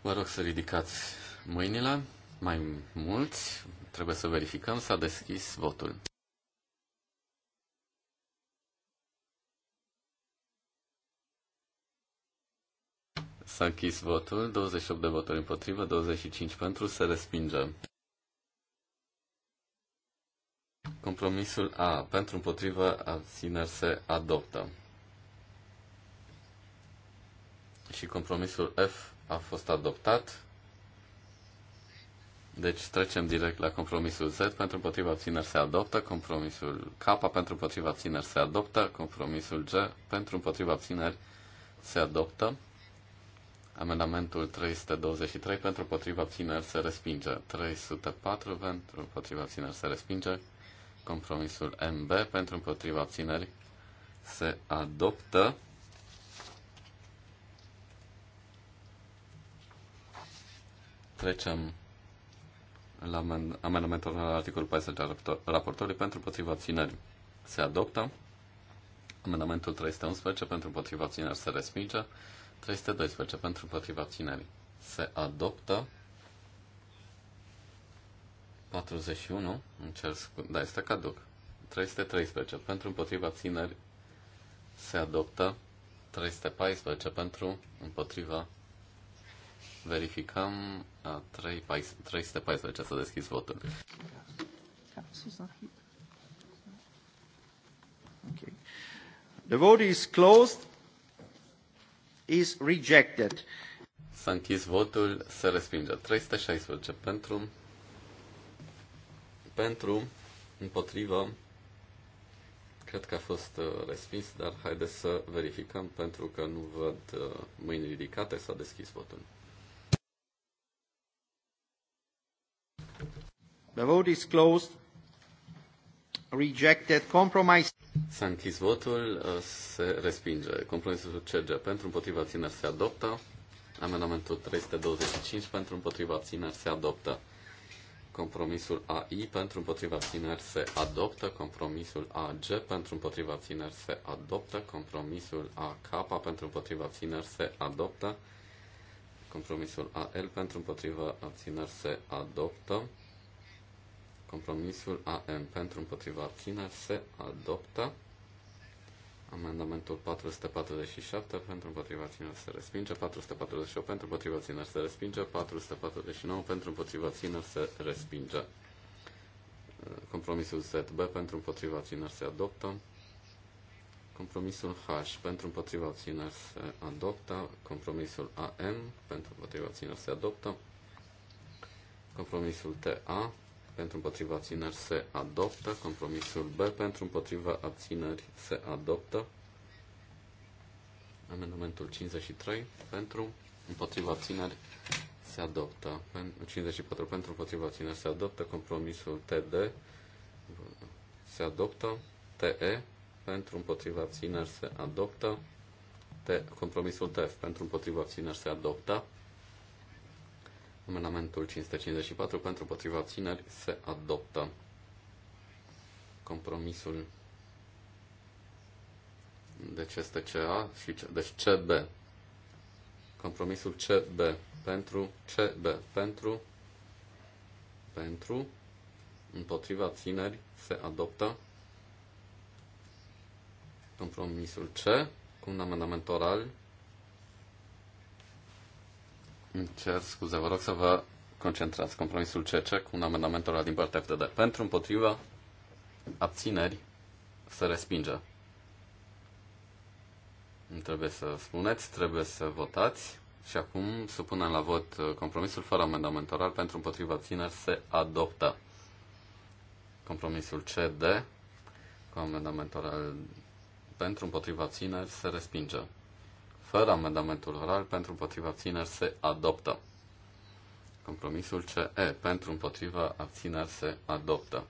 Vă rog să ridicați mâinile mai mulți. Trebuie să verificăm. S-a deschis votul. S-a închis votul, 28 de voturi împotrivă, 25 pentru, se respinge. Compromisul A. Pentru împotrivă, abțineri se adoptă. Și compromisul F a fost adoptat. Deci trecem direct la compromisul Z. Pentru împotriva abțineri se adoptă. Compromisul K pentru împotriva abțineri se adoptă. Compromisul G pentru împotriva abțineri se adoptă. Amendamentul 323 pentru potriva abțineri se respinge. 304 pentru potriva abțineri se respinge. Compromisul MB pentru împotriva abțineri se adoptă. Trecem la amendamentul la articolul 14 al raportorului pentru potriva abțineri. Se adoptă. Amendamentul 311 pentru potriva abțineri se respinge. 312 pentru împotriva tinerii. Se adoptă 41, încerc cer da, este caduc. 313 pentru împotriva tineri Se adoptă 314 pentru împotriva Verificăm a 3, 314 să deschis votul. Okay. The vote is closed is rejected. S-a închis votul, se respinge. 316 pentru, pentru, împotrivă, cred că a fost uh, respins, dar haideți să verificăm pentru că nu văd uh, mâini ridicate, s-a deschis votul. The vote is closed. Rejected compromise. S-a închis votul, uh, se respinge. Compromisul CG pentru împotriva țineri se adoptă. Amendamentul 325 pentru împotriva țineri se adoptă. Compromisul AI pentru împotriva țineri se adoptă. Compromisul AG pentru împotriva țineri se adoptă. Compromisul AK pentru împotriva țineri se adoptă. Compromisul AL pentru împotriva țineri se adoptă. Compromisul AM pentru împotriva abțineri se adoptă. Amendamentul 447 pentru împotriva țineri se respinge, 448 pentru împotriva țineri se respinge, 449 pentru împotriva țineri se respinge. Compromisul ZB pentru împotriva țineri se adoptă. Compromisul H pentru împotriva țineri se adoptă. Compromisul AM pentru împotriva țineri se adoptă. Compromisul TA pentru împotriva abțineri se adoptă. Compromisul B pentru împotriva abțineri se adoptă. Amendamentul 53 pentru împotriva abțineri se adoptă. 54 pentru împotriva abțineri se adoptă. Compromisul TD se adoptă. TE pentru împotriva abțineri se adoptă. T, compromisul TF pentru împotriva abțineri se adoptă. Amendamentul 554 pentru potriva abțineri se adoptă. Compromisul deci este CA și C, deci CB. Compromisul CB pentru CB pentru pentru împotriva țineri se adoptă compromisul C cu un amendament oral cer scuze, vă rog să vă concentrați. Compromisul CC cu un amendament oral din partea FDD. Pentru, împotriva, abțineri, se respinge. Nu trebuie să spuneți, trebuie să votați. Și acum supunem la vot uh, compromisul fără amendament oral pentru împotriva abțineri se adoptă. Compromisul CD cu amendament oral pentru împotriva abțineri se respinge fără amendamentul oral, pentru împotriva abțineri se adoptă. Compromisul CE pentru împotriva abțineri se adoptă.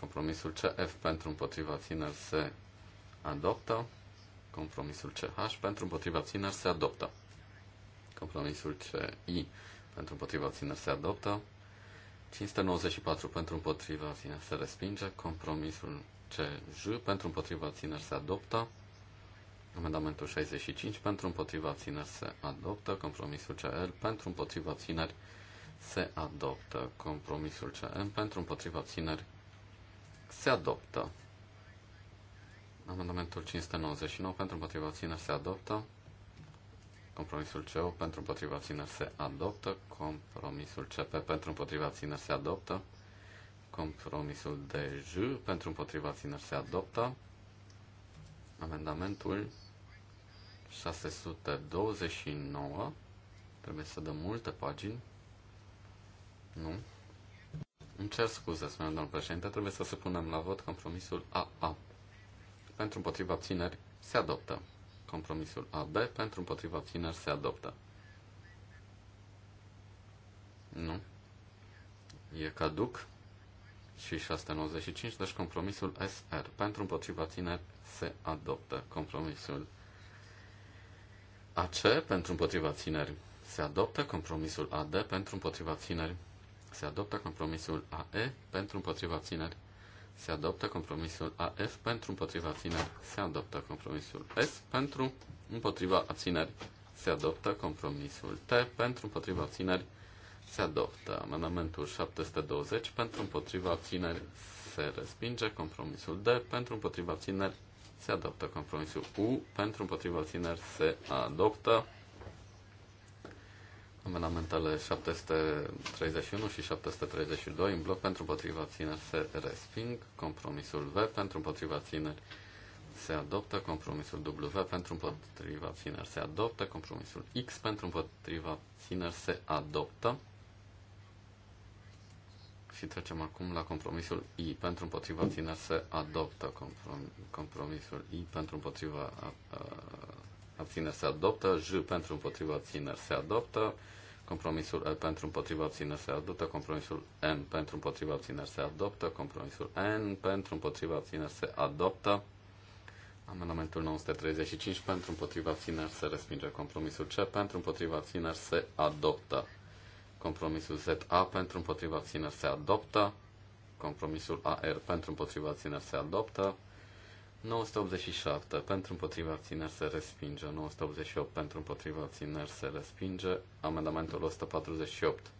Compromisul CF pentru împotriva abțineri se adoptă. Compromisul CH pentru împotriva abțineri se adoptă. Compromisul CI pentru împotriva abțineri se adoptă. 594 pentru împotriva abțineri se respinge. Compromisul CJ pentru împotriva abțineri se adoptă. Amendamentul 65 pentru împotriva țineri se adoptă. Compromisul CL pentru împotriva țineri se adoptă. Compromisul CM pentru împotriva țineri se adoptă. Amendamentul 599 pentru împotriva țineri se adoptă. Compromisul CO pentru împotriva țineri se adoptă. Compromisul CP pentru împotriva țineri se adoptă. Compromisul DJ pentru împotriva țineri se adoptă. Amendamentul 629. Trebuie să dăm multe pagini. Nu. Îmi cer scuze, spune domnul președinte, trebuie să supunem la vot compromisul AA. Pentru împotriva abțineri se adoptă. Compromisul AB pentru împotriva abțineri se adoptă. Nu. E caduc și 695, deci compromisul SR pentru împotriva abțineri se adoptă. Compromisul AC pentru împotriva țineri se adoptă compromisul AD pentru împotriva țineri. Se adoptă compromisul AE pentru împotriva țineri. Se adoptă compromisul AF pentru împotriva țineri. Se adoptă compromisul S pentru împotriva țineri. Se adoptă compromisul T pentru împotriva țineri. Se adoptă amendamentul 720 pentru împotriva țineri. Se respinge compromisul D pentru împotriva țineri se adoptă. Compromisul U pentru împotriva țineri se adoptă. Amendamentele 731 și 732 în bloc pentru împotriva țineri se resping. Compromisul V pentru împotriva țineri se adoptă. Compromisul W pentru împotriva țineri se adoptă. Compromisul X pentru împotriva țineri se adoptă. Și trecem acum la compromisul I. Pentru împotriva abțineri se adoptă. Compromisul I pentru împotriva abțineri se adoptă. J pentru împotriva abțineri se adoptă. Compromisul L pentru împotriva abțineri se adoptă. Compromisul M pentru împotriva abțineri se adoptă. Compromisul N pentru împotriva abțineri se adoptă. Amendamentul 935 pentru împotriva abțineri se respinge. Compromisul C pentru împotriva abțineri se adoptă. Compromisul ZA pentru împotriva țineri se adoptă. Compromisul AR pentru împotriva țineri se adoptă. 987 pentru împotriva țineri se respinge. 988 pentru împotriva țineri se respinge. Amendamentul 148.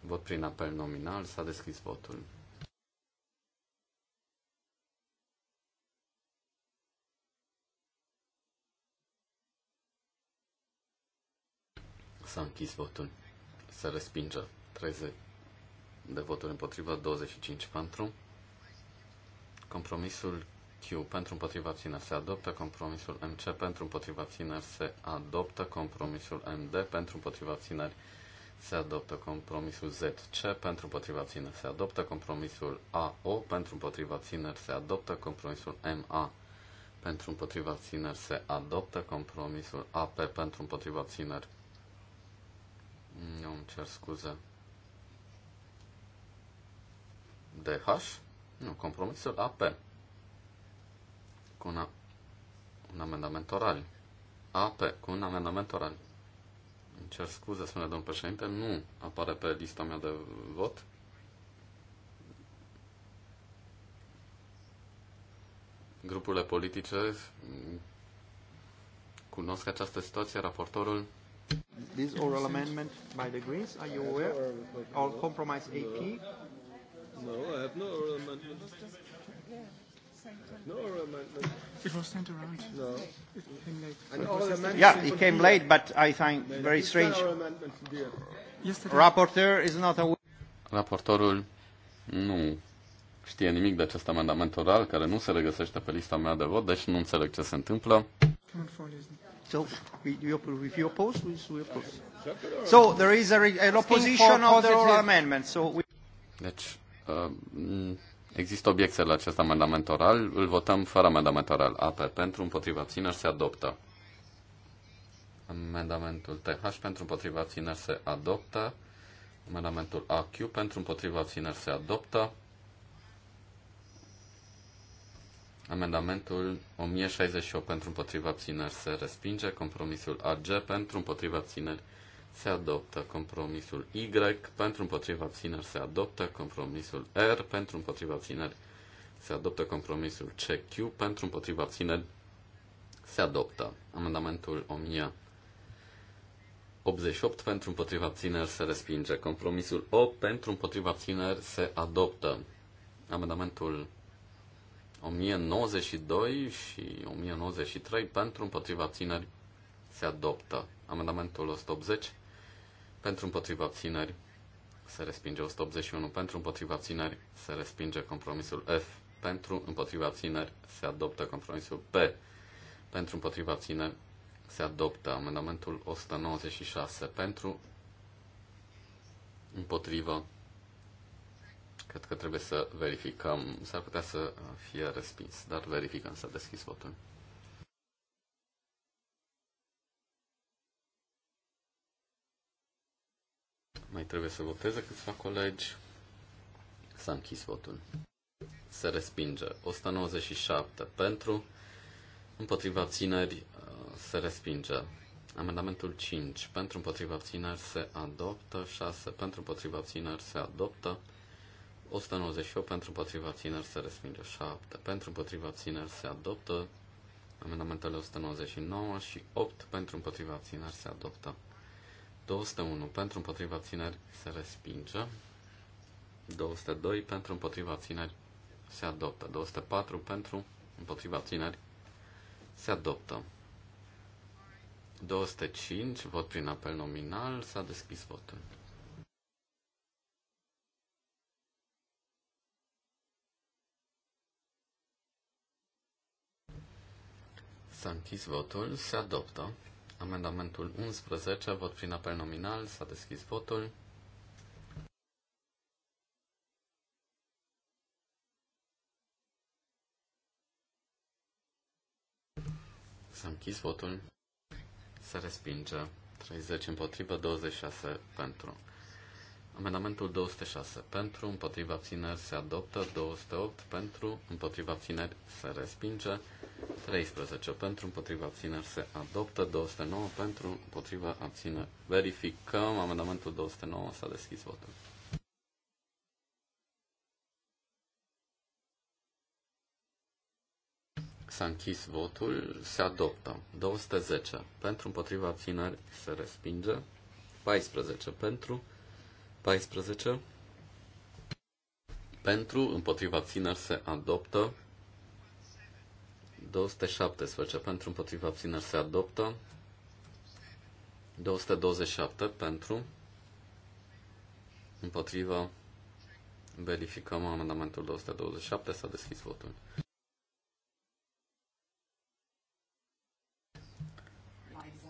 Vot prin apel nominal. S-a deschis votul. S-a închis votul se respinge. 30 de voturi împotriva, 25 pentru. Compromisul Q pentru împotriva abțineri se adoptă, compromisul MC pentru împotriva abțineri se adoptă, compromisul MD pentru împotriva abțineri se adoptă, compromisul ZC pentru împotriva abțineri se adoptă, compromisul AO pentru împotriva abțineri se adoptă, compromisul MA pentru împotriva abțineri se adoptă, compromisul AP pentru împotriva abțineri nu îmi cer scuze. DH? Nu, compromisul AP. Cu una, un amendament oral. AP, cu un amendament oral. Îmi cer scuze, spune domnul președinte, nu apare pe lista mea de vot. Grupurile politice cunosc această situație, raportorul This oral amendment by the Greens, are you aware? All compromise AP? No, I have no oral amendment. No oral amendment. It was sent around. No. It came late. yeah, it came late, but I find very strange. Rapporteur is not aware. Raportorul nu știe nimic de acest amendament oral care nu se regăsește pe lista mea de vot, deci nu înțeleg ce se întâmplă. So we, if you oppose, we, we oppose. So there is a, an opposition of the oral amendment. So we... Deci, um, există obiecte la acest amendament oral. Îl votăm fără amendament oral. AP pentru, împotriva țineri se adoptă. Amendamentul TH pentru împotriva țineri se adoptă. Amendamentul AQ pentru împotriva țineri se adoptă. Amendamentul 1068 pentru împotriva abțineri se respinge. Compromisul AG pentru împotriva abțineri se adoptă. Compromisul Y pentru împotriva abțineri se adoptă. Compromisul R pentru împotriva abțineri se adoptă. Compromisul CQ pentru împotriva abțineri se adoptă. Amendamentul 1088 pentru împotriva abțineri se respinge. Compromisul O pentru împotriva abțineri se adoptă. Amendamentul 1092 și 1093 pentru împotriva abțineri se adoptă. Amendamentul 180 pentru împotriva abțineri se respinge 181 pentru împotriva abțineri se respinge compromisul F pentru împotriva abțineri se adoptă compromisul P pentru împotriva abțineri se adoptă amendamentul 196 pentru împotriva Cred că trebuie să verificăm. S-ar putea să fie respins, dar verificăm. să deschis votul. Mai trebuie să voteze câțiva colegi. S-a închis votul. Se respinge. 197 pentru. Împotriva abțineri uh, se respinge. Amendamentul 5. Pentru împotriva abțineri se adoptă. 6. Pentru împotriva abțineri se adoptă. 198 pentru împotriva țineri se respinge 7 pentru împotriva țineri se adoptă amendamentele 199 și 8 pentru împotriva țineri se adoptă 201 pentru împotriva țineri se respinge 202 pentru împotriva țineri se adoptă 204 pentru împotriva țineri se adoptă 205 vot prin apel nominal s-a deschis votul S-a închis votul, se adoptă. Amendamentul 11, vot prin apel nominal, s-a deschis votul. S-a închis votul. Se respinge. 30 împotrivă, 26 pentru. Amendamentul 206 pentru, împotriva abțineri se adoptă, 208 pentru, împotriva abțineri se respinge, 13 pentru, împotriva abțineri se adoptă, 209 pentru, împotriva abțineri. Verificăm, amendamentul 209 s-a deschis votul. S-a închis votul, se adoptă. 210 pentru, împotriva abțineri se respinge, 14 pentru, 14. Pentru, împotriva abțineri se adoptă. 217 pentru, împotriva abțineri se adoptă. 227 pentru, împotriva, verificăm amendamentul 227, s-a deschis votul.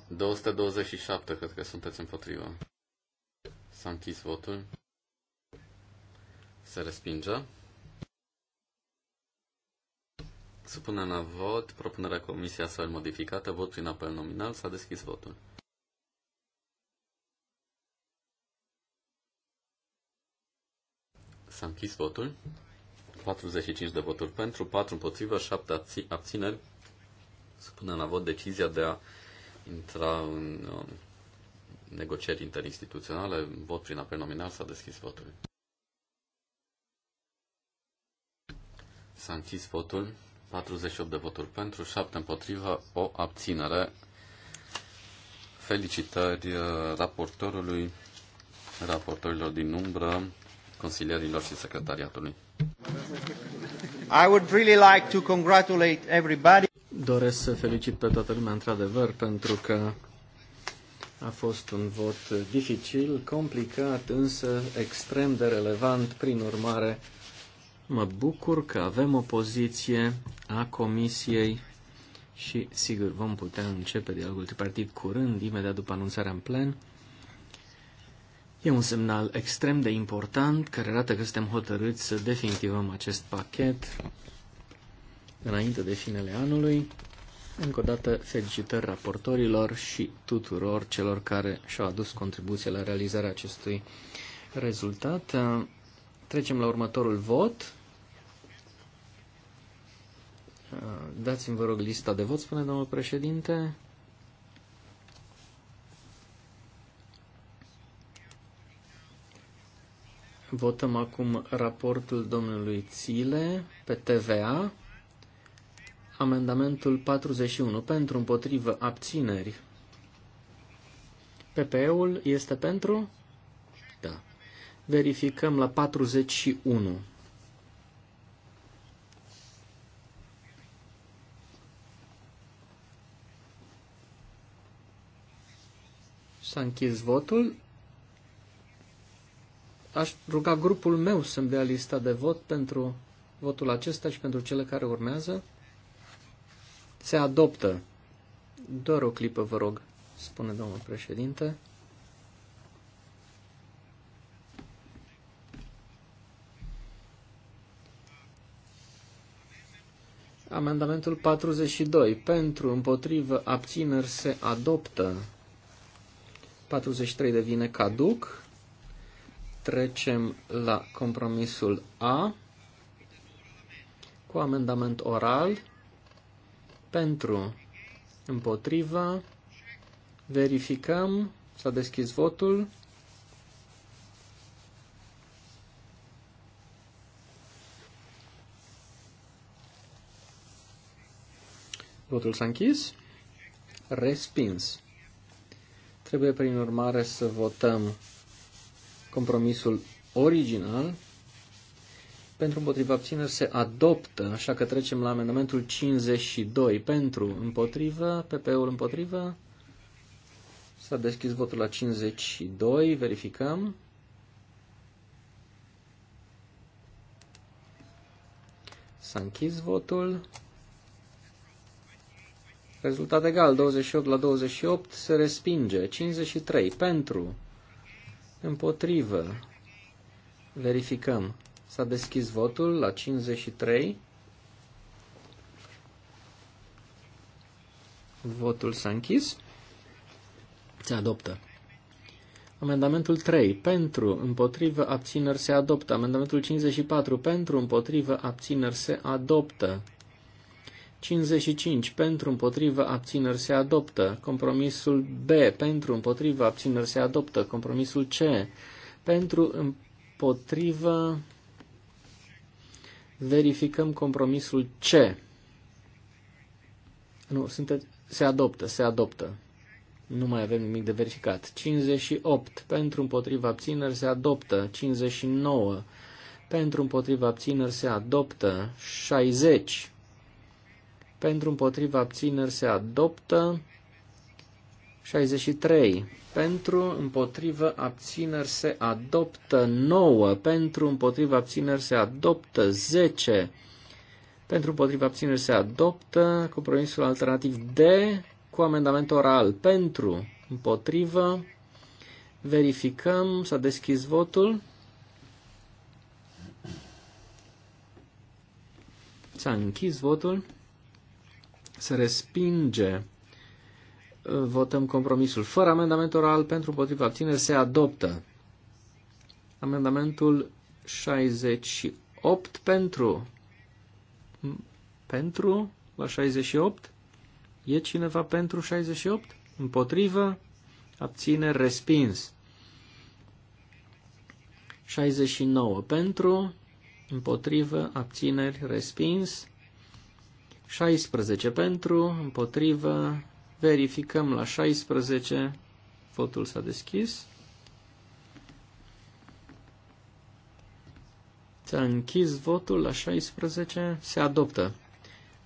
și 227, cred că sunteți împotriva. S-a închis votul. Se respinge. Supunem la vot propunerea comisiei astfel modificată, vot prin apel nominal, s-a deschis votul. S-a închis votul. 45 de voturi pentru, 4 împotrivă, 7 abțineri. Supunem la vot decizia de a intra în um, negocieri interinstituționale. Vot prin apel nominal s-a deschis votul. S-a închis votul. 48 de voturi pentru, 7 împotrivă, o abținere. Felicitări uh, raportorului, raportorilor din umbră, consilierilor și secretariatului. I would really like to congratulate everybody. Doresc să felicit pe toată lumea, într-adevăr, pentru că a fost un vot dificil, complicat, însă extrem de relevant. Prin urmare, mă bucur că avem o poziție a Comisiei și, sigur, vom putea începe dialogul tripartit curând, imediat după anunțarea în plen. E un semnal extrem de important care arată că suntem hotărâți să definitivăm acest pachet înainte de finele anului. Încă o dată, felicitări raportorilor și tuturor celor care și-au adus contribuție la realizarea acestui rezultat. Trecem la următorul vot. Dați-mi, vă rog, lista de vot, spune domnul președinte. Votăm acum raportul domnului Țile pe TVA. Amendamentul 41 pentru împotrivă abțineri. PPE-ul este pentru? Da. Verificăm la 41. S-a închis votul. Aș ruga grupul meu să-mi dea lista de vot pentru votul acesta și pentru cele care urmează. Se adoptă. Doar o clipă, vă rog, spune domnul președinte. Amendamentul 42. Pentru, împotrivă, abțineri se adoptă. 43 devine caduc. Trecem la compromisul A cu amendament oral. Pentru. Împotriva. Verificăm. S-a deschis votul. Votul s-a închis. Respins. Trebuie, prin urmare, să votăm compromisul original pentru împotriva abțineri se adoptă, așa că trecem la amendamentul 52. Pentru împotrivă, PP-ul împotrivă, s-a deschis votul la 52, verificăm. S-a închis votul. Rezultat egal, 28 la 28, se respinge. 53 pentru, împotrivă, verificăm. S-a deschis votul la 53. Votul s-a închis. Se adoptă. Amendamentul 3. Pentru, împotrivă, abțineri se adoptă. Amendamentul 54. Pentru, împotrivă, abțineri se adoptă. 55. Pentru, împotrivă, abțineri se adoptă. Compromisul B. Pentru, împotrivă, abțineri se adoptă. Compromisul C. Pentru, împotrivă, verificăm compromisul C. Nu, sunteți, se adoptă, se adoptă. Nu mai avem nimic de verificat. 58 pentru împotriva abțineri se adoptă. 59 pentru împotriva abțineri se adoptă. 60 pentru împotriva abțineri se adoptă. 63. Pentru, împotrivă, abțineri se adoptă 9. Pentru, împotrivă, abțineri se adoptă 10. Pentru, împotrivă, abțineri se adoptă compromisul alternativ D cu amendament oral. Pentru, împotrivă, verificăm, s-a deschis votul. S-a închis votul. Se respinge Votăm compromisul fără amendament oral pentru împotriva abțineri se adoptă. Amendamentul 68 pentru. Pentru la 68? E cineva pentru 68? Împotrivă? Abține respins. 69 pentru, împotrivă, abțineri, respins. 16 pentru, împotrivă, Verificăm la 16. Votul s-a deschis. Ți-a închis votul la 16. Se adoptă.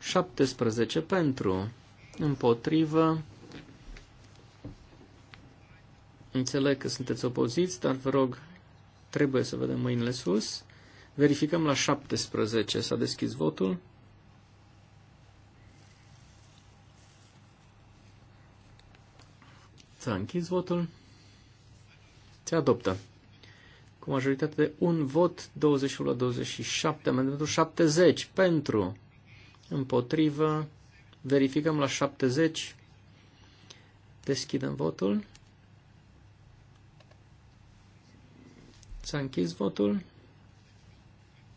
17 pentru. Împotrivă. Înțeleg că sunteți opoziți, dar vă rog, trebuie să vedem mâinile sus. Verificăm la 17. S-a deschis votul. S-a închis votul. Se adoptă. Cu majoritate de un vot, 21 la 27, amendamentul 70 pentru, împotrivă, verificăm la 70, deschidem votul. S-a închis votul.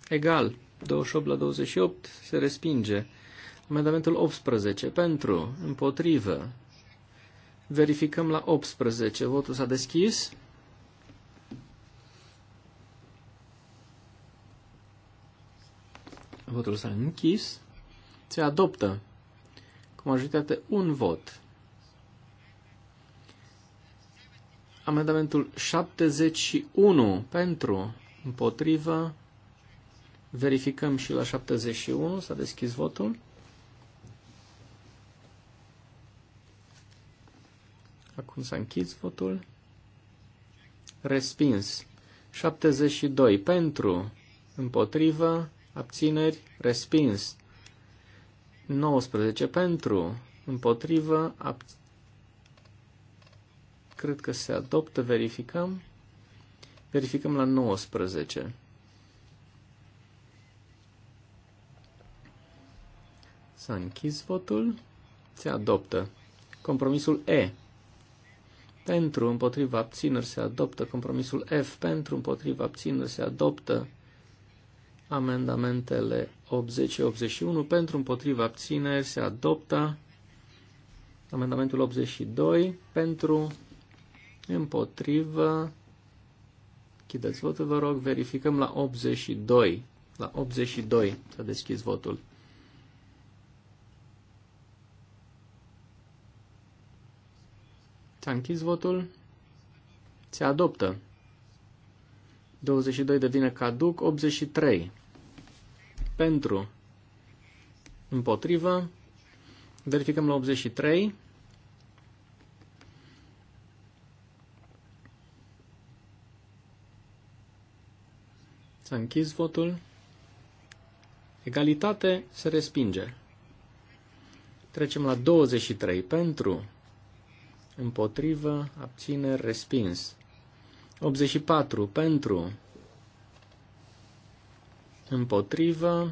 Egal. 28 la 28 se respinge. Amendamentul 18. Pentru. Împotrivă. Verificăm la 18. Votul s-a deschis. Votul s-a închis. Se adoptă cu majoritate un vot. Amendamentul 71 pentru, împotrivă, verificăm și la 71, s-a deschis votul. Acum s-a închis votul. Respins. 72 pentru, împotrivă, abțineri, respins. 19 pentru, împotrivă, ab... cred că se adoptă, verificăm. Verificăm la 19. S-a închis votul, se adoptă. Compromisul E pentru, împotriva, abțineri se adoptă. Compromisul F pentru, împotriva, abțineri se adoptă. Amendamentele 80-81 pentru, împotriva, abțineri se adoptă. Amendamentul 82 pentru, împotriva, Chideți votul, vă rog, verificăm la 82. La 82 s-a deschis votul. ți a închis votul. Se adoptă. 22 devine caduc. 83. Pentru. Împotrivă. Verificăm la 83. S-a închis votul. Egalitate se respinge. Trecem la 23 pentru împotrivă, abțineri, respins. 84 pentru, împotrivă,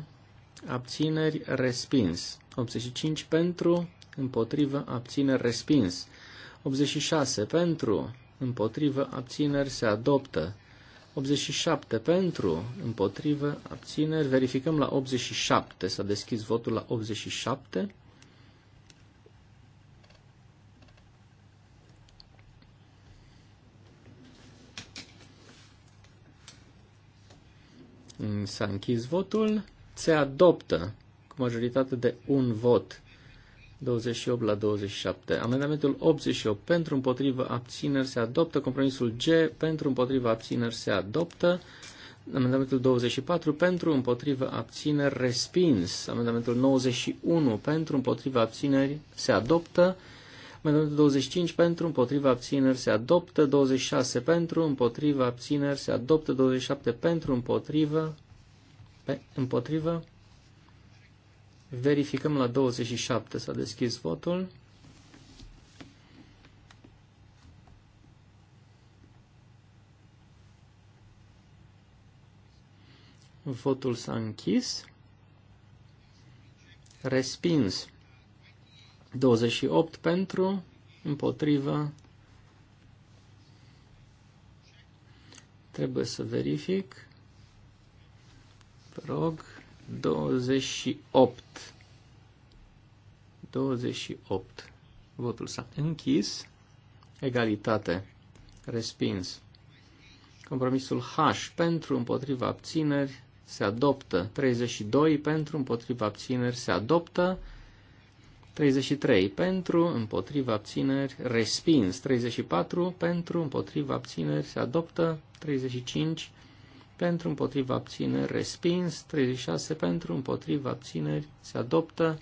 abțineri, respins. 85 pentru, împotrivă, abțineri, respins. 86 pentru, împotrivă, abțineri, se adoptă. 87 pentru, împotrivă, abțineri, verificăm la 87, s-a deschis votul la 87. S-a închis votul. Se adoptă cu majoritate de un vot. 28 la 27. Amendamentul 88 pentru împotrivă abțineri se adoptă. Compromisul G pentru împotrivă abțineri se adoptă. Amendamentul 24 pentru împotrivă abțineri respins. Amendamentul 91 pentru împotrivă abțineri se adoptă. Amendamentul 25 pentru, împotriva abțineri se adoptă, 26 pentru, împotriva abțineri se adoptă, 27 pentru, împotriva, pe, împotriva. Verificăm la 27 s-a deschis votul. Votul s-a închis. Respins. 28 pentru, împotrivă. Trebuie să verific. Vă rog, 28. 28. Votul s-a închis. Egalitate. Respins. Compromisul H pentru împotriva abțineri se adoptă. 32 pentru împotriva abțineri se adoptă. 33 pentru, împotriva abțineri, respins. 34 pentru, împotriva abțineri, se adoptă. 35 pentru, împotriva abțineri, respins. 36 pentru, împotriva abțineri, se adoptă.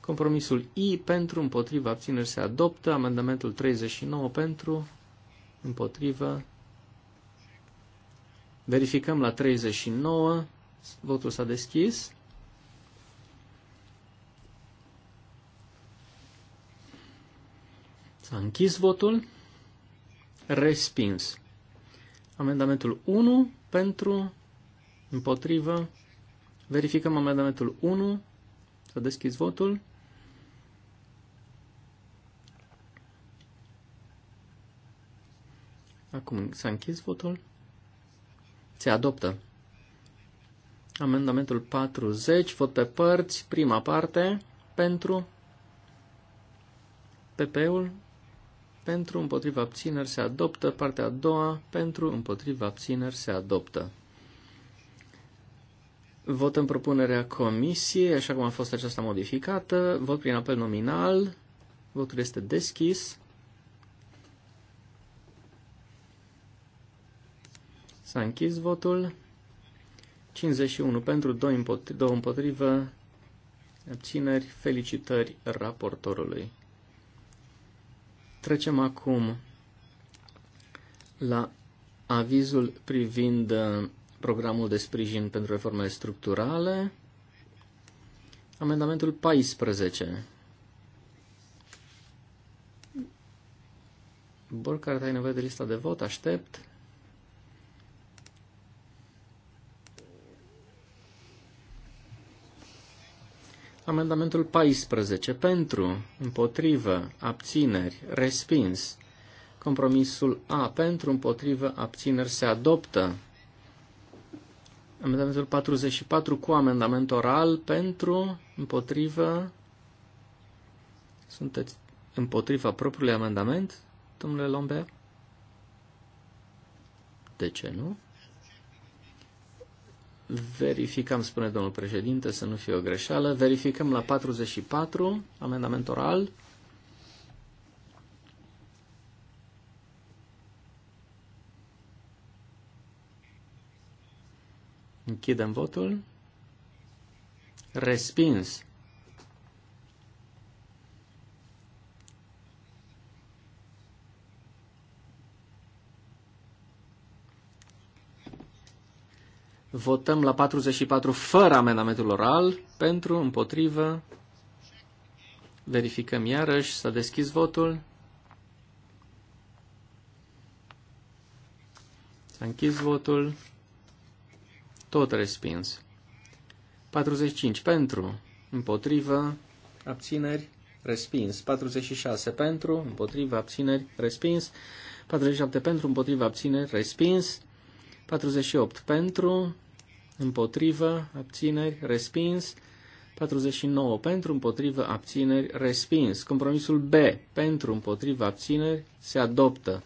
Compromisul I pentru, împotriva abțineri, se adoptă. Amendamentul 39 pentru, împotriva. Verificăm la 39. Votul s-a deschis. S-a închis votul. Respins. Amendamentul 1 pentru, împotrivă. Verificăm amendamentul 1. Să deschis votul. Acum s-a închis votul. Se adoptă. Amendamentul 40, vot pe părți, prima parte, pentru PP-ul, pentru, împotriva abțineri se adoptă. Partea a doua, pentru, împotriva abțineri se adoptă. Votăm propunerea comisiei, așa cum a fost aceasta modificată. Vot prin apel nominal. Votul este deschis. S-a închis votul. 51 pentru, 2 împotrivă, împotrivă abțineri. Felicitări raportorului. Trecem acum la avizul privind uh, programul de sprijin pentru reforme structurale. Amendamentul 14. Borcar, ai nevoie de lista de vot? Aștept. Amendamentul 14 pentru, împotrivă, abțineri, respins. Compromisul A pentru, împotrivă, abțineri se adoptă. Amendamentul 44 cu amendament oral pentru, împotrivă, sunteți împotriva propriului amendament, domnule Lombe? De ce nu? Verificăm, spune domnul președinte, să nu fie o greșeală. Verificăm la 44, amendament oral. Închidem votul. Respins. Votăm la 44 fără amendamentul oral, pentru, împotrivă. Verificăm iarăși, s-a deschis votul. S-a închis votul. Tot respins. 45 pentru, împotrivă, abțineri, respins. 46 pentru, împotrivă, abțineri, respins. 47 pentru, împotrivă, abțineri, respins. 48 pentru, împotrivă, abțineri, respins. 49 pentru, împotrivă, abțineri, respins. Compromisul B pentru, împotrivă, abțineri, se adoptă.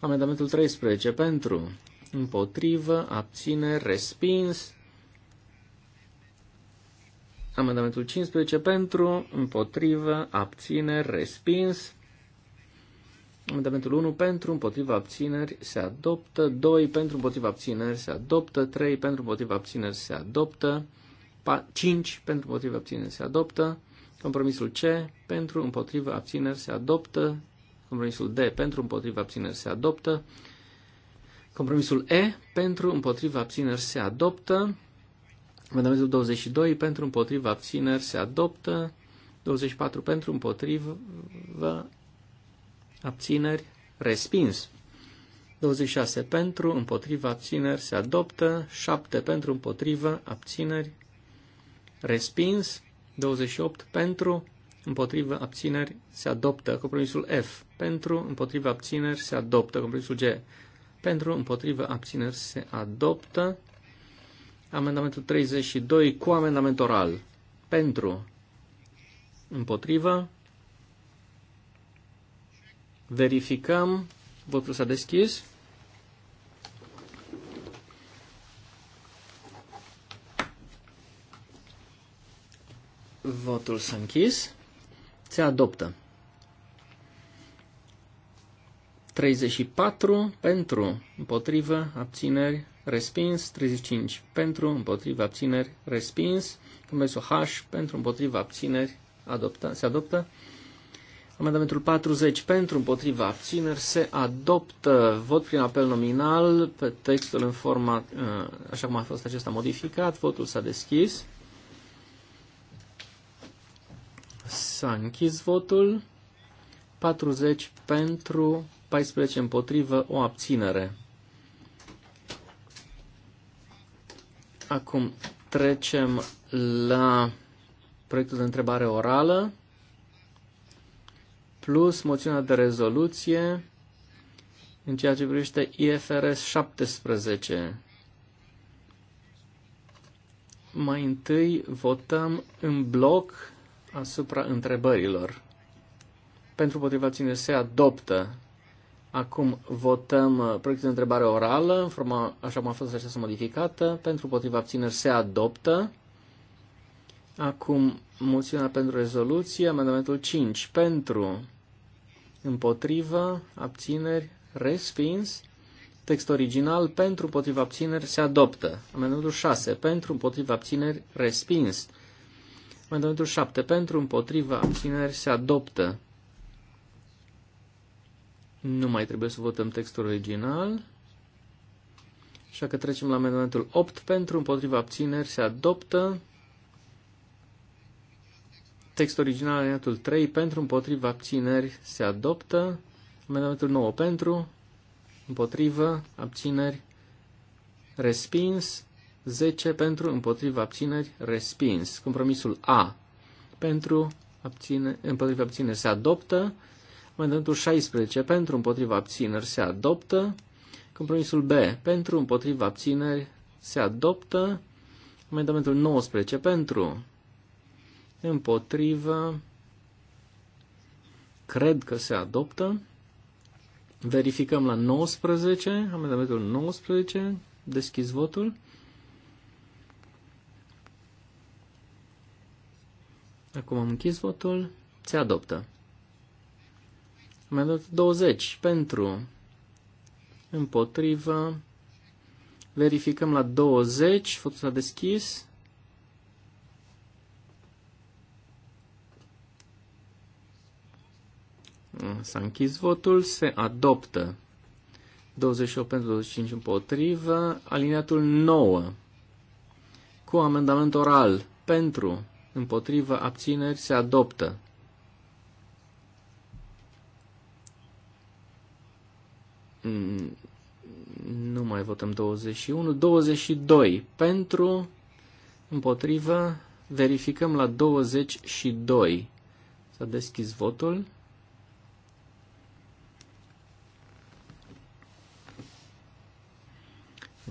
Amendamentul 13 pentru, împotrivă, abțineri, respins. Amendamentul 15 pentru, împotrivă, abțineri, respins. Amendamentul 1 pentru împotriva abțineri se adoptă, 2 pentru împotriva abțineri se adoptă, 3 pentru împotriva abțineri se adoptă, 5 pentru împotriva abțineri se adoptă, compromisul C pentru împotriva abțineri se adoptă, compromisul D pentru împotriva abțineri se adoptă, compromisul E pentru împotriva abțineri se adoptă, amendamentul 22 pentru împotriva abțineri se adoptă, 24 pentru împotriva abțineri, respins. 26 pentru, împotriva, abțineri, se adoptă. 7 pentru, împotriva, abțineri, respins. 28 pentru, împotriva, abțineri, se adoptă. Compromisul F pentru, împotriva, abțineri, se adoptă. Compromisul G pentru, împotriva, abțineri, se adoptă. Amendamentul 32 cu amendament oral. Pentru, împotriva, Verificăm. Votul s-a deschis. Votul s-a închis. Se adoptă. 34 pentru, împotrivă, abțineri, respins. 35 pentru, împotrivă, abțineri, respins. Compromisul H pentru, împotrivă, abțineri, adoptă, se adoptă. Amendamentul 40 pentru împotriva abțineri se adoptă. Vot prin apel nominal pe textul în forma, uh, așa cum a fost acesta modificat. Votul s-a deschis. S-a închis votul. 40 pentru, 14 împotrivă, o abținere. Acum trecem la proiectul de întrebare orală plus moțiunea de rezoluție în ceea ce privește IFRS 17. Mai întâi votăm în bloc asupra întrebărilor. Pentru potriva ține se adoptă. Acum votăm uh, proiectul de întrebare orală, în forma, așa cum a fost aceasta modificată. Pentru potriva abțineri se adoptă. Acum moțiunea pentru rezoluție, amendamentul 5. Pentru împotrivă, abțineri, respins. Text original, pentru, împotriva, abțineri, se adoptă. Amendamentul 6, pentru, împotriva, abțineri, respins. Amendamentul 7, pentru, împotriva, abțineri, se adoptă. Nu mai trebuie să votăm textul original. Așa că trecem la amendamentul 8, pentru, împotriva, abțineri, se adoptă. Text original alineatul 3 pentru împotriva abțineri se adoptă. Amendamentul 9 pentru împotriva abțineri respins. 10 pentru împotriva abțineri respins. Compromisul A pentru abține, împotriva abțineri se adoptă. Amendamentul 16 pentru împotriva abțineri se adoptă. Compromisul B pentru împotriva abțineri se adoptă. Amendamentul 19 pentru împotrivă, cred că se adoptă. Verificăm la 19, amendamentul 19, deschis votul. Acum am închis votul, se adoptă. Amendamentul 20, pentru, împotrivă, verificăm la 20, votul s-a deschis. S-a închis votul, se adoptă. 28 pentru 25 împotrivă, aliniatul 9 cu amendament oral pentru, împotrivă, abțineri se adoptă. Mm, nu mai votăm 21, 22 pentru, împotrivă, verificăm la 22. S-a deschis votul.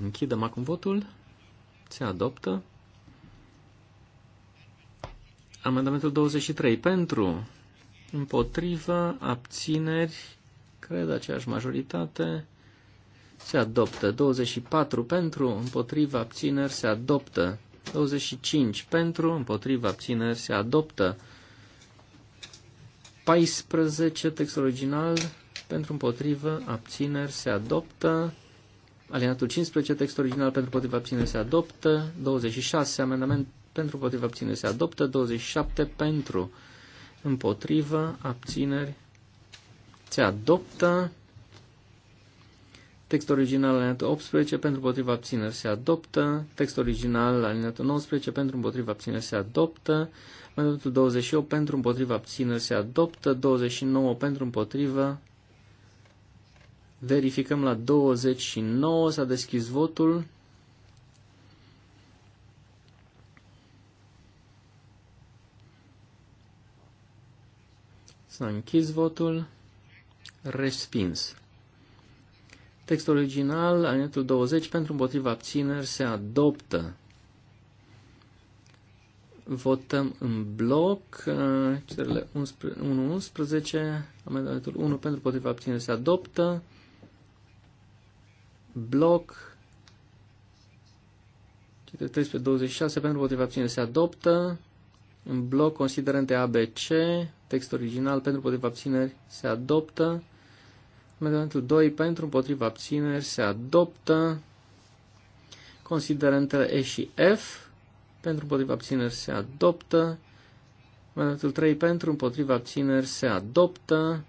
Închidem acum votul. Se adoptă. Amendamentul 23 pentru, împotrivă, abțineri, cred aceeași majoritate, se adoptă. 24 pentru, împotrivă, abțineri, se adoptă. 25 pentru, împotrivă, abțineri, se adoptă. 14, text original, pentru, împotrivă, abțineri, se adoptă. Alineatul 15, text original pentru potriva abținere se adoptă. 26, amendament pentru potriva abținere se adoptă. 27, pentru împotriva abțineri se adoptă. Text original alineatul 18 pentru potriva abțineri se adoptă. Text original alineatul 19 pentru împotriva abțineri se adoptă. Amendamentul 28 pentru împotriva abțineri se adoptă. 29 pentru împotriva Verificăm la 29, s-a deschis votul. S-a închis votul. Respins. Textul original, anetul 20, pentru împotriva abțineri, se adoptă. Votăm în bloc uh, Cerele 1-11, amendamentul 1 pentru împotriva abțineri se adoptă, bloc. 13, 26 pentru potriva se adoptă. În bloc considerente ABC, text original pentru împotriva abțineri se adoptă. Amendamentul 2 pentru împotriva abțineri se adoptă. Considerentele E și F pentru împotriva abțineri se adoptă. Amendamentul 3 pentru împotriva abțineri se adoptă.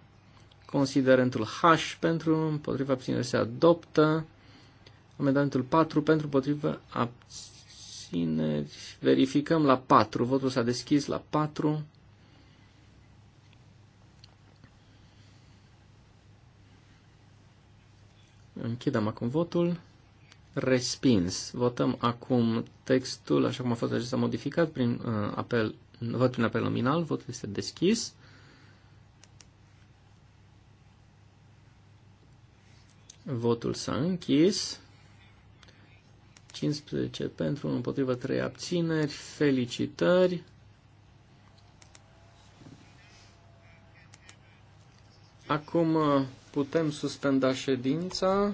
Considerentul H pentru împotriva abțineri se adoptă. Amendamentul 4 pentru potrivă abțineri. Verificăm la 4. Votul s-a deschis la 4. Închidem acum votul. Respins. Votăm acum textul, așa cum a fost acesta modificat, prin uh, apel, vot prin apel nominal. Votul este deschis. Votul s-a închis. 15 pentru, împotriva 3 abțineri. Felicitări! Acum uh, putem suspenda ședința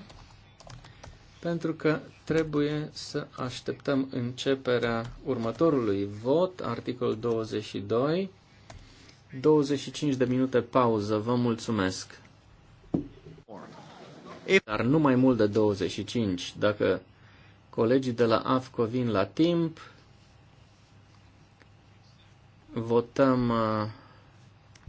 pentru că trebuie să așteptăm începerea următorului vot, articol 22. 25 de minute pauză, vă mulțumesc. Dar nu mai mult de 25, dacă Colegii de la AFCO vin la timp. Votăm uh,